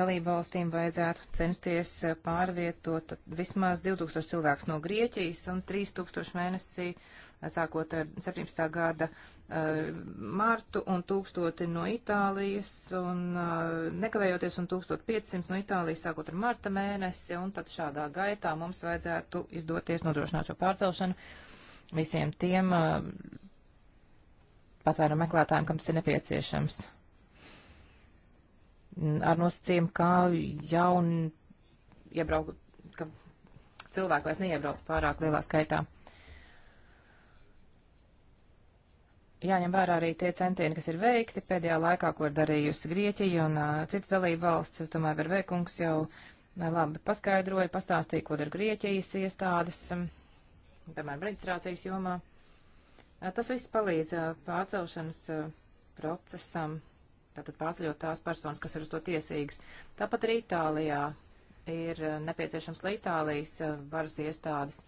dalībvalstīm vajadzētu censties eh, pārvietot vismaz 2000 cilvēkus no Grieķijas un 3000 mēnesī, eh, sākot ar 17. gada uh, martu, un 1000 no Itālijas, un uh, nekavējoties, un 1500 no Itālijas, sākot ar marta mēnesi, un tad šādā gaitā mums vajadzētu izdoties nodrošināt šo pārcelšanu visiem tiem uh, patvērumu meklētājiem, kam tas ir nepieciešams. Ar nosacījumu, ka jaun iebraukt, ka cilvēki vairs neiebrauc pārāk lielā skaitā. Jāņem vērā arī tie centieni, kas ir veikti pēdējā laikā, ko ir darījusi Grieķija un uh, citas dalība valsts. Es domāju, Verveikungs jau labi paskaidroja, pastāstīja, ko ir Grieķijas iestādes, piemēram, reģistrācijas jomā. Uh, Eh, tas viss palīdz eh, pārcelšanas eh, procesam, tātad pārceļot tās personas, kas ir uz to tiesīgas. Tāpat arī Itālijā ir nepieciešams, lai Itālijas varas iestādes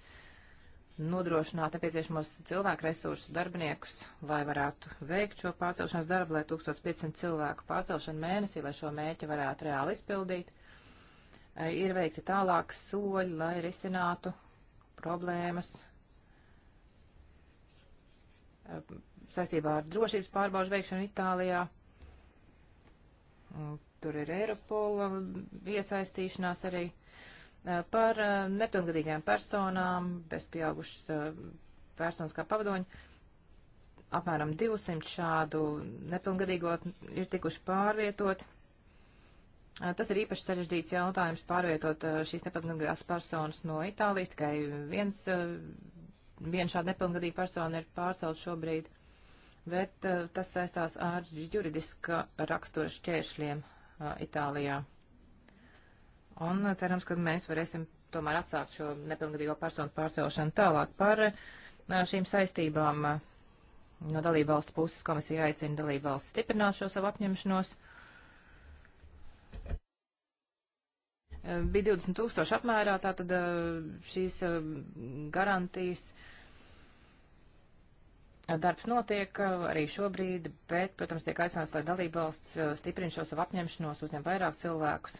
nodrošināt nepieciešamos cilvēku resursus, darbiniekus, lai varētu veikt šo pārcelšanas darbu, lai 1500 cilvēku pārcelšanu mēnesī, lai šo mēķi varētu reāli izpildīt. Ir veikti tālāki soļi, lai risinātu problēmas saistībā ar drošības pārbaužu veikšanu Itālijā. Tur ir Eiropola iesaistīšanās arī par nepilngadīgām personām, bezpieaugušas personas kā pavadoņi. Apmēram 200 šādu nepilngadīgo ir tikuši pārvietoti. Tas ir īpaši sarežģīts jautājums pārvietot šīs nepilngadīgās personas no Itālijas. Tikai viens viena šāda nepilngadīga persona ir pārcelt šobrīd, bet uh, tas saistās ar juridiska rakstura šķēršļiem uh, Itālijā. Un eh, cerams, ka mēs varēsim tomēr atsākt šo nepilngadīgo personu pārcelšanu tālāk par šīm saistībām. No dalībvalstu puses komisija aicina dalībvalsts stiprināt šo savu apņemšanos. Bija 20 tūkstoši apmērā tātad šīs garantijas Darbs notiek uh, arī šobrīd, bet, protams, tiek aicināts, lai dalībvalsts uh, stiprina šo savu apņemšanos, uzņem vairāk cilvēkus.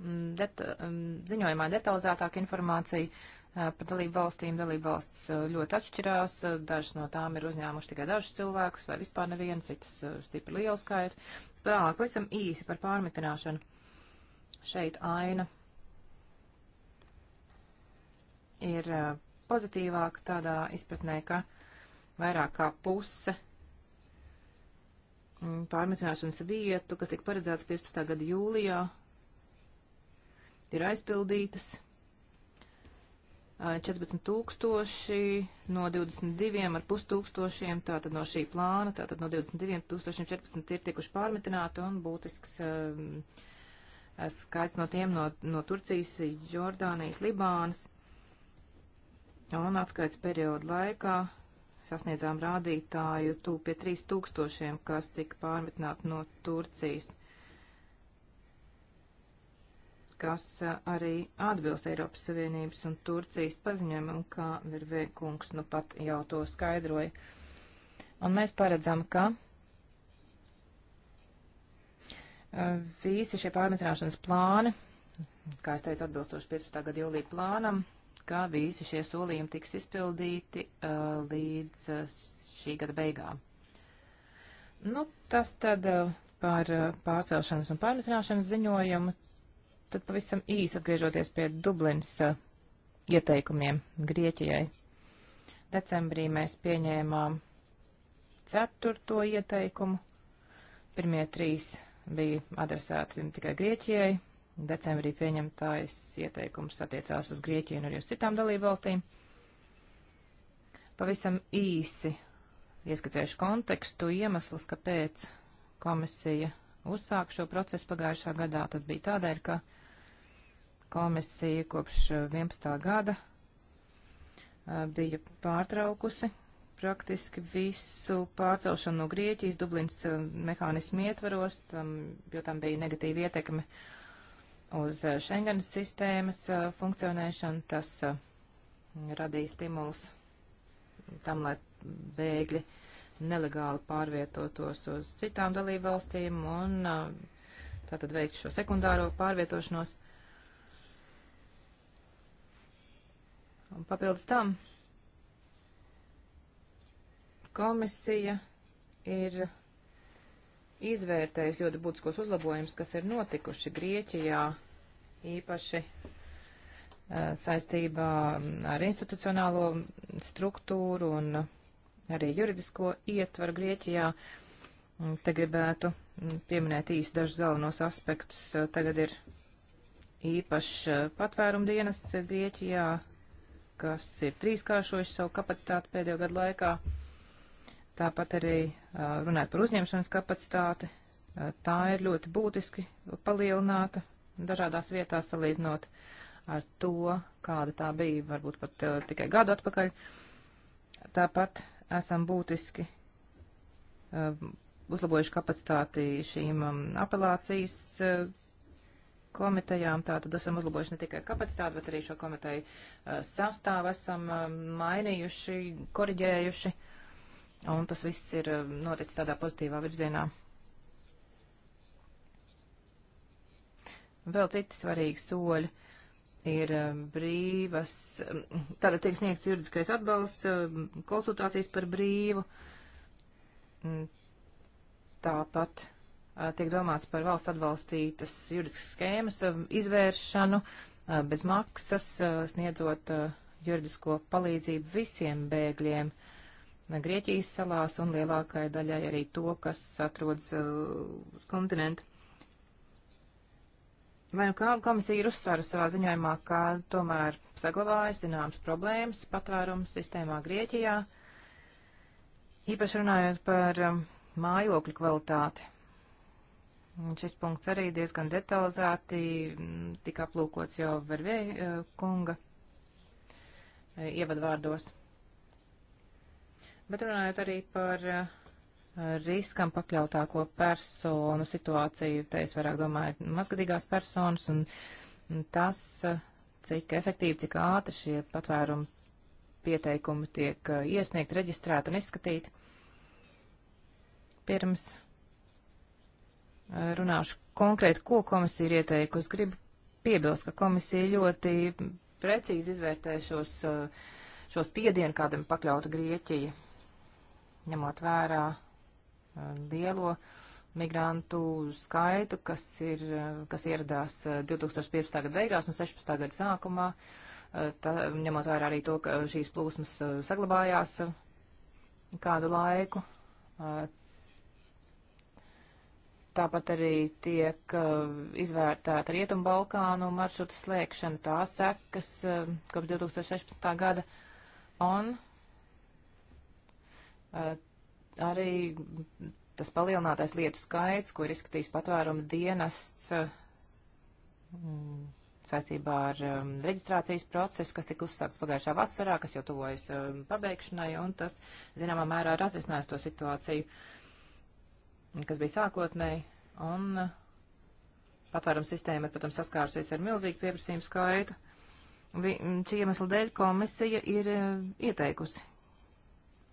Mm, det, mm, ziņojumā detalizētāka informācija uh, par dalību valstīm. Dalību valsts ļoti atšķirās, dažas no tām ir uzņēmuši tikai dažus cilvēkus vai vispār nevienu, citas stipri lielu skaitu. Tālāk, pavisam īsi par pārmitināšanu. Šeit aina ir pozitīvāka tādā izpratnē, ka vairāk kā puse pārmetināšanas vietu, kas tika paredzēts 15. gada jūlijā, ir aizpildītas. 14 tūkstoši no 22 ar pus tūkstošiem, tātad no šī plāna, tātad no 22 tūkstošiem 14 ir tikuši pārmetināti un būtisks um, skaits no tiem no, no Turcijas, Jordānijas, Libānas. Un atskaits periodu laikā sasniedzām rādītāju tūp pie 3000, kas tika pārmetināti no Turcijas, kas arī atbilst Eiropas Savienības un Turcijas paziņojumam, kā Virvē kungs nu pat jau to skaidroja. Un mēs paredzam, ka visi šie pārmetināšanas plāni, kā es teicu, atbilstoši 15. gada jūlija plānam, ka visi šie solījumi tiks izpildīti uh, līdz uh, šī gada beigām. Nu, tas tad uh, par uh, pārcelšanas un pārmetināšanas ziņojumu. Tad pavisam īsi atgriežoties pie Dublins uh, ieteikumiem Grieķijai. Decembrī mēs pieņēmām ceturto ieteikumu. Pirmie trīs bija adresēti tikai Grieķijai, decembrī pieņemtājs ieteikums attiecās uz Grieķiju un arī uz citām dalībvalstīm. Pavisam īsi ieskatējuši kontekstu iemeslus, kāpēc komisija uzsāk šo procesu pagājušā gadā. Tas bija tādēļ, ka komisija kopš 11. gada bija pārtraukusi praktiski visu pārcelšanu no Grieķijas Dublins mehānismu ietvaros, tam, jo tam bija negatīva ietekme uz eh, Schengenas sistēmas eh, funkcionēšanu, tas eh, radīja stimulus tam, lai bēgļi nelegāli pārvietotos uz citām dalību valstīm un tātad veikt šo sekundāro pārvietošanos. Un papildus tam komisija ir izvērtējis ļoti būtiskos uzlabojumus, kas ir notikuši Grieķijā, īpaši saistībā ar institucionālo struktūru un arī juridisko ietvaru Grieķijā. Te gribētu pieminēt īsi dažus galvenos aspektus. Tagad ir īpašs patvērumu dienests Grieķijā, kas ir trīskāršojuši savu kapacitāti pēdējo gadu laikā. Tāpat arī runāt par uzņemšanas kapacitāti. Tā ir ļoti būtiski palielināta dažādās vietās salīdzinot ar to, kāda tā bija varbūt pat tikai gadu atpakaļ. Tāpat esam būtiski uzlabojuši kapacitāti šīm apelācijas komitejām, tātad esam uzlabojuši ne tikai kapacitāti, bet arī šo komiteju sastāvu esam mainījuši, koriģējuši. Uh, Un tas viss ir um, noticis tādā pozitīvā virzienā. Vēl citi svarīgi soļi ir um, brīvas, um, tātad tiek sniegts juridiskais atbalsts, konsultācijas par brīvu. Mm, tāpat uh, tiek domāts par valsts atbalstītas juridiskas skēmas izvēršanu uh, bez maksas, uh, sniedzot juridisko palīdzību visiem bēgļiem. Uh, Grieķijas salās un lielākai daļai arī to, kas atrodas uh, uz kontinentu. Vai nu komisija ir uzsvēru savā ziņojumā, ka tomēr saglabājas zināmas problēmas patvērums sistēmā Grieķijā, īpaši runājot par um, mājokļu kvalitāti. Šis punkts arī diezgan detalizēti mm, tika aplūkots jau Vervē uh, kunga uh, ievadvārdos. Bet runājot arī par eh, riskam pakļautāko personu situāciju, te es vairāk domāju mazgadīgās personas un tas, eh, cik efektīvi, cik ātri šie patvērumu pieteikumi tiek eh, iesniegt, reģistrēt un izskatīt. Pirms runāšu konkrēti, ko komisija ir ieteikusi. Gribu piebilst, ka komisija ļoti precīzi izvērtē šos, šos piedienu, kādam pakļauta Grieķija ņemot vērā uh, lielo migrantu skaitu, kas, ir, uh, kas ieradās 2015. Uh, gada beigās un 16. gada sākumā, tā, ņemot vērā arī to, ka šīs plūsmas saglabājās kādu laiku. Tāpat arī tiek izvērtēta Rietumbalkānu maršruta slēgšana, tā sekas kopš 2016. gada. Un Eh, arī tas palielinātais lietu skaits, ko ir izskatījis patvēruma dienests eh, mm, saistībā ar um, reģistrācijas procesu, kas tika uzsākts pagājušā vasarā, kas jau tuvojas um, pabeigšanai, un tas, zināmā mērā, ir atrisinājis to situāciju, kas bija sākotnēji, un uh, patvērums sistēma ir, protams, saskārusies ar milzīgu pieprasījumu skaitu. Šī mm, iemesla dēļ komisija ir uh, ieteikusi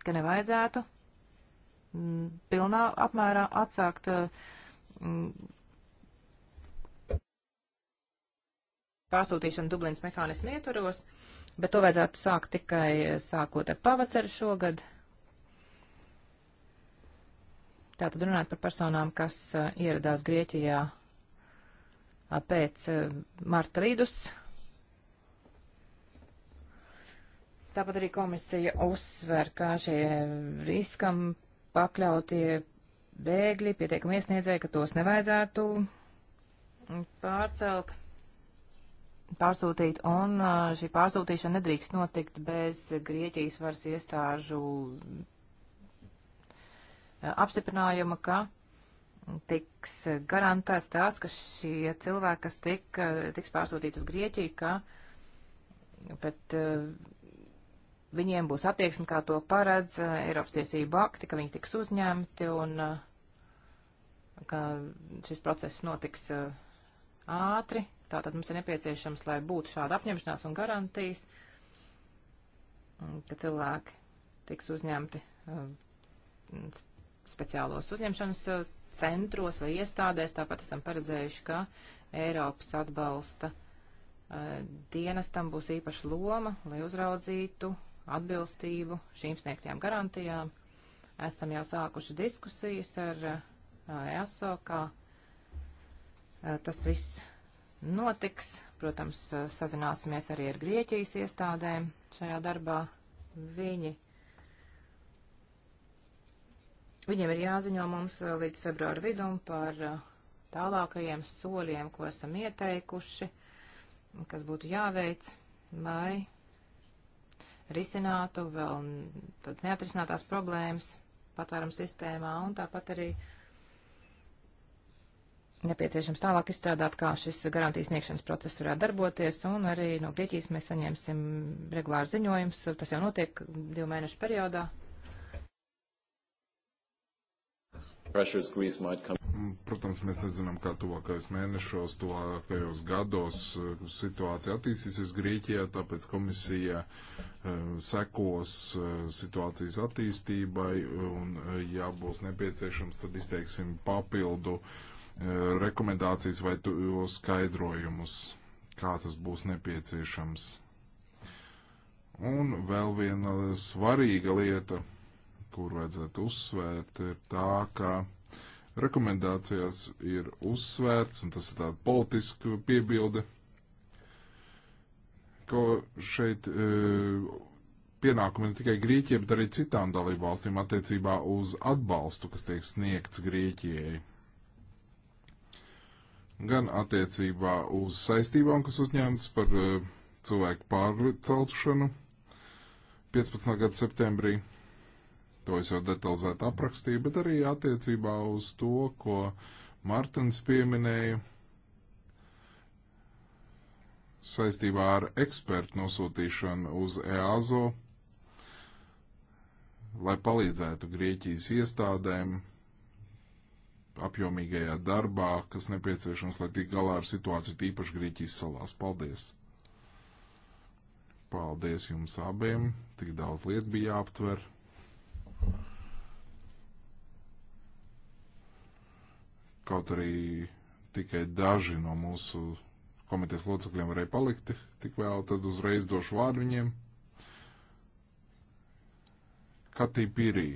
ka nevajadzētu mm, pilnā apmērā atsākt mm, pārsūtīšanu Dublinas mehānismu ietvaros, bet to vajadzētu sākt tikai sākot ar pavasaru šogad. Tātad runāt par personām, kas eh, ieradās Grieķijā pēc eh, marta vidus Tāpat arī komisija uzsver, kā šie riskam pakļautie bēgļi, pietiekami iesniedzēji, ka tos nevajadzētu pārcelt, pārsūtīt, un šī pārsūtīšana nedrīkst notikt bez Grieķijas varas iestāžu apstiprinājuma, ka tiks garantēts tās, ka šie cilvēki, kas tik, tiks pārsūtīti uz Grieķiju, ka pret viņiem būs attieksme, kā to paredz eh, Eiropas tiesību akti, ka viņi tiks uzņemti un eh, ka šis process notiks eh, ātri. Tātad mums ir nepieciešams, lai būtu šāda apņemšanās un garantijas, ka cilvēki tiks uzņemti speciālos uzņemšanas centros vai iestādēs. Tāpat esam paredzējuši, ka Eiropas atbalsta dienestam būs īpaša loma, lai uzraudzītu atbilstību šīm sniegtajām garantijām. Esam jau sākuši diskusijas ar ESO, kā tas viss notiks. Protams, sazināsimies arī ar Grieķijas iestādēm šajā darbā. Viņi, viņiem ir jāziņo mums līdz februāra vidum par tālākajiem soļiem, ko esam ieteikuši, kas būtu jāveic, lai risinātu vēl neatrisinātās problēmas patvērumu sistēmā un tāpat arī nepieciešams tālāk izstrādāt, kā šis garantijas sniegšanas process varētu darboties, un arī no Grieķijas mēs saņemsim regulāru ziņojumus, tas jau notiek divu mēnešu periodā. Protams, mēs nezinām, kā tuvākajos mēnešos, tuvākajos gados uh, situācija attīstīsies Grieķijā, tāpēc komisija uh, sekos uh, situācijas attīstībai un, ja būs nepieciešams, tad izteiksim papildu rekomendācijas vai skaidrojumus, kā tas būs nepieciešams. Un vēl viena svarīga lieta, kur vajadzētu uzsvērt, ir tā, ka Rekomendācijās ir uzsvērts, un tas ir tāda politiska piebilde, ka šeit e, pienākumi ne tikai Grieķijai, bet arī citām dalību valstīm attiecībā uz atbalstu, kas tiek sniegts Grieķijai. Gan attiecībā uz saistībām, kas uzņemts par e, cilvēku pārcelšanu 15. gada septembrī to es jau detalizēti aprakstīju, bet arī attiecībā uz to, ko Martins pieminēja saistībā ar ekspertu nosūtīšanu uz EASO, lai palīdzētu Grieķijas iestādēm apjomīgajā darbā, kas nepieciešams, lai tik galā ar situāciju tīpaši Grieķijas salās. Paldies! Paldies jums abiem! Tik daudz lietu bija jāaptver! Kaut arī tikai daži no mūsu komitejas locekļiem varēja palikt, tik vēl tad uzreiz došu vārdu viņiem. Katī Pīrī.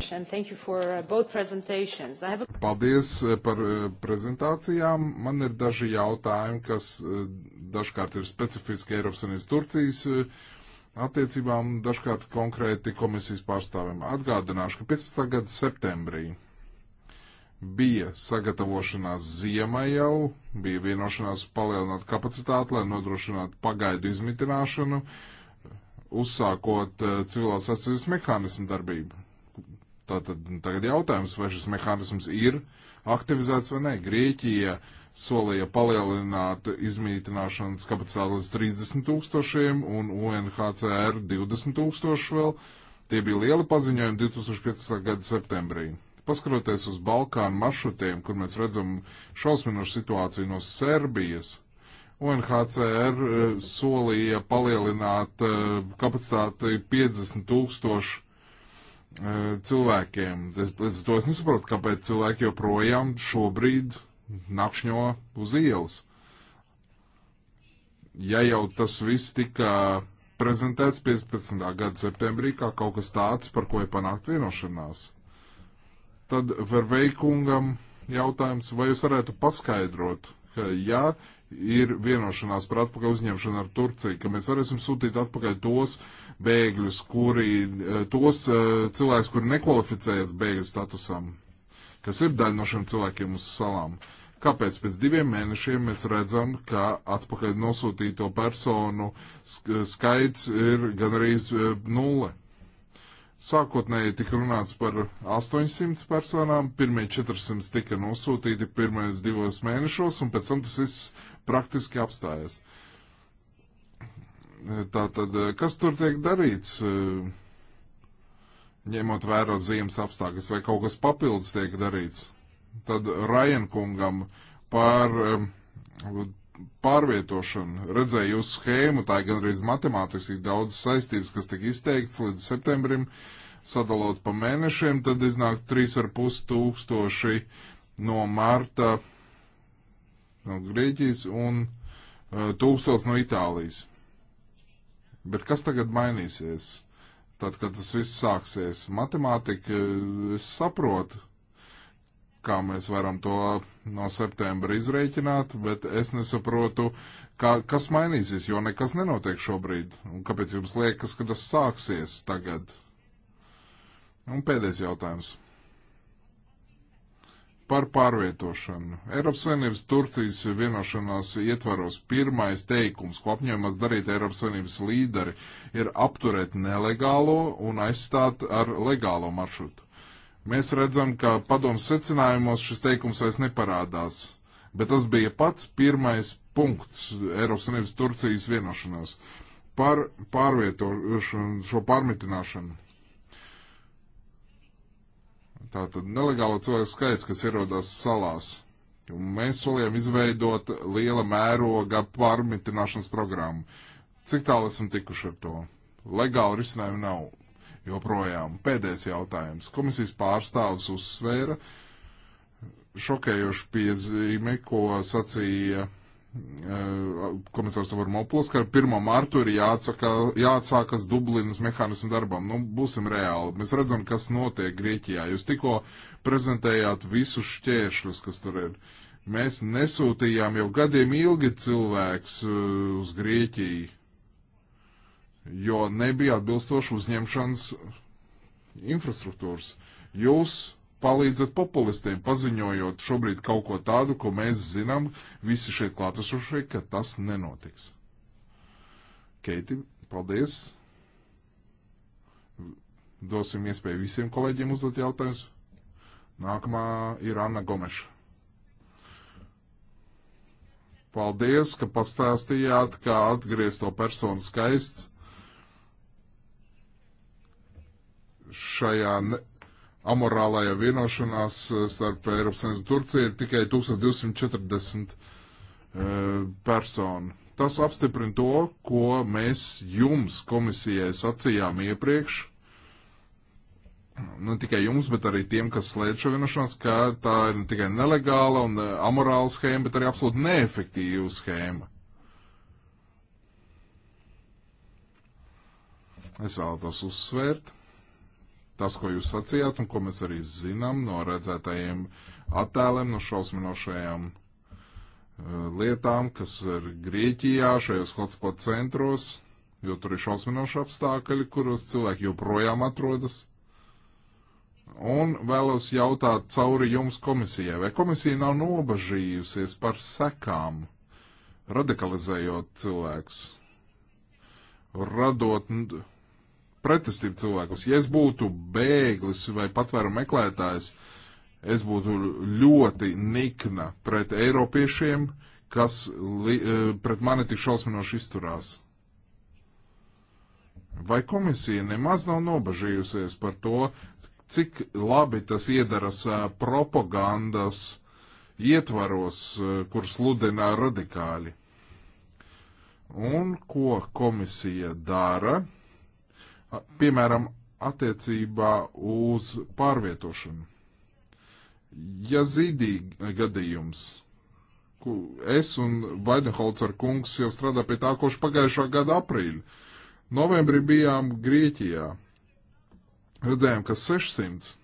Uh, Paldies uh, par uh, prezentācijām. Man ir daži jautājumi, kas dažkārt ir specifiski Eiropas un Turcijas attiecībām dažkārt konkrēti komisijas pārstāvim. Atgādināšu, ka 15. gada septembrī bija sagatavošanās ziemai jau, bija vienošanās palielināt kapacitāti, lai nodrošinātu pagaidu izmitināšanu, uzsākot eh, civilās aizsardzības mehānismu darbību. Tātad tagad jautājums, vai šis mehānisms ir uh, aktivizēts vai nē. Grieķija solīja palielināt izmītināšanas kapacitāti līdz 30 tūkstošiem un UNHCR 20 tūkstošu vēl. Tie bija lieli paziņojumi 2015. gada septembrī. Paskatoties uz Balkānu maršrutiem, kur mēs redzam šausminošu situāciju no Serbijas, UNHCR eh, solīja palielināt eh, kapacitāti 50 tūkstošu Eh, cilvēkiem. Es, es to es nesaprotu, kāpēc cilvēki joprojām šobrīd nakšņo uz ielas. Ja jau tas viss tika prezentēts 15. gada septembrī kā kaut kas tāds, par ko ir panākt vienošanās, tad Verveikungam jautājums, vai jūs varētu paskaidrot, ka ja ir vienošanās par atpakaļ uzņemšanu ar Turciju, ka mēs varēsim sūtīt atpakaļ tos, uh, bēgļus, kuri eh, tos eh, cilvēkus, kuri nekvalificējas bēgļu statusam, kas ir daļa no šiem cilvēkiem uz salām. Kāpēc pēc diviem mēnešiem mēs redzam, ka atpakaļ nosūtīto personu skaits ir ganarīz eh, nulle? Sākotnēji tika runāts par 800 personām, pirmie 400 tika nosūtīti pirmajos divos mēnešos, un pēc tam tas viss praktiski apstājas. Tātad, eh, kas tur tiek darīts, eh, ņemot vērā ziemas apstākļus, vai kaut kas papildus tiek darīts? Tad Rajankungam par eh, pārvietošanu. Redzēju jūsu schēmu, tā ir gandrīz matemātiski daudz saistības, kas tika izteikts līdz septembrim, sadalot pa mēnešiem, tad iznāk 3,5 tūkstoši no marta no Grieķijas un uh, tūkstots no Itālijas. Bet kas tagad mainīsies? Tad, kad tas viss sāksies, matemātika, es saprotu, kā mēs varam to no septembra izreikināt, bet es nesaprotu, kā, kas mainīsies, jo nekas nenotiek šobrīd. Un kāpēc jums liekas, ka tas sāksies tagad? Un pēdējais jautājums par pārvietošanu. Eiropas Savienības Turcijas vienošanās ietvaros pirmais teikums, ko apņēmās darīt Eiropas Savienības līderi, ir apturēt nelegālo un aizstāt ar legālo maršrutu. Mēs redzam, ka padomus secinājumos šis teikums vairs neparādās, bet tas bija pats pirmais punkts Eiropas Savienības Turcijas vienošanās par pārvietošanu, šo pārmitināšanu. Tātad nelegālo cilvēku skaits, kas ierodas salās. Un mēs solījām izveidot liela mēroga pārmitināšanas programmu. Cik tālu esam tikuši ar to? Legāli risinājumu nav joprojām. Pēdējais jautājums. Komisijas pārstāvs uzsvēra šokējošu piezīmi, ko sacīja Eh, komisārs Varmoplis, ka 1. martu ir jāatsaka, jāatsākas Dublinas mehānismu darbam. Nu, būsim reāli. Mēs redzam, kas notiek Grieķijā. Jūs tikko prezentējāt visus šķēršļus, kas tur ir. Mēs nesūtījām jau gadiem ilgi cilvēks eh, uz Grieķiju, jo nebija atbilstoši uzņemšanas infrastruktūras. Jūs palīdzat populistiem, paziņojot šobrīd kaut ko tādu, ko mēs zinām visi šeit klātesošie, ka tas nenotiks. Keiti, paldies! Dosim iespēju visiem kolēģiem uzdot jautājumus. Nākamā ir Anna Gomeša. Paldies, ka pastāstījāt, kā atgriezt to personu skaists šajā ne amorālajā vienošanās eh, starp Eiropas Savienību un Turciju ir tikai 1240 uh, eh, personu. Tas apstiprina to, ko mēs jums komisijai sacījām iepriekš, ne nu, tikai jums, bet arī tiem, kas slēdz šo vienošanos, ka tā ir ne tikai nelegāla un eh, amorāla schēma, bet arī absolūti neefektīva schēma. Es vēlētos uzsvērt tas, ko jūs sacījāt un ko mēs arī zinām no redzētajiem attēliem, no šausminošajām uh, lietām, kas ir Grieķijā, šajos hotspot centros, jo tur ir šausminoši apstākļi, kuros cilvēki joprojām atrodas. Un vēlos jautāt cauri jums komisijai, vai komisija nav nobažījusies par sekām, radikalizējot cilvēkus, radot pretestību cilvēkus. Ja es būtu bēglis vai patvēru meklētājs, es būtu ļoti nikna pret eiropiešiem, kas li, e, pret mani tik šausminoši izturās. Vai komisija nemaz nav nobažījusies par to, cik labi tas iedaras e, propagandas ietvaros, e, kur sludinā radikāļi? Un ko komisija dara? piemēram, attiecībā uz pārvietošanu. Ja zīdīgi gadījums, es un Vaidenholzer kungs jau strādā pie tā, koši pagājušā gada aprīļa, novembrī bijām Grieķijā, redzējām, ka 600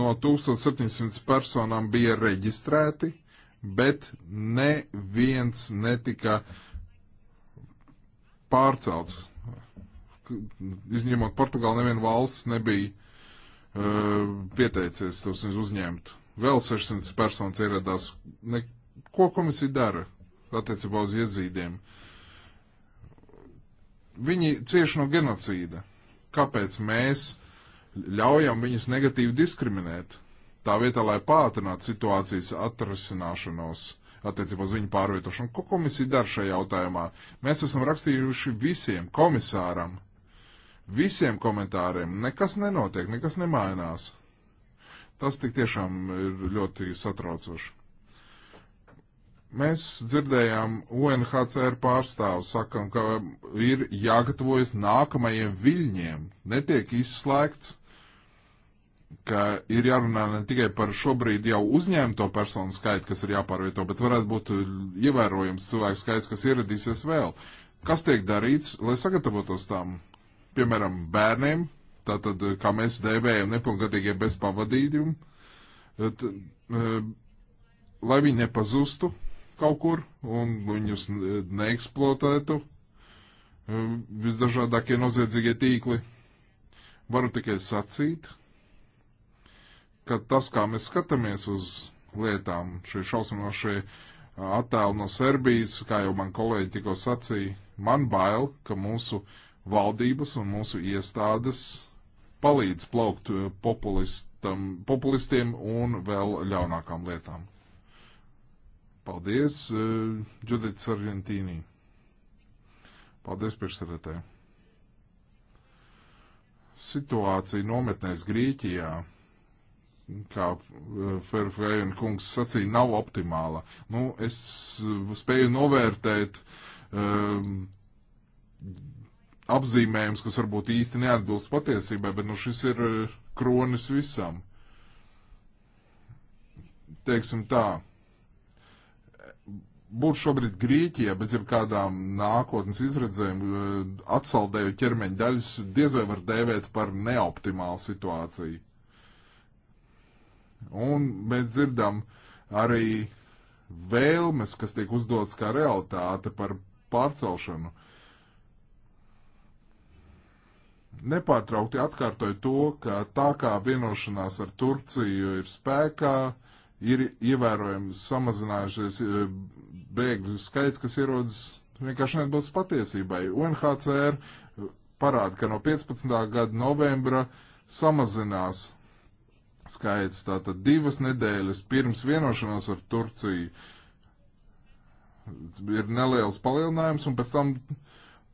no 1700 personām bija reģistrēti, bet neviens netika pārcelts izņemot Portugālu, neviena valsts nebija uh, pieteicies tos uzņemt. Vēl 600 personas ieradās. Ne, ko komisija dara attiecībā uz iezīdiem? Viņi cieši no genocīda. Kāpēc mēs ļaujam viņus negatīvi diskriminēt? Tā vietā, lai pātrinātu situācijas atrasināšanos attiecībā uz viņu pārvietošanu. Ko komisija dara šajā jautājumā? Mēs esam rakstījuši visiem komisāram, visiem komentāriem. Nekas nenotiek, nekas nemainās. Tas tik tiešām ir ļoti satraucoši. Mēs dzirdējām UNHCR pārstāvu sakam, ka ir jāgatavojas nākamajiem viļņiem. Netiek izslēgts, ka ir jārunā ne tikai par šobrīd jau uzņēmto personu skaitu, kas ir jāpārvieto, bet varētu būt ievērojams cilvēku skaits, kas ieradīsies vēl. Kas tiek darīts, lai sagatavotos tam? piemēram, bērniem, tātad, kā mēs dēvējam, nepilngadīgie bez pavadījuma, e, lai viņi nepazustu kaut kur un viņus e, neeksploatētu e, visdažādākie noziedzīgie tīkli. Varu tikai sacīt, ka tas, kā mēs skatāmies uz lietām, šie šausminošie attēli no Serbijas, kā jau man kolēģi tikko sacīja, man bail, ka mūsu uh, valdības un mūsu iestādes palīdz plaukt eh, populistiem un vēl ļaunākām lietām. Paldies, Džudita eh, Sargentīnī. Paldies, priekšsarētē. Situācija nometnēs Grīķijā, kā eh, Ferfēna kungs sacīja, nav optimāla. Nu, es spēju novērtēt um, apzīmējums, kas varbūt īsti neatbilst patiesībai, bet nu šis ir e, kronis visam. Teiksim tā, būt šobrīd Grieķijā bez jebkādām nākotnes izredzēm, e, atsaldēju ķermeņa daļas diez vai var dēvēt par neoptimālu situāciju. Un mēs dzirdam arī vēlmes, kas tiek uzdots kā realitāte par pārcelšanu. Uh, nepārtraukti atkārtoja to, ka tā kā vienošanās ar Turciju ir spēkā, ir ievērojami samazinājušies e, bēgļu skaits, kas ierodas vienkārši neatbilst patiesībai. UNHCR parāda, ka no 15. gada novembra samazinās skaits, tātad divas nedēļas pirms vienošanās ar Turciju ir neliels palielinājums, un pēc tam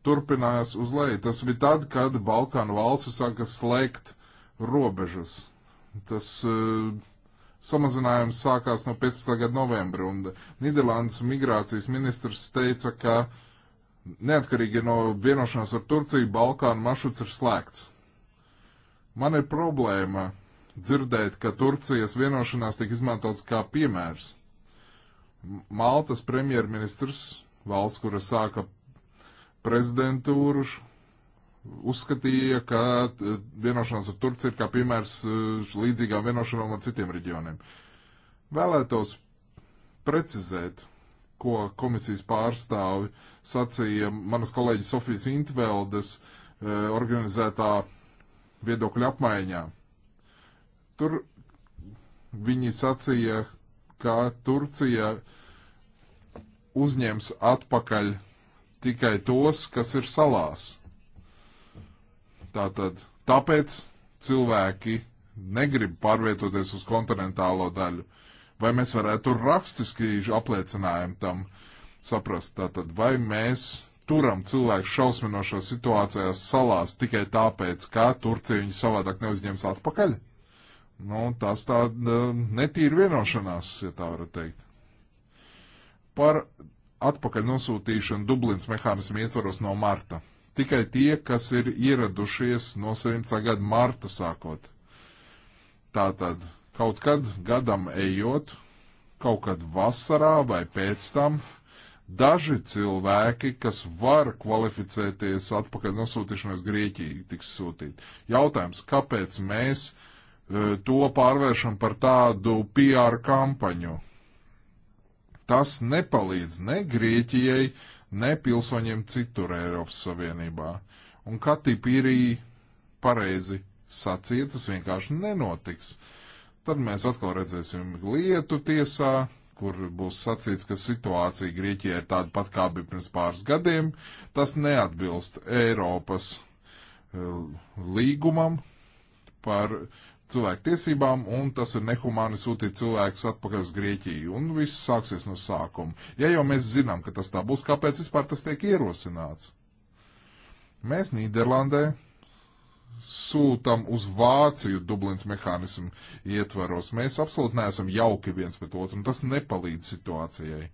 turpinājās uz leju. Tas bija tad, kad Balkānu valsts sāka slēgt robežas. Tas uh, samazinājums sākās no 15. gada novembra, un Nīderlandes migrācijas ministrs teica, ka neatkarīgi no vienošanās ar Turciju, Balkānu maršruts ir slēgts. Man ir problēma dzirdēt, ka Turcijas vienošanās tika izmantots kā piemērs. Maltas premjerministrs, valsts, kura sāka prezidentūru uzskatīja, ka e, vienošanās ar Turciju ir kā piemērs e, līdzīgām vienošanām ar citiem reģioniem. Vēlētos precizēt, ko komisijas pārstāvi sacīja manas kolēģis Sofijas Intveldes e, organizētā viedokļa apmaiņā. Tur viņi sacīja, ka Turcija uzņems atpakaļ tikai tos, kas ir salās. Tātad, tāpēc cilvēki negrib pārvietoties uz kontinentālo daļu. Vai mēs varētu rakstiski apliecinājumu tam saprast? Tātad, vai mēs turam cilvēku šausminošās situācijās salās tikai tāpēc, ka Turcija viņu savādāk neuzņems atpakaļ? Nu, tas tā netīra vienošanās, ja tā varat teikt. Par atpakaļ nosūtīšanu Dublins mehānismu ietvaros no marta. Tikai tie, kas ir ieradušies no 17. gada marta sākot. Tātad kaut kad gadam ejot, kaut kad vasarā vai pēc tam, daži cilvēki, kas var kvalificēties atpakaļ nosūtīšanos Grieķiju, tiks sūtīti. Jautājums, kāpēc mēs e, to pārvēršam par tādu PR kampaņu? Tas nepalīdz ne Grieķijai, ne pilsoņiem citur Eiropas Savienībā. Un Katī Pīrī pareizi sacīja, tas vienkārši nenotiks. Tad mēs atkal redzēsim lietu tiesā, kur būs sacīts, ka situācija Grieķijā ir tāda pat kā bija pirms pāris gadiem. Tas neatbilst Eiropas eh, līgumam par cilvēku tiesībām, un tas ir nehumāni sūtīt cilvēkus atpakaļ uz Grieķiju, un viss sāksies no sākuma. Ja jau mēs zinām, ka tas tā būs, kāpēc vispār tas tiek ierosināts? Mēs Nīderlandē sūtam uz Vāciju Dublins mehānismu ietvaros. Mēs absolūti neesam jauki viens pret otru, un tas nepalīdz situācijai.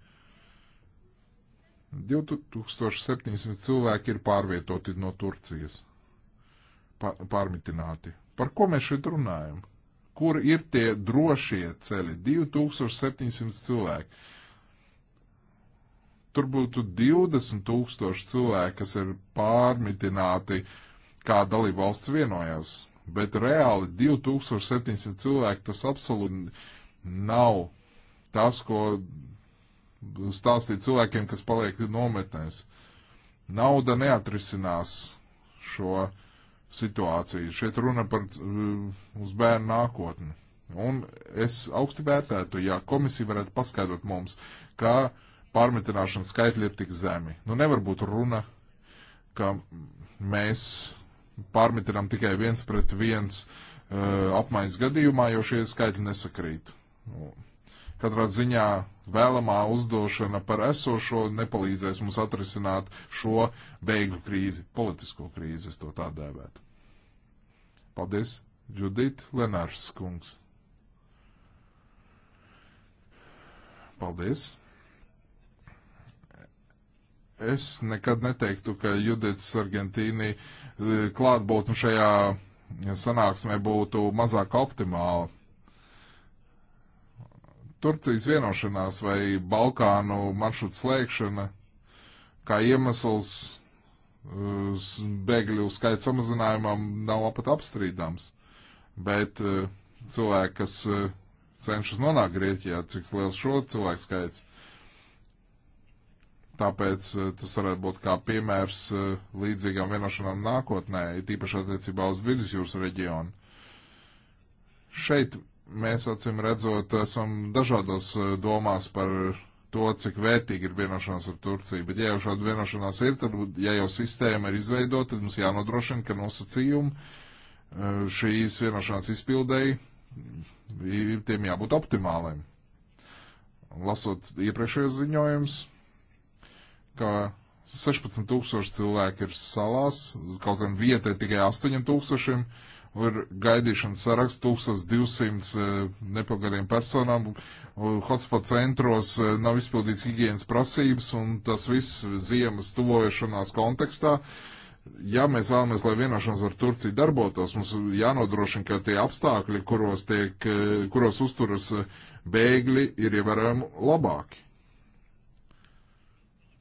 2700 cilvēki ir pārvietoti no Turcijas, pārmitināti. Par ko mēs šeit runājam? Kur ir tie drošie ceļi? 2700 cilvēki. Tur būtu 20 tūkstoši cilvēki, kas ir pārmitināti, kā dalība valsts vienojās. Bet reāli 2700 cilvēki tas absolūti nav tas, ko stāstīt cilvēkiem, kas paliek nometnēs. Nauda neatrisinās šo uh, situāciju. Šeit runa par eh, uz bērnu nākotni. Un es augstu vērtētu, ja komisija varētu paskaidrot mums, kā pārmetināšanas skaitļi ir tik zemi. Nu nevar būt runa, ka mēs pārmetinām tikai viens pret viens uh, apmaiņas gadījumā, jo šie skaitļi nesakrīt. Nu, Katrā ziņā vēlamā uzdošana par esošo nepalīdzēs mums atrisināt šo bēgļu krīzi, politisko krīzi, es to tā dēvētu. Paldies, Judita Lenārs kungs. Paldies. Es nekad neteiktu, ka Judits Argentīni eh, klātbūtnu šajā sanāksmē būtu mazāk optimāla Turcijas vienošanās vai Balkānu maršrutu slēgšana kā iemesls uh, bēgļu skaita samazinājumam nav pat apstrīdams. Bet uh, cilvēki, kas uh, cenšas nonākt Grieķijā, cik liels šo cilvēku skaits. Tāpēc tas varētu būt kā piemērs līdzīgām vienošanām nākotnē, tīpaši attiecībā uz vidusjūras reģionu. Šeit mēs acīm redzot esam dažādos eh, domās par to, cik vērtīgi ir vienošanās ar Turciju. Bet, ja jau šāda vienošanās ir, tad, ja jau sistēma ir izveidota, tad mums jānodrošina, ka nosacījumi eh, šīs vienošanās izpildēji tiem jābūt optimāliem. Lasot iepriekšējos ziņojums, ka 16 tūkstoši cilvēki ir salās, kaut gan vieta ir tikai 8 tūkstošiem, ir gaidīšanas saraksts 1200 eh, nepilngadiem personām. Hotspot centros eh, nav izpildīts higiēnas prasības un tas viss ziemas tuvošanās kontekstā. Ja mēs vēlamies, lai vienošanās ar Turciju darbotos, mums jānodrošina, ka tie apstākļi, kuros, tiek, eh, kuros uzturas bēgļi, ir ievērojami labāki.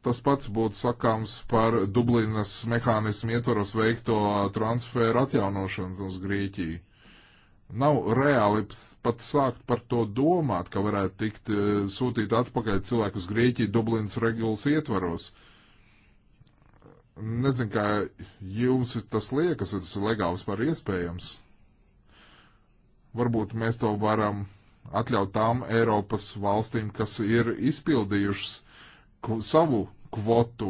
Tas pats būtu sakāms par Dublinas mehānismu ietvaros veikto transferu atjaunošanas uz Grieķiju. Nav reāli pat sākt par to domāt, ka varētu tikt e, sūtīt atpakaļ cilvēku uz Grieķiju Dublinas regulas ietvaros. Nezinu, kā jums tas liekas, vai tas ir legāls par iespējams. Varbūt mēs to varam atļaut tām Eiropas valstīm, kas ir izpildījušas savu kvotu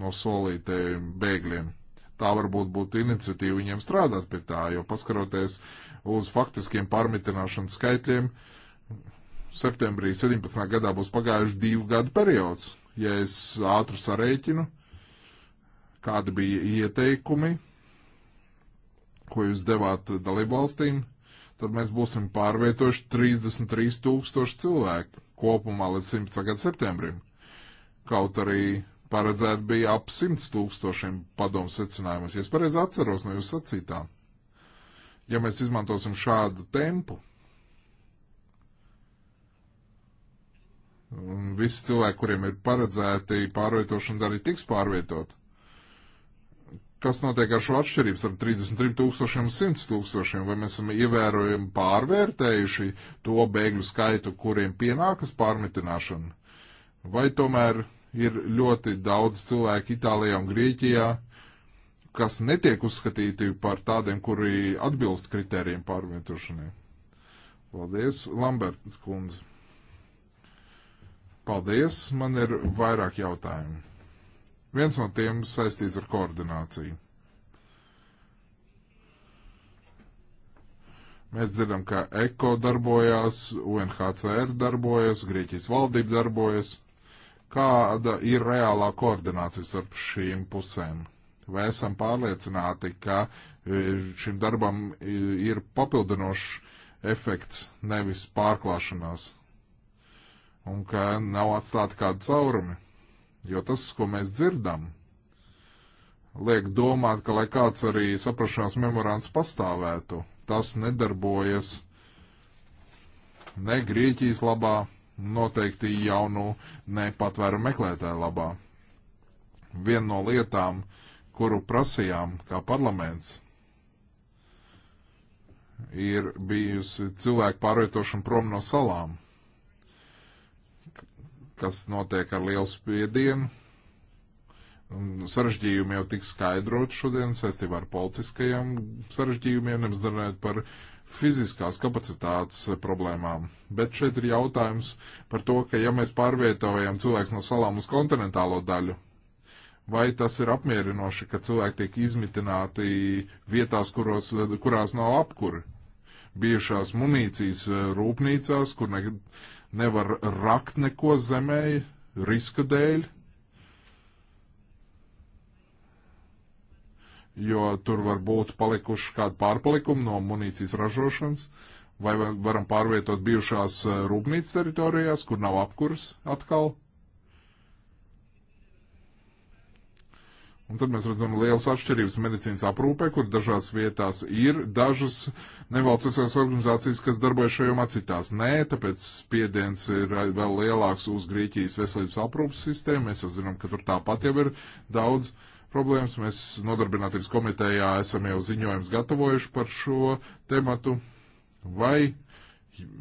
no solītējiem bēgļiem. Tā varbūt būtu iniciatīva viņiem strādāt pie tā, jo paskaroties uz faktiskiem pārmitināšanas skaitļiem, septembrī 17. gadā būs pagājuši divu gadu periods. Ja es ātri sarēķinu, kādi bija ieteikumi, ko jūs devāt dalībvalstīm, tad mēs būsim pārvietojuši 33 tūkstoši cilvēku kopumā līdz 17. gada septembrim. Kaut arī paredzēt bija ap 100 tūkstošiem padomu secinājumus, ja es pareizi atceros no jūsu sacītā. Ja mēs izmantosim šādu tempu, un visi cilvēki, kuriem ir paredzēti pārvietošana, arī tiks pārvietot, kas notiek ar šo atšķirību starp 33 tūkstošiem un 100 tūkstošiem? Vai mēs esam ievērojami pārvērtējuši to bēgļu skaitu, kuriem pienākas pārmitināšana? Vai tomēr ir ļoti daudz cilvēku Itālijā un Grieķijā, kas netiek uzskatīti par tādiem, kuri atbilst kritērijiem pārvietošanai? Paldies, Lamberts kundze. Paldies, man ir vairāk jautājumu. Viens no tiem saistīts ar koordināciju. Mēs dzirdam, ka ECO darbojās, UNHCR darbojas, Grieķijas valdība darbojas. Kāda ir reālā koordinācija starp šīm pusēm? Vai esam pārliecināti, ka e, šim darbam ir papildinošs efekts, nevis pārklāšanās? Un ka nav atstāti kādi caurumi? Jo tas, ko mēs dzirdam, liek domāt, ka lai kāds arī saprašanās memorāns pastāvētu, tas nedarbojas ne Grieķijas labā, noteikti jau nu nepatvēru meklētāju labā. Viena no lietām, kuru prasījām kā parlaments, ir bijusi cilvēku pārvietošana prom no salām, kas notiek ar lielu spiedienu. Sarežģījumi jau tik skaidrot šodien saistībā ar politiskajiem sarežģījumiem, nemaz nerunājot par uh, fiziskās kapacitātes problēmām. Bet šeit ir jautājums par to, ka ja mēs pārvietojam cilvēks no salām uz kontinentālo daļu, vai tas ir apmierinoši, ka cilvēki tiek izmitināti vietās, kuros, kurās nav apkuri, bijušās munīcijas eh, rūpnīcās, kur ne, nevar rakt neko zemē, riska dēļ, jo tur var būt palikuši kādi pārpalikumi no munīcijas ražošanas, vai varam pārvietot bijušās eh, rūpnīcas teritorijās, kur nav apkurs atkal. Un tad mēs redzam lielas atšķirības medicīnas aprūpē, kur dažās vietās ir dažas nevalstiskās organizācijas, kas darbojas šajā jomā, citās nē, tāpēc spiediens ir vēl lielāks uz Grieķijas veselības aprūpas sistēmu. Mēs jau zinām, ka tur tāpat jau ir daudz uh, problēmas. Mēs nodarbinātības komitejā esam jau ziņojums gatavojuši par šo tematu. Vai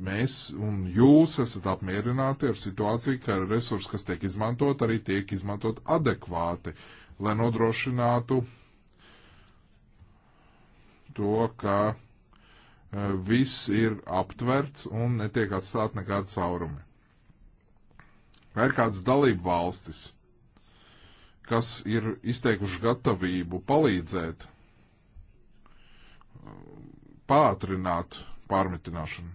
mēs un jūs esat apmierināti ar situāciju, ka resursi, kas tiek izmantot, arī tiek izmantot adekvāti, lai nodrošinātu to, ka eh, viss ir aptverts un netiek atstāt nekāda caurumi. Vai ir kādas dalība valstis, kas ir izteikuši gatavību palīdzēt, pātrināt pārmitināšanu.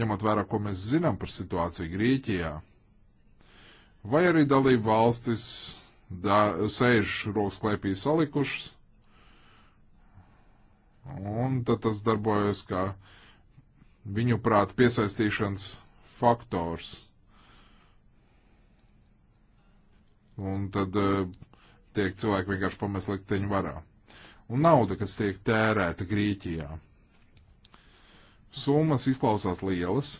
Ņemot vērā, ko mēs zinām par situāciju Grieķijā, vai arī dalību valstis da, sēž rokas klēpī salikušas, un tad tas darbojas kā viņu prāt piesaistīšanas faktors Un tad eh, tiek cilvēki vienkārši pamest likteņu varā. Un nauda, kas tiek tērēta Grieķijā. Summas izklausās lielas.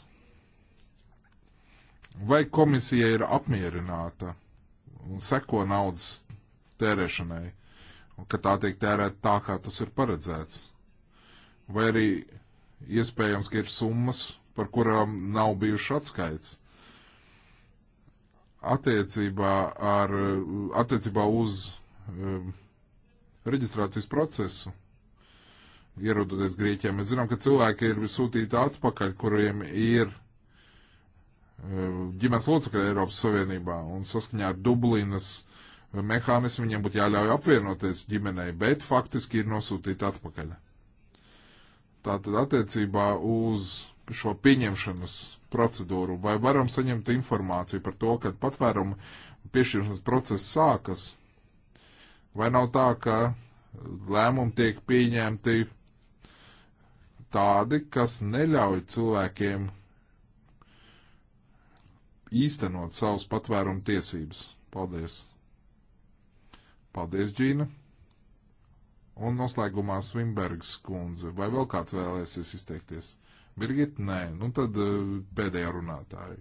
Vai komisija ir apmierināta un seko naudas tērēšanai, un ka tā tiek tērēta tā, kā tas ir paredzēts? Vai arī iespējams, ka ir summas, par kurām nav bijuši atskaits? attiecībā, ar, attiecībā uz um, reģistrācijas procesu. Ierodoties Grieķijā, mēs zinām, ka cilvēki ir sūtīti atpakaļ, kuriem ir um, ģimenes locekļi Eiropas Savienībā un saskaņā ar Dublinas um, mehānismu viņiem būtu jāļauj apvienoties ģimenei, bet faktiski ir nosūtīti atpakaļ. Tātad attiecībā uz šo pieņemšanas procedūru, vai varam saņemt informāciju par to, kad patvērumu piešķiršanas process sākas, vai nav tā, ka lēmumi tiek pieņemti tādi, kas neļauj cilvēkiem īstenot savus patvērumu tiesības. Paldies! Paldies, Džīna! Un noslēgumā Svimbergs kundze. Vai vēl kāds vēlēsies izteikties? Birgit, nē. Nu tad eh, pēdējā runātāja.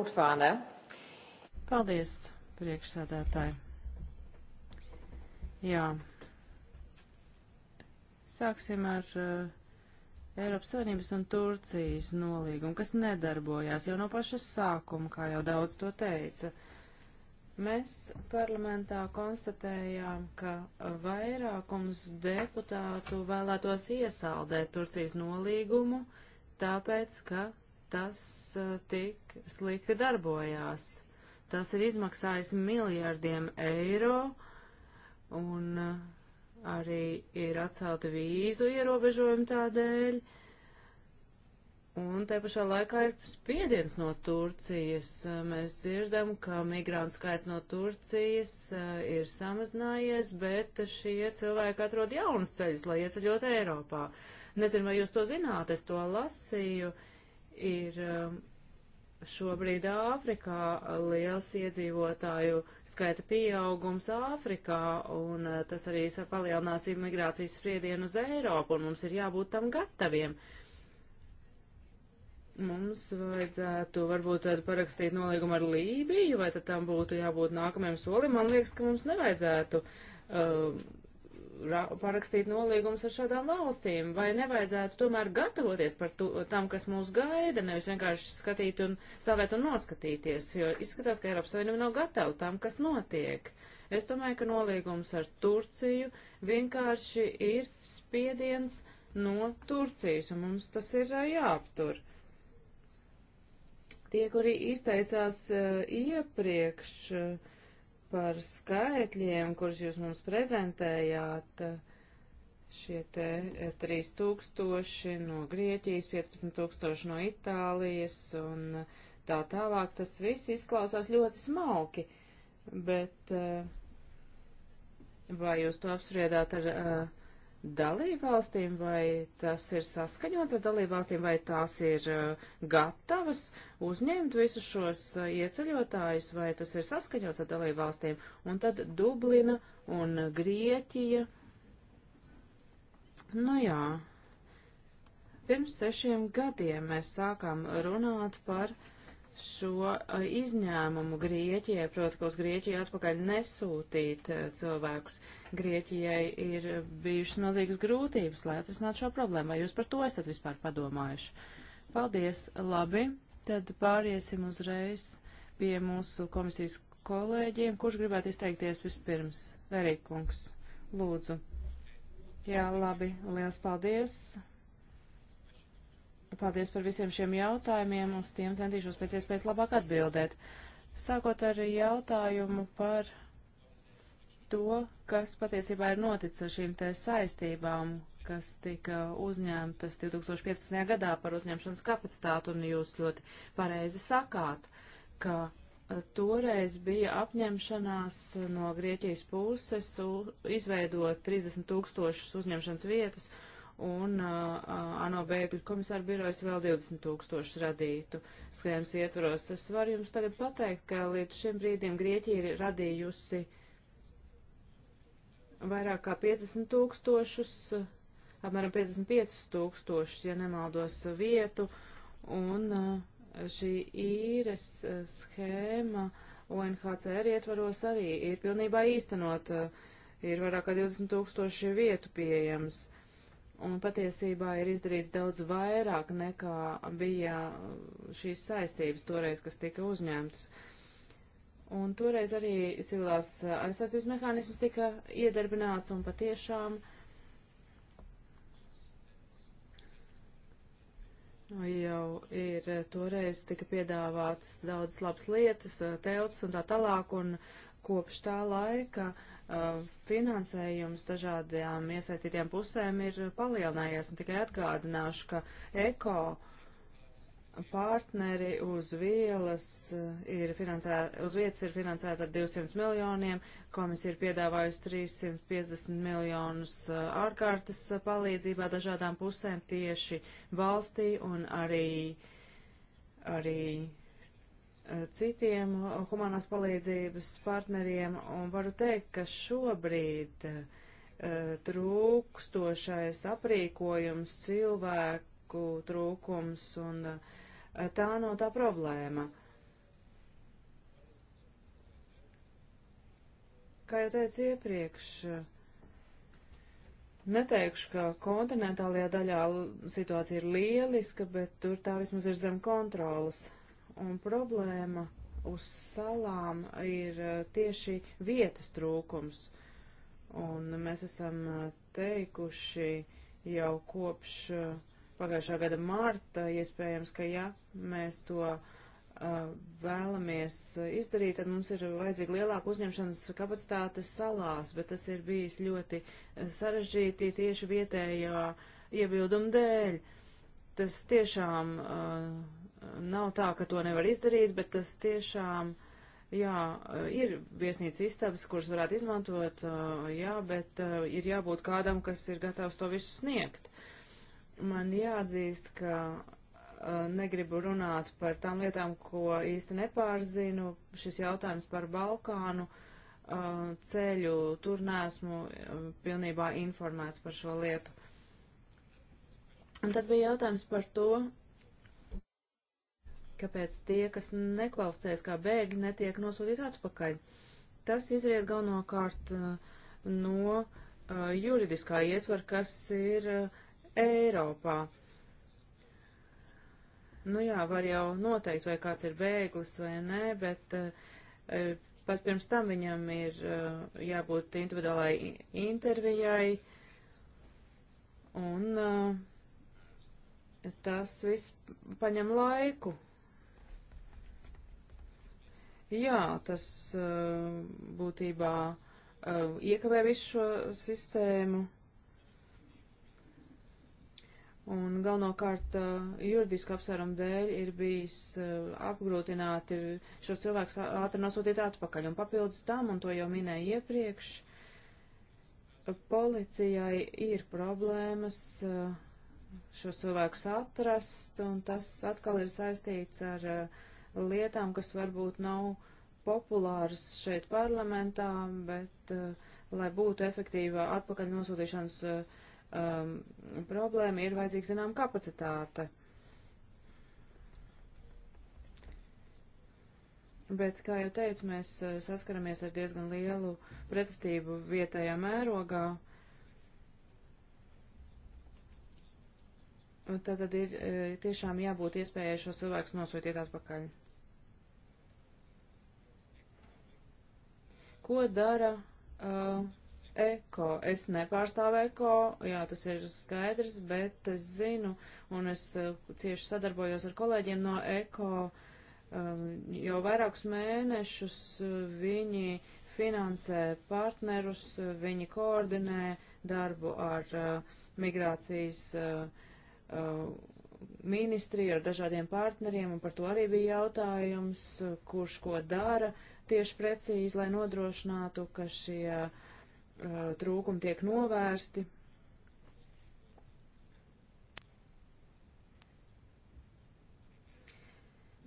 Urfāne. Paldies, priekšsēdētāji. Jā. Sāksim ar uh, Eiropas Savienības un Turcijas nolīgumu, kas nedarbojās jau no paša sākuma, kā jau daudz to teica. Mēs parlamentā konstatējām, ka vairākums deputātu vēlētos iesaldēt Turcijas nolīgumu, uh, tāpēc, ka tas eh, tik slikti darbojās. Tas ir izmaksājis miljardiem eiro un eh, arī ir atcelti vīzu ierobežojumi tādēļ. Un te pašā laikā ir spiediens no Turcijas. Eh, mēs dzirdam, ka migrantu skaits no Turcijas ir samazinājies, bet šie cilvēki atrod jaunus ceļus, lai ieceļot Eiropā. Uh, Nezinu, vai jūs to zināt, es to lasīju. Ir um, šobrīd Āfrikā liels iedzīvotāju skaita pieaugums Āfrikā, un uh, tas arī palielinās imigrācijas spriedienu uz Eiropu, un mums ir jābūt tam gataviem mums vajadzētu varbūt tādu parakstīt nolīgumu ar Lībiju, vai tad tam būtu jābūt nākamajam solim. Man liekas, ka mums nevajadzētu uh, parakstīt nolīgumus ar šādām valstīm, vai nevajadzētu tomēr gatavoties par to, tam, kas mūs gaida, nevis vienkārši skatīt un stāvēt un noskatīties, jo izskatās, ka Eiropas Savienība nav gatava tam, kas notiek. Es domāju, ka nolīgums ar Turciju vienkārši ir spiediens no Turcijas, un mums tas ir jāaptur. Tie, kuri izteicās uh, iepriekš, uh, par skaitļiem, kurus jūs mums prezentējāt. Šie te 3000 eh, no Grieķijas, 15000 no Itālijas un tā tālāk, tas viss izklausās ļoti smalki, bet eh, vai jūs to apspriedāt ar uh, dalībvalstīm, vai tas ir saskaņots ar dalībvalstīm, vai tās ir uh, gatavas uzņemt visus šos uh, ieceļotājus, vai tas ir saskaņots ar dalībvalstīm. Un tad Dublina un Grieķija. Nu jā, pirms sešiem gadiem mēs sākām runāt par uh, šo eh, izņēmumu Grieķijai, proti, ka uz Grieķiju atpakaļ nesūtīt eh, cilvēkus. Grieķijai ir bijušas milzīgas grūtības, lai atrisinātu šo problēmu. Vai jūs par to esat vispār padomājuši? Paldies, labi. Tad pāriesim uzreiz pie mūsu komisijas kolēģiem. Kurš gribētu izteikties vispirms? Verīkungs, lūdzu. Jā, labi. Liels paldies. Paldies par visiem šiem jautājumiem, uz tiem centīšos pēc iespējas labāk atbildēt. Sākot ar jautājumu par to, kas patiesībā ir noticis ar šīm te saistībām, kas tika uzņemtas 2015. gadā par uzņemšanas kapacitātu, un jūs ļoti pareizi sakāt, ka e, toreiz bija apņemšanās no Grieķijas puses izveidot 30 tūkstošus uzņemšanas vietas, un uh, ANO bēgļu komisāra birojas vēl 20 tūkstošus radītu schēmas ietvaros. Es varu jums tagad pateikt, ka līdz šim brīdim Grieķija ir radījusi vairāk kā 50 tūkstošus, apmēram 55 tūkstošus, ja nemaldos, vietu, un uh, šī īres uh, schēma UNHCR ietvaros arī ir pilnībā īstenot, uh, ir vairāk kā 20 tūkstoši vietu pieejams. Uh, un patiesībā ir izdarīts daudz vairāk nekā bija šīs saistības toreiz, kas tika uzņemtas. Un toreiz arī civilās aizsardzības mehānisms tika iedarbināts un patiešām nu, jau ir toreiz tika piedāvātas daudz labas lietas, telts un tā tālāk, un kopš tā laika uh, finansējums dažādajām iesaistītajām pusēm ir palielinājies. Un tikai atgādināšu, ka eko partneri uz vielas ir finansēta, uz vietas ir finansēta ar 200 miljoniem, komisija ir piedāvājusi 350 miljonus ārkārtas palīdzībā dažādām pusēm tieši valstī un arī, arī citiem humanās palīdzības partneriem, un varu teikt, ka šobrīd eh, trūkstošais aprīkojums, cilvēku trūkums, un eh, tā nav tā problēma. Kā jau teicu iepriekš, neteikšu, ka kontinentālajā daļā situācija ir lieliska, bet tur tā vismaz ir zem kontrolas un problēma uz salām ir eh, tieši vietas trūkums. Un mēs esam eh, teikuši jau kopš eh, pagājušā gada marta, iespējams, ka ja mēs to uh, vēlamies izdarīt, tad mums ir vajadzīga lielāka uzņemšanas kapacitāte salās, bet tas ir bijis ļoti sarežģīti tieši vietējā iebilduma dēļ. Tas tiešām uh, nav tā, ka to nevar izdarīt, bet tas tiešām, jā, ir viesnīcas istabas, kuras varētu izmantot, jā, bet ir jābūt kādam, kas ir gatavs to visu sniegt. Man jāatzīst, ka negribu runāt par tām lietām, ko īsti nepārzinu. Šis jautājums par Balkānu ceļu, tur neesmu pilnībā informēts par šo lietu. Un tad bija jautājums par to, kāpēc tie, kas nekvalificējas kā bēgļi, netiek nosūtīti atpakaļ. Tas izriet galvenokārt uh, no uh, juridiskā ietvara, kas ir uh, Eiropā. Nu jā, var jau noteikt, vai kāds ir bēglis vai nē, bet uh, uh pat pirms tam viņam ir uh, jābūt individuālai intervijai. Un tas viss paņem laiku, Jā, tas uh, būtībā uh, iekavē visu šo sistēmu. Un galvenokārt uh, juridiska apsvēruma dēļ ir bijis apgrūtināti šos cilvēkus ātri nosūtīt atpakaļ. Un papildus tam, un to jau minēju iepriekš, policijai ir problēmas šos cilvēkus atrast, un tas atkal ir saistīts ar uh, lietām, kas varbūt nav populāras šeit parlamentā, bet, uh, lai būtu efektīva atpakaļ nosūtīšanas uh, um, problēma, ir vajadzīga zinām kapacitāte. Bet, kā jau teicu, mēs uh, saskaramies ar diezgan lielu pretestību vietējā mērogā. Uh, Tad, tad ir e, tiešām jābūt iespējai šos cilvēkus nosūtīt atpakaļ. Ko dara uh, eko. Es nepārstāvu eko, jā, tas ir skaidrs, bet es zinu, un es uh, cieši sadarbojos ar kolēģiem no eko. Um, jau vairākus mēnešus viņi finansē partnerus, viņi koordinē darbu ar uh, migrācijas uh, Uh, ministriju, ar dažādiem partneriem, un par to arī bija jautājums, uh, kurš ko dara tieši precīzi, lai nodrošinātu, ka šie uh, trūkumi tiek novērsti.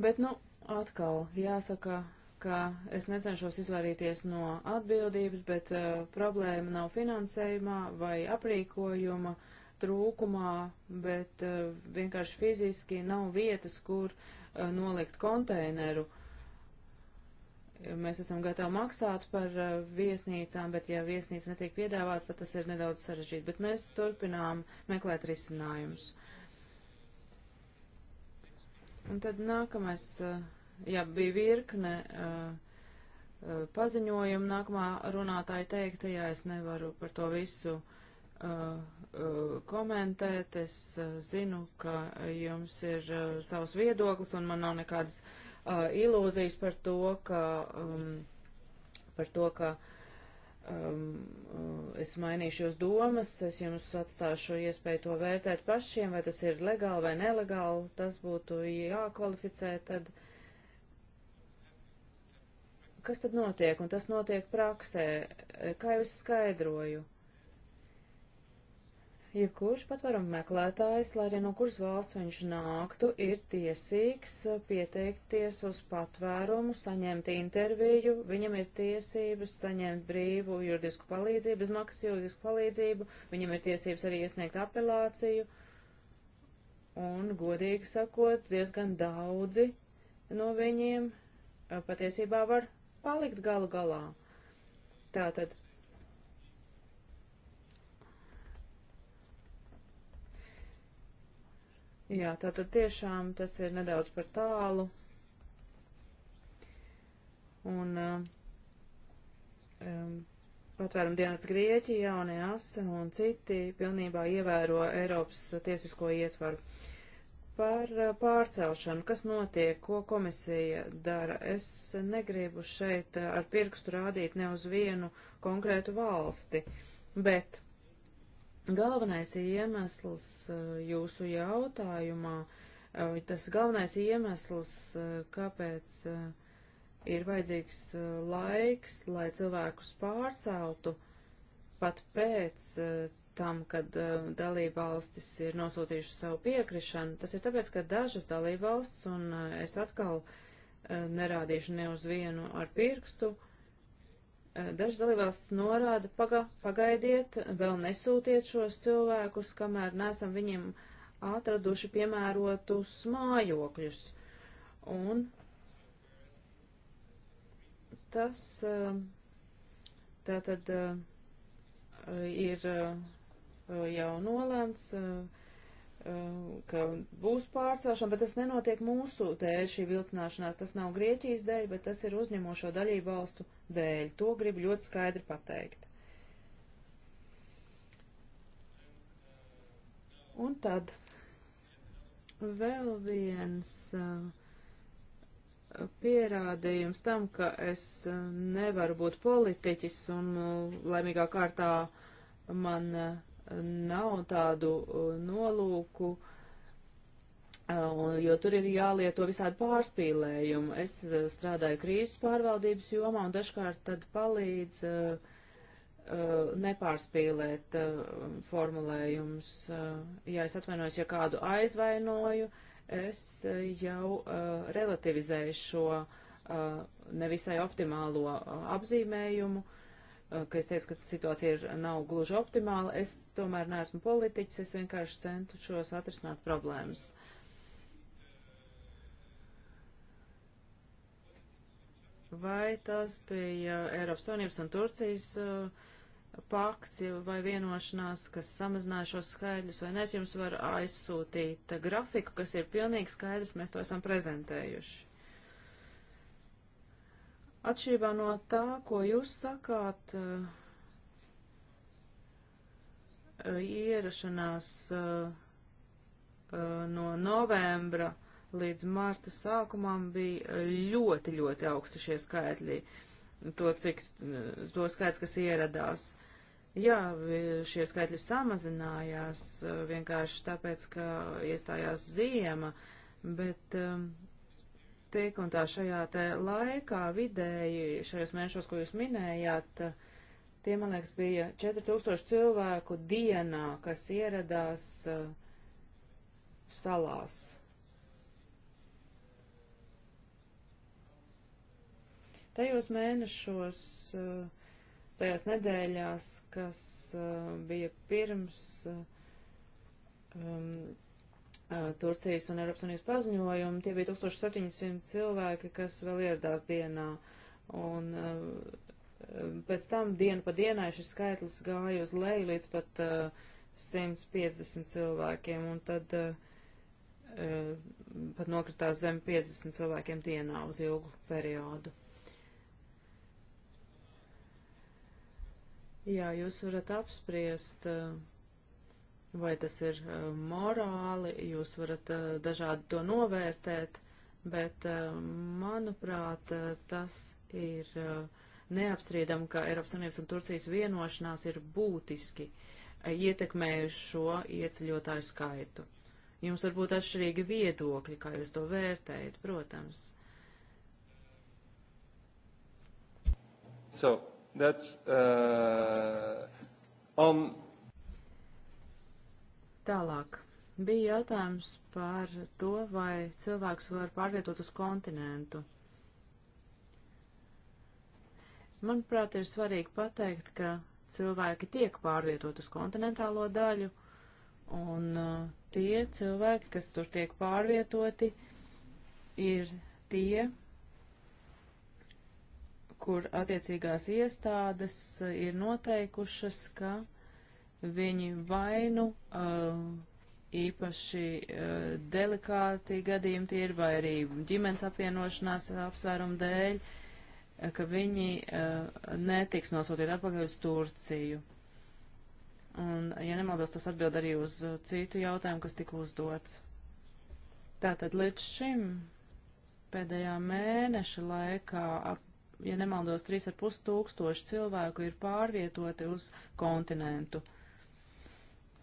Bet, nu, atkal jāsaka, ka es necenšos izvairīties no atbildības, bet uh, problēma nav finansējumā vai aprīkojuma. Uh, trūkumā, bet eh, vienkārši fiziski nav vietas, kur eh, nolikt konteineru. Mēs esam gatavi maksāt par eh, viesnīcām, bet ja viesnīca netiek piedāvāts, tad tas ir nedaudz sarežģīti. Bet mēs turpinām meklēt risinājumus. Un tad nākamais, jā, bija virkne paziņojumu, nākamā runātāja teikta, jā, es nevaru par to visu uh, Uh, komentēt. Es uh, zinu, ka jums ir uh, savs viedoklis un man nav nekādas ilūzijas par to, ka, um, par to, ka um, es mainīšu jūs domas, es jums atstāšu iespēju to vērtēt pašiem, vai tas ir legāli vai nelegāli, tas būtu jākvalificē, tad uh, kas tad notiek, un tas notiek praksē, kā jau es skaidroju jebkurš ja patvērumu meklētājs, lai arī no kuras valsts viņš nāktu, ir tiesīgs pieteikties uz patvērumu, saņemt interviju, viņam ir tiesības saņemt brīvu juridisku palīdzību, bezmaksas juridisku palīdzību, viņam ir tiesības arī iesniegt apelāciju. Un, godīgi sakot, diezgan daudzi no viņiem patiesībā var palikt galu galā. Tātad Jā, tātad tiešām tas ir nedaudz par tālu. Un um, patvērumu dienas Grieķija, jaunie asa un citi pilnībā ievēro Eiropas tiesisko ietvaru. Par uh, pārcelšanu, kas notiek, ko komisija dara, es negribu šeit uh, ar pirkstu rādīt ne uz vienu konkrētu valsti, bet Galvenais iemesls eh, jūsu jautājumā, eh, tas galvenais iemesls, eh, kāpēc ir vajadzīgs laiks, lai cilvēkus pārceltu pat pēc tam, kad uh, dalībvalstis ir nosūtījuši savu piekrišanu. Tas ir tāpēc, ka dažas dalībvalstis, un uh, es atkal uh, nerādīšu ne uz vienu ar pirkstu, uh, Eh, Daži dalībvalsts norāda, paga, pagaidiet, vēl nesūtiet šos cilvēkus, kamēr nesam viņiem atraduši piemērotus mājokļus. Un tas eh, tātad eh, ir jau nolēmts, ka būs pārcelšana, bet tas nenotiek mūsu dēļ šī vilcināšanās. Tas nav Grieķijas dēļ, bet tas ir uzņemošo dalību valstu dēļ. To gribu ļoti skaidri pateikt. Un tad vēl viens uh, pierādījums tam, ka es uh, nevaru būt politiķis un uh, laimīgā kārtā man nav tādu nolūku uh, jo tur ir jālieto visādi pārspīlējumi. Es eh, strādāju krīzes pārvaldības jomā un dažkārt tad palīdz uh, uh, nepārspīlēt uh, formulējumus. Ja es atvainojos, ja kādu aizvainoju, es jau relativizēju šo nevisai optimālo apzīmējumu ka es teicu, ka situācija ir, nav gluži optimāla. Es tomēr neesmu politiķis, es vienkārši centušos atrisināt problēmas. Vai tas bija Eiropas Savienības un Turcijas uh, pakts vai vienošanās, kas samazināja šos skaidrus, vai ne, es jums varu aizsūtīt grafiku, kas ir pilnīgi skaidrs, mēs to esam prezentējuši. Atšķirībā no tā, ko jūs sakāt, uh, ierašanās uh, uh, no novembra līdz marta sākumam bija ļoti, ļoti augsti šie skaitļi, to, cik, to skaits, kas ieradās. Jā, šie skaitļi samazinājās eh, vienkārši tāpēc, ka iestājās ziema, bet ehm, tik un tā šajā te laikā vidēji, šajos mēnešos, ko jūs minējāt, tie, man liekas, bija 4000 cilvēku dienā, kas ieradās eh, salās Tajos mēnešos, eh, tajās nedēļās, kas eh, bija pirms um, Turcijas un Eiropas Unības paziņojumu, tie bija 1700 cilvēki, kas vēl ieradās dienā. Un pēc tam dienu pa dienai šis skaitlis gāja uz leju līdz pat uh, 150 cilvēkiem, un tad uh, pat nokritās zem 50 cilvēkiem dienā uz ilgu periodu. Jā, jūs varat apspriest, eh, vai tas ir eh, morāli, jūs varat eh, dažādi to novērtēt, bet, manuprāt, tas ir neapstrīdam, ka Eiropas Savienības un Turcijas vienošanās ir būtiski ietekmējuši šo ieceļotāju skaitu. Jums var būt atšķirīgi viedokļi, kā jūs to vērtējat, protams. So, that uh, on. Tālāk. Bija jautājums par to, vai cilvēks var pārvietot uz kontinentu. Manuprāt, ir svarīgi pateikt, ka cilvēki tiek pārvietot uz kontinentālo daļu, un uh, tie cilvēki, kas tur tiek pārvietoti, ir tie, kur attiecīgās iestādes uh, ir noteikušas, ka viņi vainu uh, īpaši uh, delikāti gadījumi tie ir vai arī ģimenes apvienošanās apsvērumu dēļ, ka viņi netiks nosūtīti atpakaļ uz Turciju. Un, ja nemaldos, tas atbild arī uz citu jautājumu, kas tika uzdots. Tātad līdz šim pēdējā mēneša laikā ap ja nemaldos, 3,5 tūkstoši cilvēku ir pārvietoti uz kontinentu.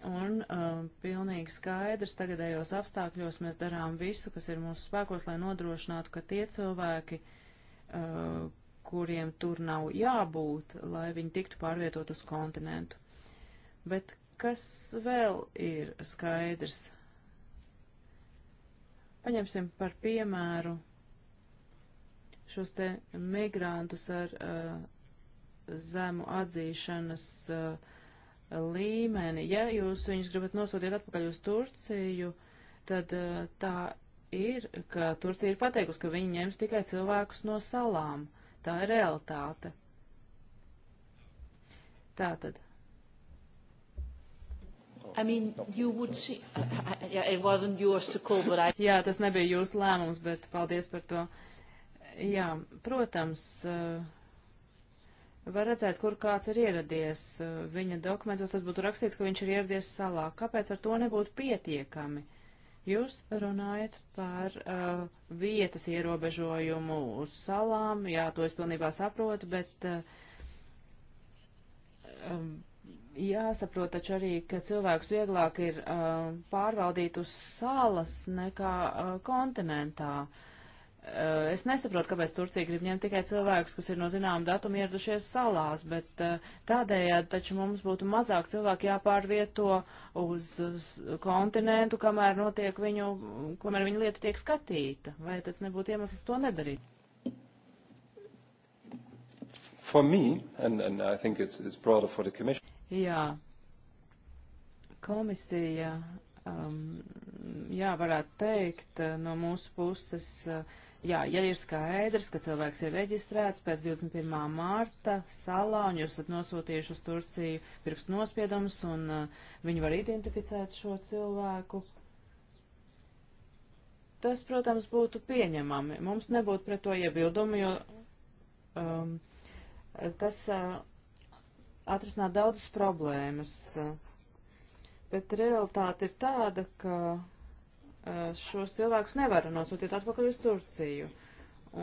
Un uh, pilnīgi skaidrs, tagadējos apstākļos mēs darām visu, kas ir mūsu spēkos, lai nodrošinātu, ka tie cilvēki, uh, kuriem tur nav jābūt, lai viņi tiktu pārvietot uz kontinentu. Bet kas vēl ir skaidrs? Paņemsim par piemēru šos te migrantus ar uh, zemu atzīšanas uh, līmeni. Ja jūs viņus gribat nosūtīt atpakaļ uz Turciju, tad uh, tā ir, ka Turcija ir pateikusi, ka viņi ņems tikai cilvēkus no salām. Tā ir realitāte. Tātad. I mean, you would see, uh, yeah, it wasn't yours to call, but I... Jā, tas nebija jūsu lēmums, bet paldies par to. Uh, Jā, protams, eh, var redzēt, kur kāds ir ieradies. Eh, viņa dokumentos tas būtu rakstīts, ka viņš ir ieradies salā. Kāpēc ar to nebūtu pietiekami? Jūs runājat par uh, vietas ierobežojumu uz salām, jā, to es pilnībā saprotu, bet uh, jāsaprot taču arī, ka cilvēkus vieglāk ir uh, pārvaldīt uz salas nekā uh, kontinentā. Uh, Eh, es nesaprotu, kāpēc Turcija grib ņemt tikai cilvēkus, kas ir no zinām datumu ieradušies salās, bet eh, tādējādi taču mums būtu mazāk cilvēku jāpārvieto uz, uz kontinentu, kamēr notiek viņu, kamēr viņu lieta tiek skatīta. Vai tas nebūtu iemesls to nedarīt? For me, and, and I think it's, it's broader for the commission. Jā. Komisija, um, jā, varētu teikt, eh, no mūsu puses. Uh, jā, ja ir skaidrs, ka cilvēks ir reģistrēts pēc 21. mārta salā un jūs esat nosūtījuši uz Turciju pirkstu nospiedumus un uh, viņi var identificēt šo cilvēku, tas, protams, būtu pieņemami. Mums nebūtu pret to iebildumi, jo um, tas uh, atrisināt daudzas problēmas. Bet realitāte ir tāda, ka šos cilvēkus nevar nosūtīt atpakaļ uz Turciju.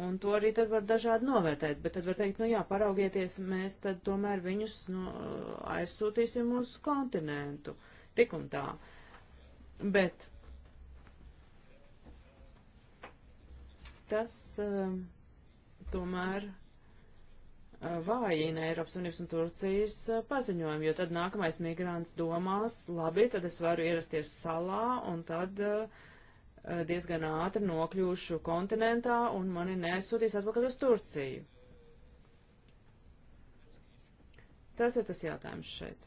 Un to arī tad var dažādi novērtēt, bet tad var teikt, nu jā, paraugieties, mēs tad tomēr viņus nu, aizsūtīsim uz kontinentu, tik un tā. Bet tas uh, tomēr uh, vājina Eiropas Unības un Turcijas uh, paziņojumu, jo tad nākamais migrants domās, labi, tad es varu ierasties salā un tad uh, Eh, diezgan ātri nokļūšu kontinentā un mani nesūtīs atpakaļ uz Turciju. Tas ir tas jautājums šeit.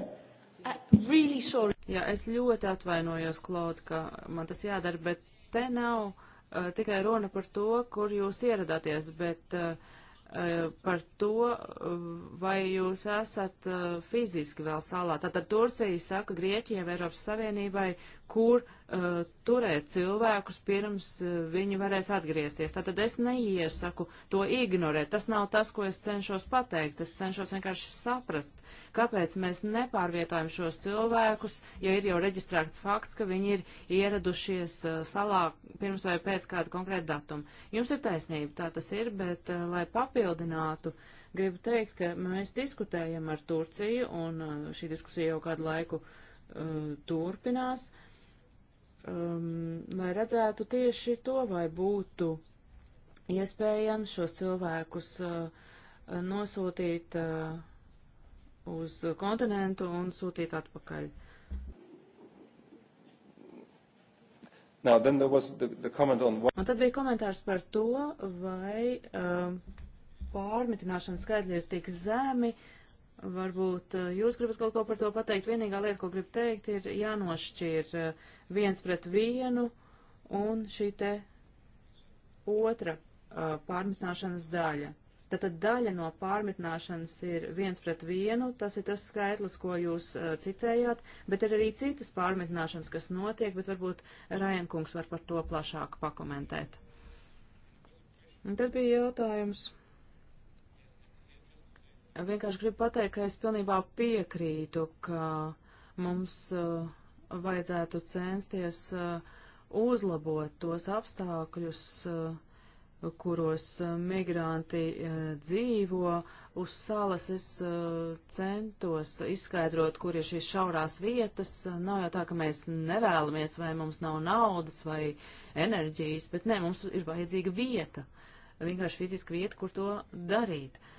Uh, really Jā, es ļoti atvainojos, Klaud, ka man tas jādara, bet te nav uh, tikai runa par to, kur jūs ieradāties, bet uh, uh, par to, uh, vai jūs esat uh, fiziski vēl salā. Tātad Turcija saka Grieķiem, Eiropas Savienībai, kur uh, turēt cilvēkus pirms uh, viņi varēs atgriezties. Tātad es neiesaku to ignorēt. Tas nav tas, ko es cenšos pateikt. Es cenšos vienkārši saprast, kāpēc mēs nepārvietojam šos cilvēkus, ja ir jau reģistrēts fakts, ka viņi ir ieradušies uh, salā pirms vai pēc kāda konkrēta datuma. Jums ir taisnība, tā tas ir, bet uh, lai papildinātu. Gribu teikt, ka mēs diskutējam ar Turciju, un uh, šī diskusija jau kādu laiku uh, turpinās. Uh, um, lai redzētu tieši to, vai būtu iespējams šos cilvēkus uh, nosūtīt uh, uz kontinentu un sūtīt atpakaļ. Now, the, the on... Un tad bija komentārs par to, vai uh, pārmitināšanas skaidri ir tik zemi, uh, Varbūt eh, jūs gribat kaut ko par to pateikt. Vienīgā lieta, ko gribu teikt, ir jānošķir eh, viens pret vienu un šī te otra eh, pārmitināšanas daļa. Tātad daļa no pārmitināšanas ir viens pret vienu, tas ir tas skaitlis, ko jūs uh, citējāt, bet ir arī citas pārmitināšanas, kas notiek, bet varbūt Rajankungs var par to plašāk pakomentēt. Un tad bija jautājums Vienkārši gribu pateikt, ka es pilnībā piekrītu, ka mums uh, vajadzētu censties uh, uzlabot tos apstākļus, uh, kuros uh, migranti uh, dzīvo. Uz salas es uh, centos izskaidrot, kur ir šīs šaurās vietas. Nav jau tā, ka mēs nevēlamies, vai mums nav naudas vai enerģijas, bet nē, mums ir vajadzīga vieta, vienkārši fiziska vieta, kur to darīt. Uh,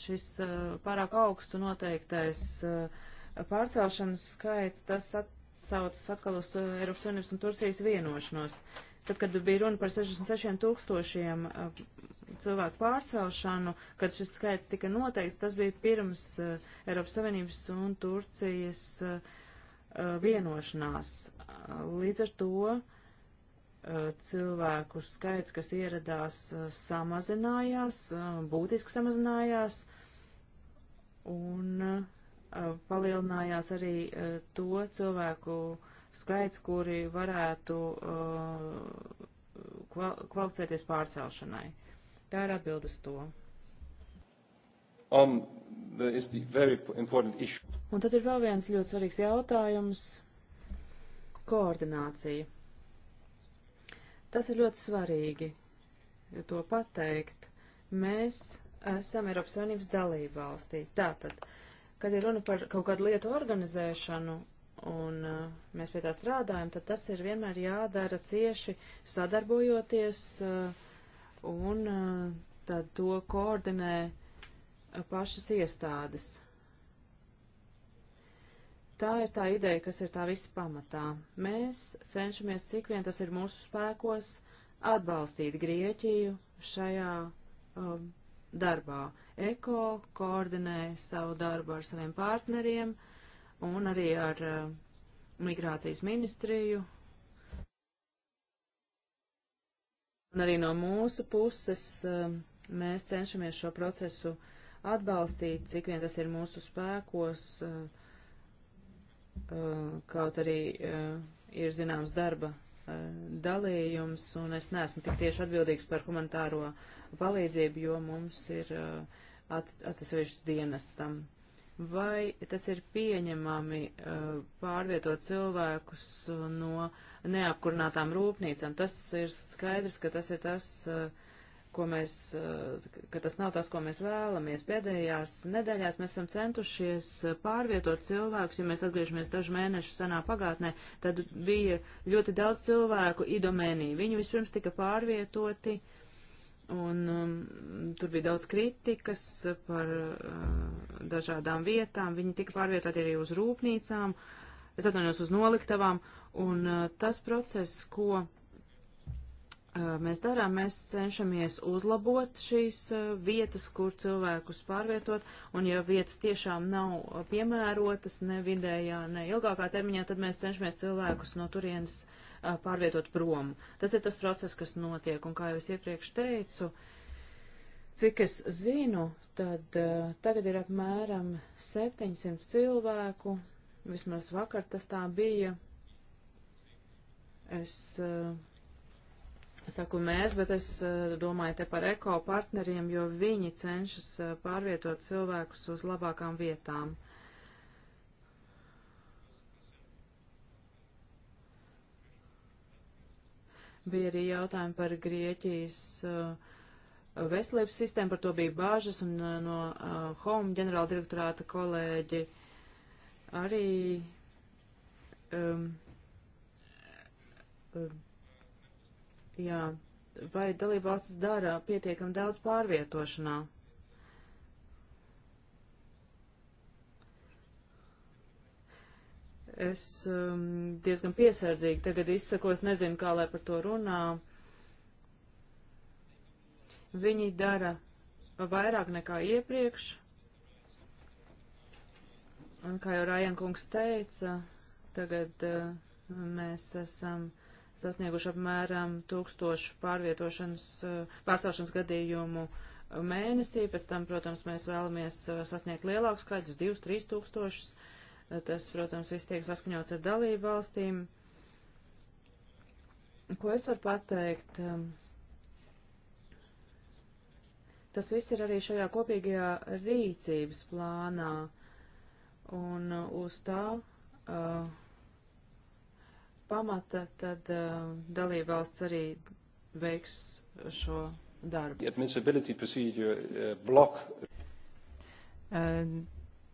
šis pārāk augstu noteiktais pārcelšanas skaits, tas atsaucas atkal uz Eiropas Savienības un Turcijas vienošanos. Tad, kad bija runa par 66 tūkstošiem cilvēku pārcelšanu, kad šis skaits tika noteikts, tas bija pirms Eiropas Savienības un Turcijas vienošanās. Līdz ar to uh, Eh, cilvēku skaits, kas ieradās, eh, samazinājās, eh, būtiski samazinājās, un palielinājās arī to cilvēku skaits, kuri varētu kvalificēties pārcelšanai. Tā ir atbildes to. Um, un tad ir vēl viens ļoti svarīgs jautājums - koordinācija Tas ir ļoti svarīgi to pateikt. Mēs esam Eiropas Savienības dalība valstī. Tātad, kad ir runa par kaut kādu lietu organizēšanu, un uh, mēs pie tā strādājam, tad tas ir vienmēr jādara cieši sadarbojoties, uh, un uh, tad to koordinē uh, pašas iestādes. Tā ir tā ideja, kas ir tā visa pamatā. Mēs cenšamies, cik vien tas ir mūsu spēkos, atbalstīt Grieķiju šajā um, darbā. Eko koordinē savu darbu ar saviem partneriem un arī ar uh, migrācijas ministriju. Un arī no mūsu puses uh, mēs cenšamies šo procesu atbalstīt, cik vien tas ir mūsu spēkos. Uh, Eh, kaut arī eh, ir zināms darba eh, dalījums, un es neesmu tik tieši atbildīgs par humanitāro palīdzību, jo mums ir at, atsevišķas dienas tam. Vai tas ir pieņemami pārvietot cilvēkus no neapkurinātām rūpnīcām? Tas ir skaidrs, ka tas ir tas, uh, ko mēs, eh, ka tas nav tas, ko mēs vēlamies. Pēdējās nedēļās mēs esam centušies eh, pārvietot cilvēkus, ja mēs atgriežamies dažu mēnešu senā pagātnē, tad bija ļoti daudz cilvēku idomēnī. Viņi vispirms tika pārvietoti, un um, tur bija daudz kritikas par uh, dažādām vietām. Viņi tika pārvietoti arī uz rūpnīcām, es atvainojos uz noliktavām, un uh, tas process, ko mēs darām, mēs cenšamies uzlabot šīs vietas, kur cilvēkus pārvietot, un ja vietas tiešām nav piemērotas ne vidējā, ne ilgākā termiņā, tad mēs cenšamies cilvēkus no turienes pārvietot prom. Tas ir tas process, kas notiek, un kā jau es iepriekš teicu, cik es zinu, tad uh, tagad ir apmēram 700 cilvēku, vismaz vakar tas tā bija. Es uh, saku mēs, bet es eh, domāju te par eko partneriem, jo viņi cenšas eh, pārvietot cilvēkus uz labākām vietām. Bija arī jautājumi par Grieķijas eh, veselības sistēmu, par to bija bāžas, un no Home ģenerāla direktorāta kolēģi arī um, Jā, vai dalībvalstis dara pietiekam daudz pārvietošanā? Es um, diezgan piesardzīgi tagad izsakos, nezinu, kā lai par to runā. Viņi dara vairāk nekā iepriekš. Un kā jau Rājankungs teica, tagad uh, mēs esam. Uh, sasnieguši apmēram tūkstošu pārvietošanas, eh, pārcelšanas gadījumu mēnesī. Pēc tam, protams, mēs vēlamies eh, sasniegt lielāku skaļus, 2-3 tūkstošus. Eh, tas, protams, viss tiek saskaņots ar dalību valstīm. Ko es varu pateikt? Ehm, tas viss ir arī šajā kopīgajā rīcības plānā. Un uz tā uh, pamata, tad uh, dalībvalsts arī veiks šo darbu. Uh, uh,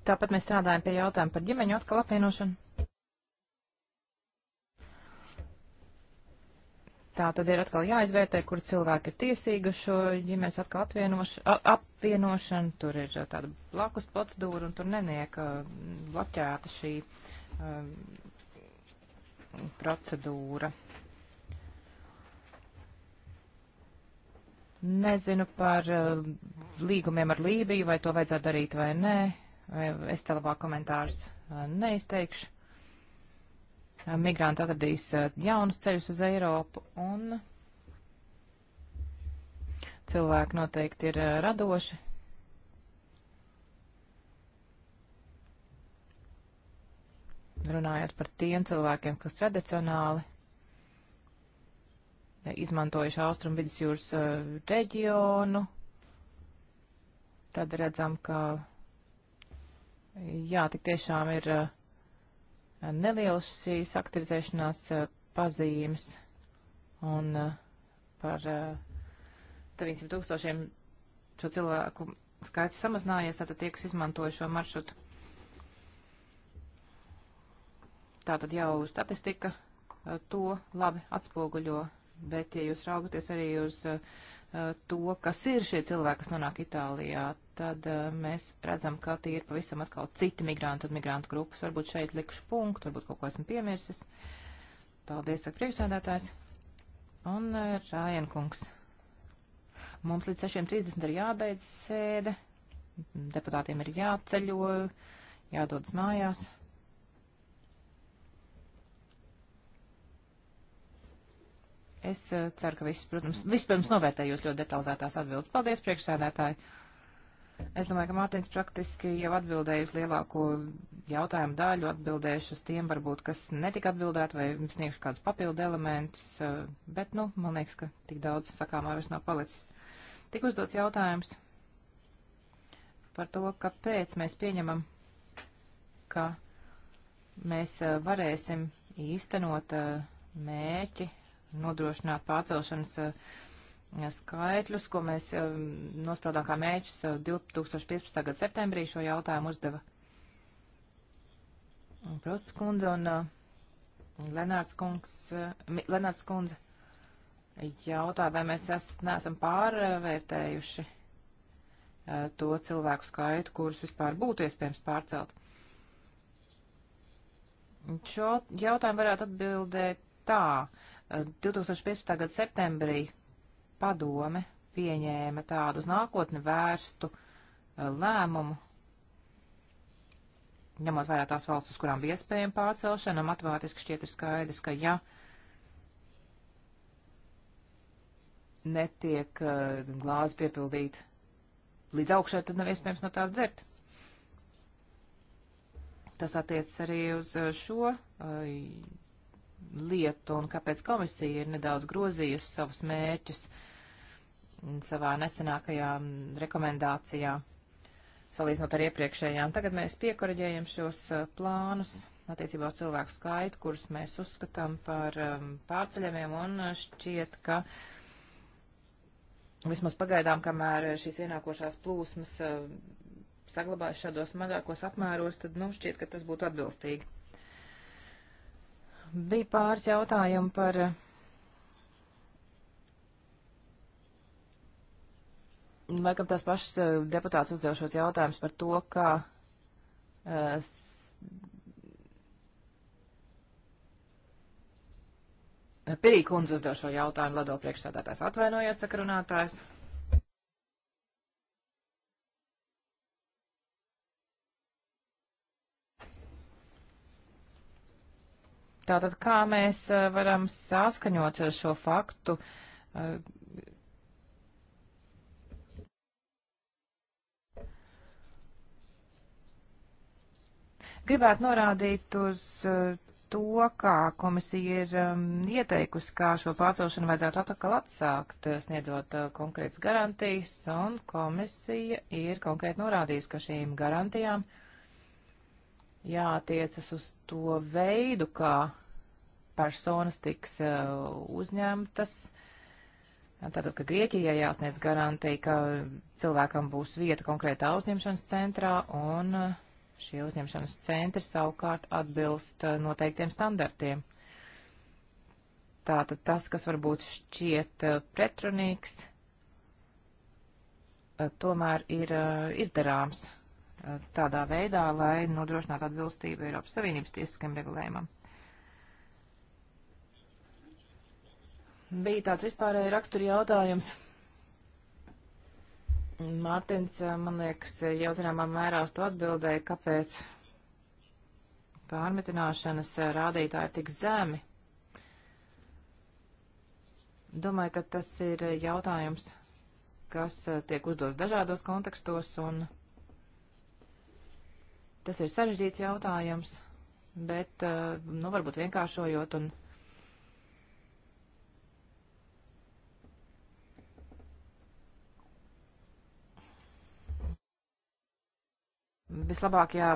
tāpat mēs strādājam pie jautājuma par ģimeņu atkal apvienošanu. Tā tad ir atkal jāizvērtē, kur cilvēki ir tiesīgi šo ģimenes atkal apvienošanu. Tur ir uh, tāda blakus procedūra un tur neniek uh, bloķēta šī uh, procedūra. Nezinu par uh, līgumiem ar Lībiju, vai to vajadzētu darīt vai nē. Eh, es te labāk komentārus uh, neizteikšu. Uh, migranti atradīs jaunus ceļus uz Eiropu un cilvēki noteikti ir radoši runājot par tiem cilvēkiem, kas tradicionāli eh, izmantojuši Austrum vidusjūras uh, reģionu, tad redzam, ka jā, tik tiešām ir uh, nelielas šīs aktivizēšanās uh, pazīmes un par 900 tūkstošiem šo cilvēku skaits samazinājies, tātad tie, kas izmantoja šo maršrutu. Tātad jau statistika eh, to labi atspoguļo, bet ja jūs raugaties arī uz eh, to, kas ir šie cilvēki, kas nonāk Itālijā, tad eh, mēs redzam, ka tie ir pavisam atkal citi migranti un migrantu grupas. Varbūt šeit likšu punktu, varbūt kaut ko esmu piemirsis. Paldies, saka priekšsēdētājs. Un Rājankungs. Mums līdz 6.30 ir jābeidz sēde deputātiem ir jāceļo, jādodas mājās. Es eh, ceru, ka viss, protams, vispirms novērtējos ļoti detalizētās atbildes. Paldies, priekšsēdētāji! Es domāju, ka Mārtiņš praktiski jau atbildēja uz lielāko jautājumu daļu, atbildēšu uz tiem varbūt, kas netika atbildēt vai sniegšu kādus papildu elementus, eh, bet, nu, man liekas, ka tik daudz sakāmā vairs nav palicis. Tik uzdots jautājums par to, kāpēc mēs pieņemam, ka mēs eh, varēsim īstenot mērķi nodrošināt pārcelšanas eh, skaitļus, ko mēs eh, nospraudām kā mēģus 2015. Eh, gada septembrī šo jautājumu uzdeva Prosts kundze un Lenārds, kungs, Lenārds kundze jautā, vai mēs es, neesam pārvērtējuši to cilvēku skaitu, kurus vispār būtu iespējams pārcelt. Šo jautājumu varētu atbildēt tā. Uh, 2015. gada septembrī padome pieņēma tādu uz nākotni vērstu eh, lēmumu, ņemot vairāk tās valsts, uz kurām bija iespējama pārcelšana, matemātiski šķiet ir skaidrs, ka ja netiek eh, glāzi piepildīta līdz augšai, tad nav iespējams no tās dzert. Tas attiecas arī uz eh, šo lietu un kāpēc komisija ir nedaudz grozījusi savus mērķus savā nesenākajā rekomendācijā, salīdzinot ar iepriekšējām. Tagad mēs piekoriģējam šos uh, plānus attiecībā uz cilvēku skaitu, kurus mēs uzskatām par um, pārceļamiem un uh, šķiet, ka vismaz pagaidām, kamēr uh, šīs ienākošās plūsmas saglabājas šādos mazākos apmēros, tad, nu, šķiet, ka tas būtu atbilstīgi. Bija pāris jautājumu par laikam tās pašas eh, deputāts uzdevušos jautājumus par to, kā uh, eh, Pirīkundze uzdevušo jautājumu lado priekšsādātājs atvainojās sakarunātājs. Tātad, kā mēs varam saskaņot šo faktu? Gribētu norādīt uz to, kā komisija ir um, ieteikusi, kā šo pārcelšanu vajadzētu atkal atsākt, sniedzot uh, konkrētas garantijas, un komisija ir konkrēti norādījusi, ka šīm garantijām uh, jātiecas uz to veidu, kā personas tiks uh, uzņemtas. Tātad, ka Grieķijai jāsniedz garantija, ka cilvēkam būs vieta konkrētā uzņemšanas centrā, un uh, šie uzņemšanas centri savukārt atbilst uh, noteiktiem standartiem. Tātad tas, kas varbūt šķiet uh, pretrunīgs, uh, tomēr ir uh, izdarāms tādā veidā, lai nodrošinātu atbilstību Eiropas Savienības tiesiskajam regulējumam. Bija tāds vispārēji raksturi jautājums. Mārtiņš, man liekas, jau zināmā mērā uz to atbildēja, kāpēc pārmetināšanas rādītāji ir tik zemi. Domāju, ka tas ir jautājums, kas eh, tiek uzdos dažādos kontekstos un. Tas ir sarežģīts jautājums, bet, eh, nu, varbūt vienkāršojot un. Vislabākajā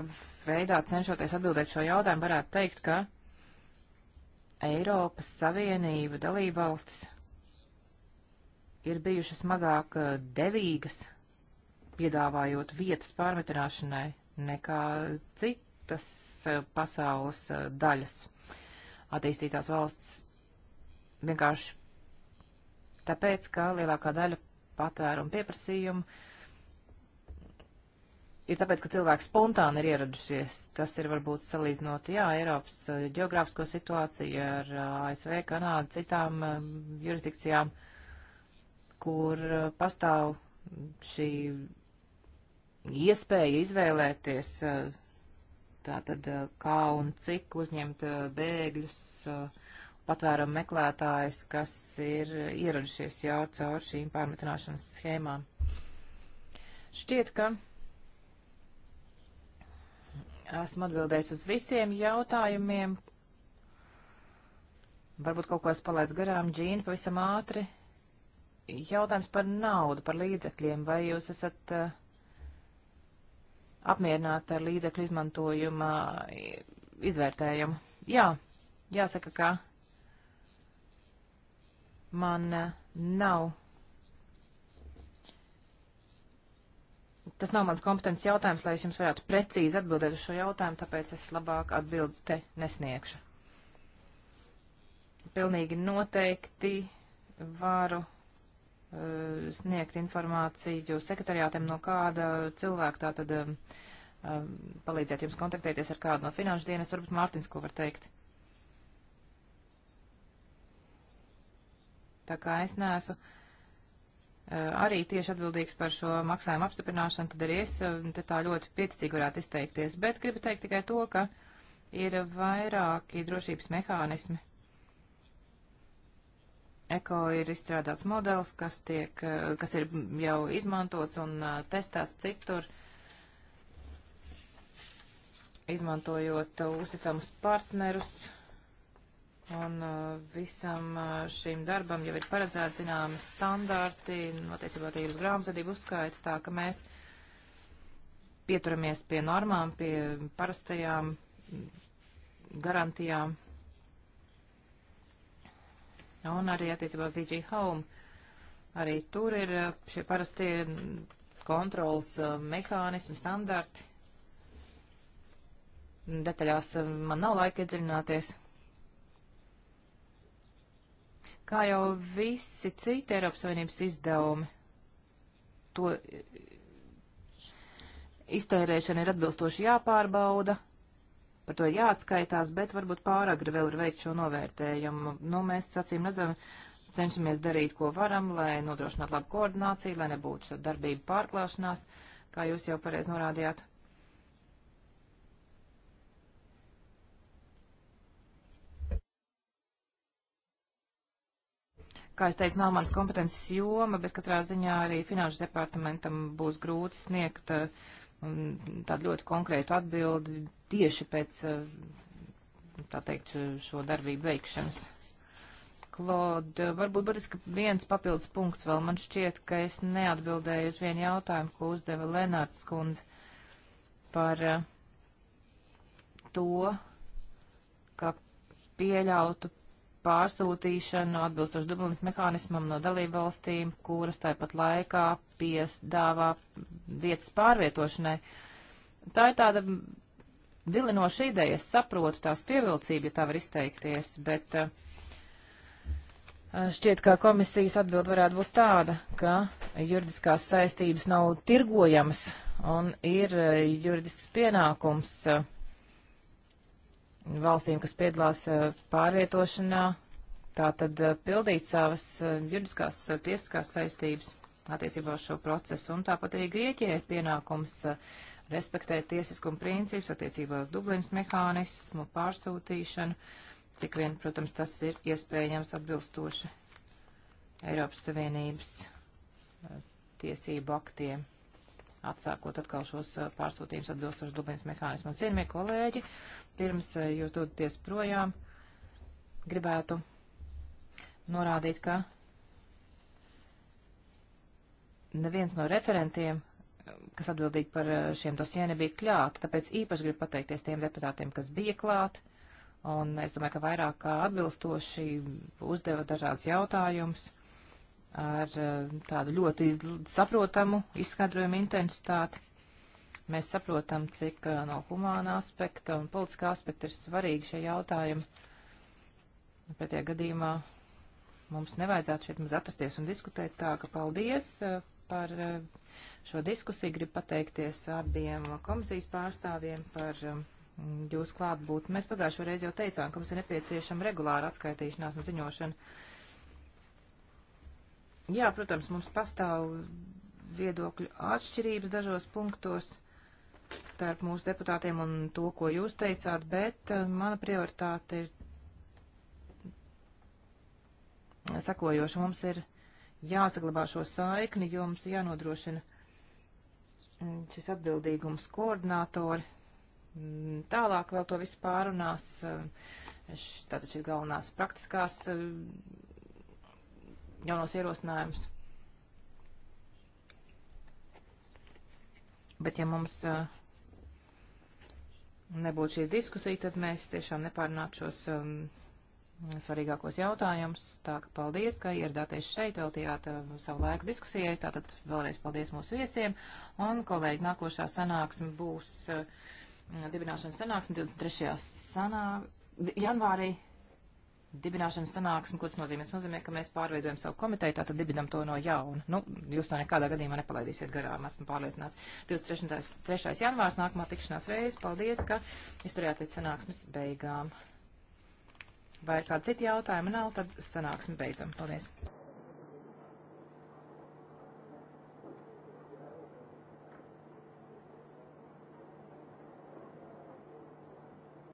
veidā cenšoties atbildēt šo jautājumu, varētu teikt, ka Eiropas Savienība dalībvalstis ir bijušas mazāk eh, devīgas, piedāvājot vietas pārmetināšanai nekā citas e, pasaules e, daļas. Attīstītās valsts vienkārši tāpēc, ka lielākā daļa patvērumu pieprasījumu ir tāpēc, ka cilvēki spontāni ir ieradušies. Tas ir varbūt salīdzinot, jā, Eiropas e, geogrāfisko situāciju ar ASV, Kanādu, citām jurisdikcijām, kur pastāv šī iespēja izvēlēties eh, tātad eh, kā un cik uzņemt eh, bēgļus, patvērumu meklētājus, kas ir ieradušies jau caur šīm pārmetināšanas schēmām. Šķiet, ka esmu atbildējis uz visiem jautājumiem. Varbūt kaut ko es palaidu garām, Džīna, pavisam ātri. Jautājums par naudu, par līdzekļiem. Vai jūs esat uh, apmierināti ar līdzekļu izmantojuma e, izvērtējumu. Jā, jāsaka, ka man e, nav. Tas nav mans kompetences jautājums, lai es jums varētu precīzi atbildēt uz šo jautājumu, tāpēc es labāk atbildi te nesniegšu. Pilnīgi noteikti varu Eh, sniegt informāciju sekretariātiem no kāda cilvēka, tā tad um, palīdzēt jums kontaktēties ar kādu no finanšu dienas, varbūt Mārtiņš, ko var teikt. Tā kā es neesmu uh, arī tieši atbildīgs par šo maksājumu apstiprināšanu, tad arī es uh, te tā ļoti pieticīgi varētu izteikties, bet gribu teikt tikai to, ka ir vairāki drošības mehānismi, Eko ir izstrādāts modelis, kas, tiek, eh, kas ir jau izmantots un eh, testēts citur, izmantojot eh, uzticamus partnerus. Un visam šīm darbam jau ir paredzēti zināmi standarti, noteicībā tie ir grāmatvedību uzskaita, tā ka mēs pieturamies pie normām, pie parastajām garantijām Un arī attiecībā uz DG Home. Arī tur ir uh, šie parastie kontrols uh, mehānismi, standarti. Detaļās uh, man nav laika iedziļināties. Kā jau visi citi Eiropas Savienības izdevumi, to iztērēšana ir atbilstoši jāpārbauda, par to ir jāatskaitās, bet varbūt pāragri vēl ir veikt šo novērtējumu. Nu, mēs sacīm redzam, cenšamies darīt, ko varam, lai nodrošinātu labu koordināciju, lai nebūtu šo darbību pārklāšanās, kā jūs jau pareizi norādījāt. kā es teicu, nav manas kompetences joma, bet katrā ziņā arī finanšu departamentam būs grūti sniegt uh, tādu ļoti konkrētu atbildi tieši pēc, eh, tā teikt, šo darbību veikšanas. Klod, varbūt būtiski viens papildus punkts vēl. Man šķiet, ka es neatbildēju uz vienu jautājumu, ko uzdeva Lenārds kundze par eh, to, ka pieļautu pārsūtīšanu atbilstoši Dublinas mehānismam no dalību valstīm, kuras tāpat laikā piesdāvā vietas pārvietošanai. Tā ir tāda vilinoša ideja. Es saprotu tās pievilcību, ja tā var izteikties, bet uh, Šķiet, ka komisijas atbild varētu būt tāda, ka juridiskās saistības nav tirgojamas un ir eh, juridisks pienākums eh, valstīm, kas piedalās pārvietošanā, tātad pildīt savas juridiskās tiesiskās saistības attiecībā uz šo procesu. Un tāpat arī Grieķijai ir pienākums respektēt tiesiskuma principus attiecībā uz Dublinas mehānismu, pārsūtīšanu, cik vien, protams, tas ir iespējams atbilstoši Eiropas Savienības eh, tiesību aktiem, atsākot atkal šos eh, pārsūtījumus atbilstoši Dublinas mehānismu. Cienījamie kolēģi, pirms eh, jūs dodaties projām, gribētu norādīt, ka neviens no referentiem kas atbildīgi par eh, šiem dosiem, nebija kļāta. Tāpēc īpaši gribu pateikties tiem deputātiem, kas bija klāt. Un es domāju, ka vairāk kā atbilstoši uzdeva dažādas jautājumus ar eh, tādu ļoti saprotamu izskaidrojumu intensitāti. Mēs saprotam, cik eh, no humāna aspekta un politiskā aspekta ir svarīgi šie jautājumi. Pretējā gadījumā mums nevajadzētu šeit mums atrasties un diskutēt tā, ka paldies par eh, šo diskusiju. Gribu pateikties abiem komisijas pārstāvjiem par eh, jūsu klātbūtni. Mēs pagājušo reizi jau teicām, ka mums ir nepieciešama regulāra atskaitīšanās un ziņošana. Jā, protams, mums pastāv viedokļu atšķirības dažos punktos starp mūsu deputātiem un to, ko jūs teicāt, bet eh, mana prioritāte ir sakojoša. Mums ir jāsaglabā šo saikni, jo mums jānodrošina mm, šis atbildīgums koordinātori. Mm, tālāk vēl to visu pārunās, mm, tātad šīs galvenās praktiskās jaunos ierosinājumus. Bet ja mums nebūtu šīs diskusija, tad mēs tiešām nepārnātu šos svarīgākos jautājumus. Tā ka paldies, ka ieradāties šeit, veltījāt uh, savu laiku diskusijai. Tātad vēlreiz paldies mūsu viesiem. Un, kolēģi, nākošā sanāksme būs uh, dibināšanas sanāksme 23. Sanā... janvārī. Dibināšanas sanāksme, ko tas nozīmē? Tas nozīmē, ka mēs pārveidojam savu komiteju, tātad dibinam to no jauna. Nu, jūs to nekādā gadījumā nepalaidīsiet garām, esmu pārliecināts. 23. 3. janvārs nākamā tikšanās reize. Paldies, ka izturējāt līdz sanāksmes beigām. Vai kādi citi jautājumi nav, tad sanāksim beidzam. Paldies!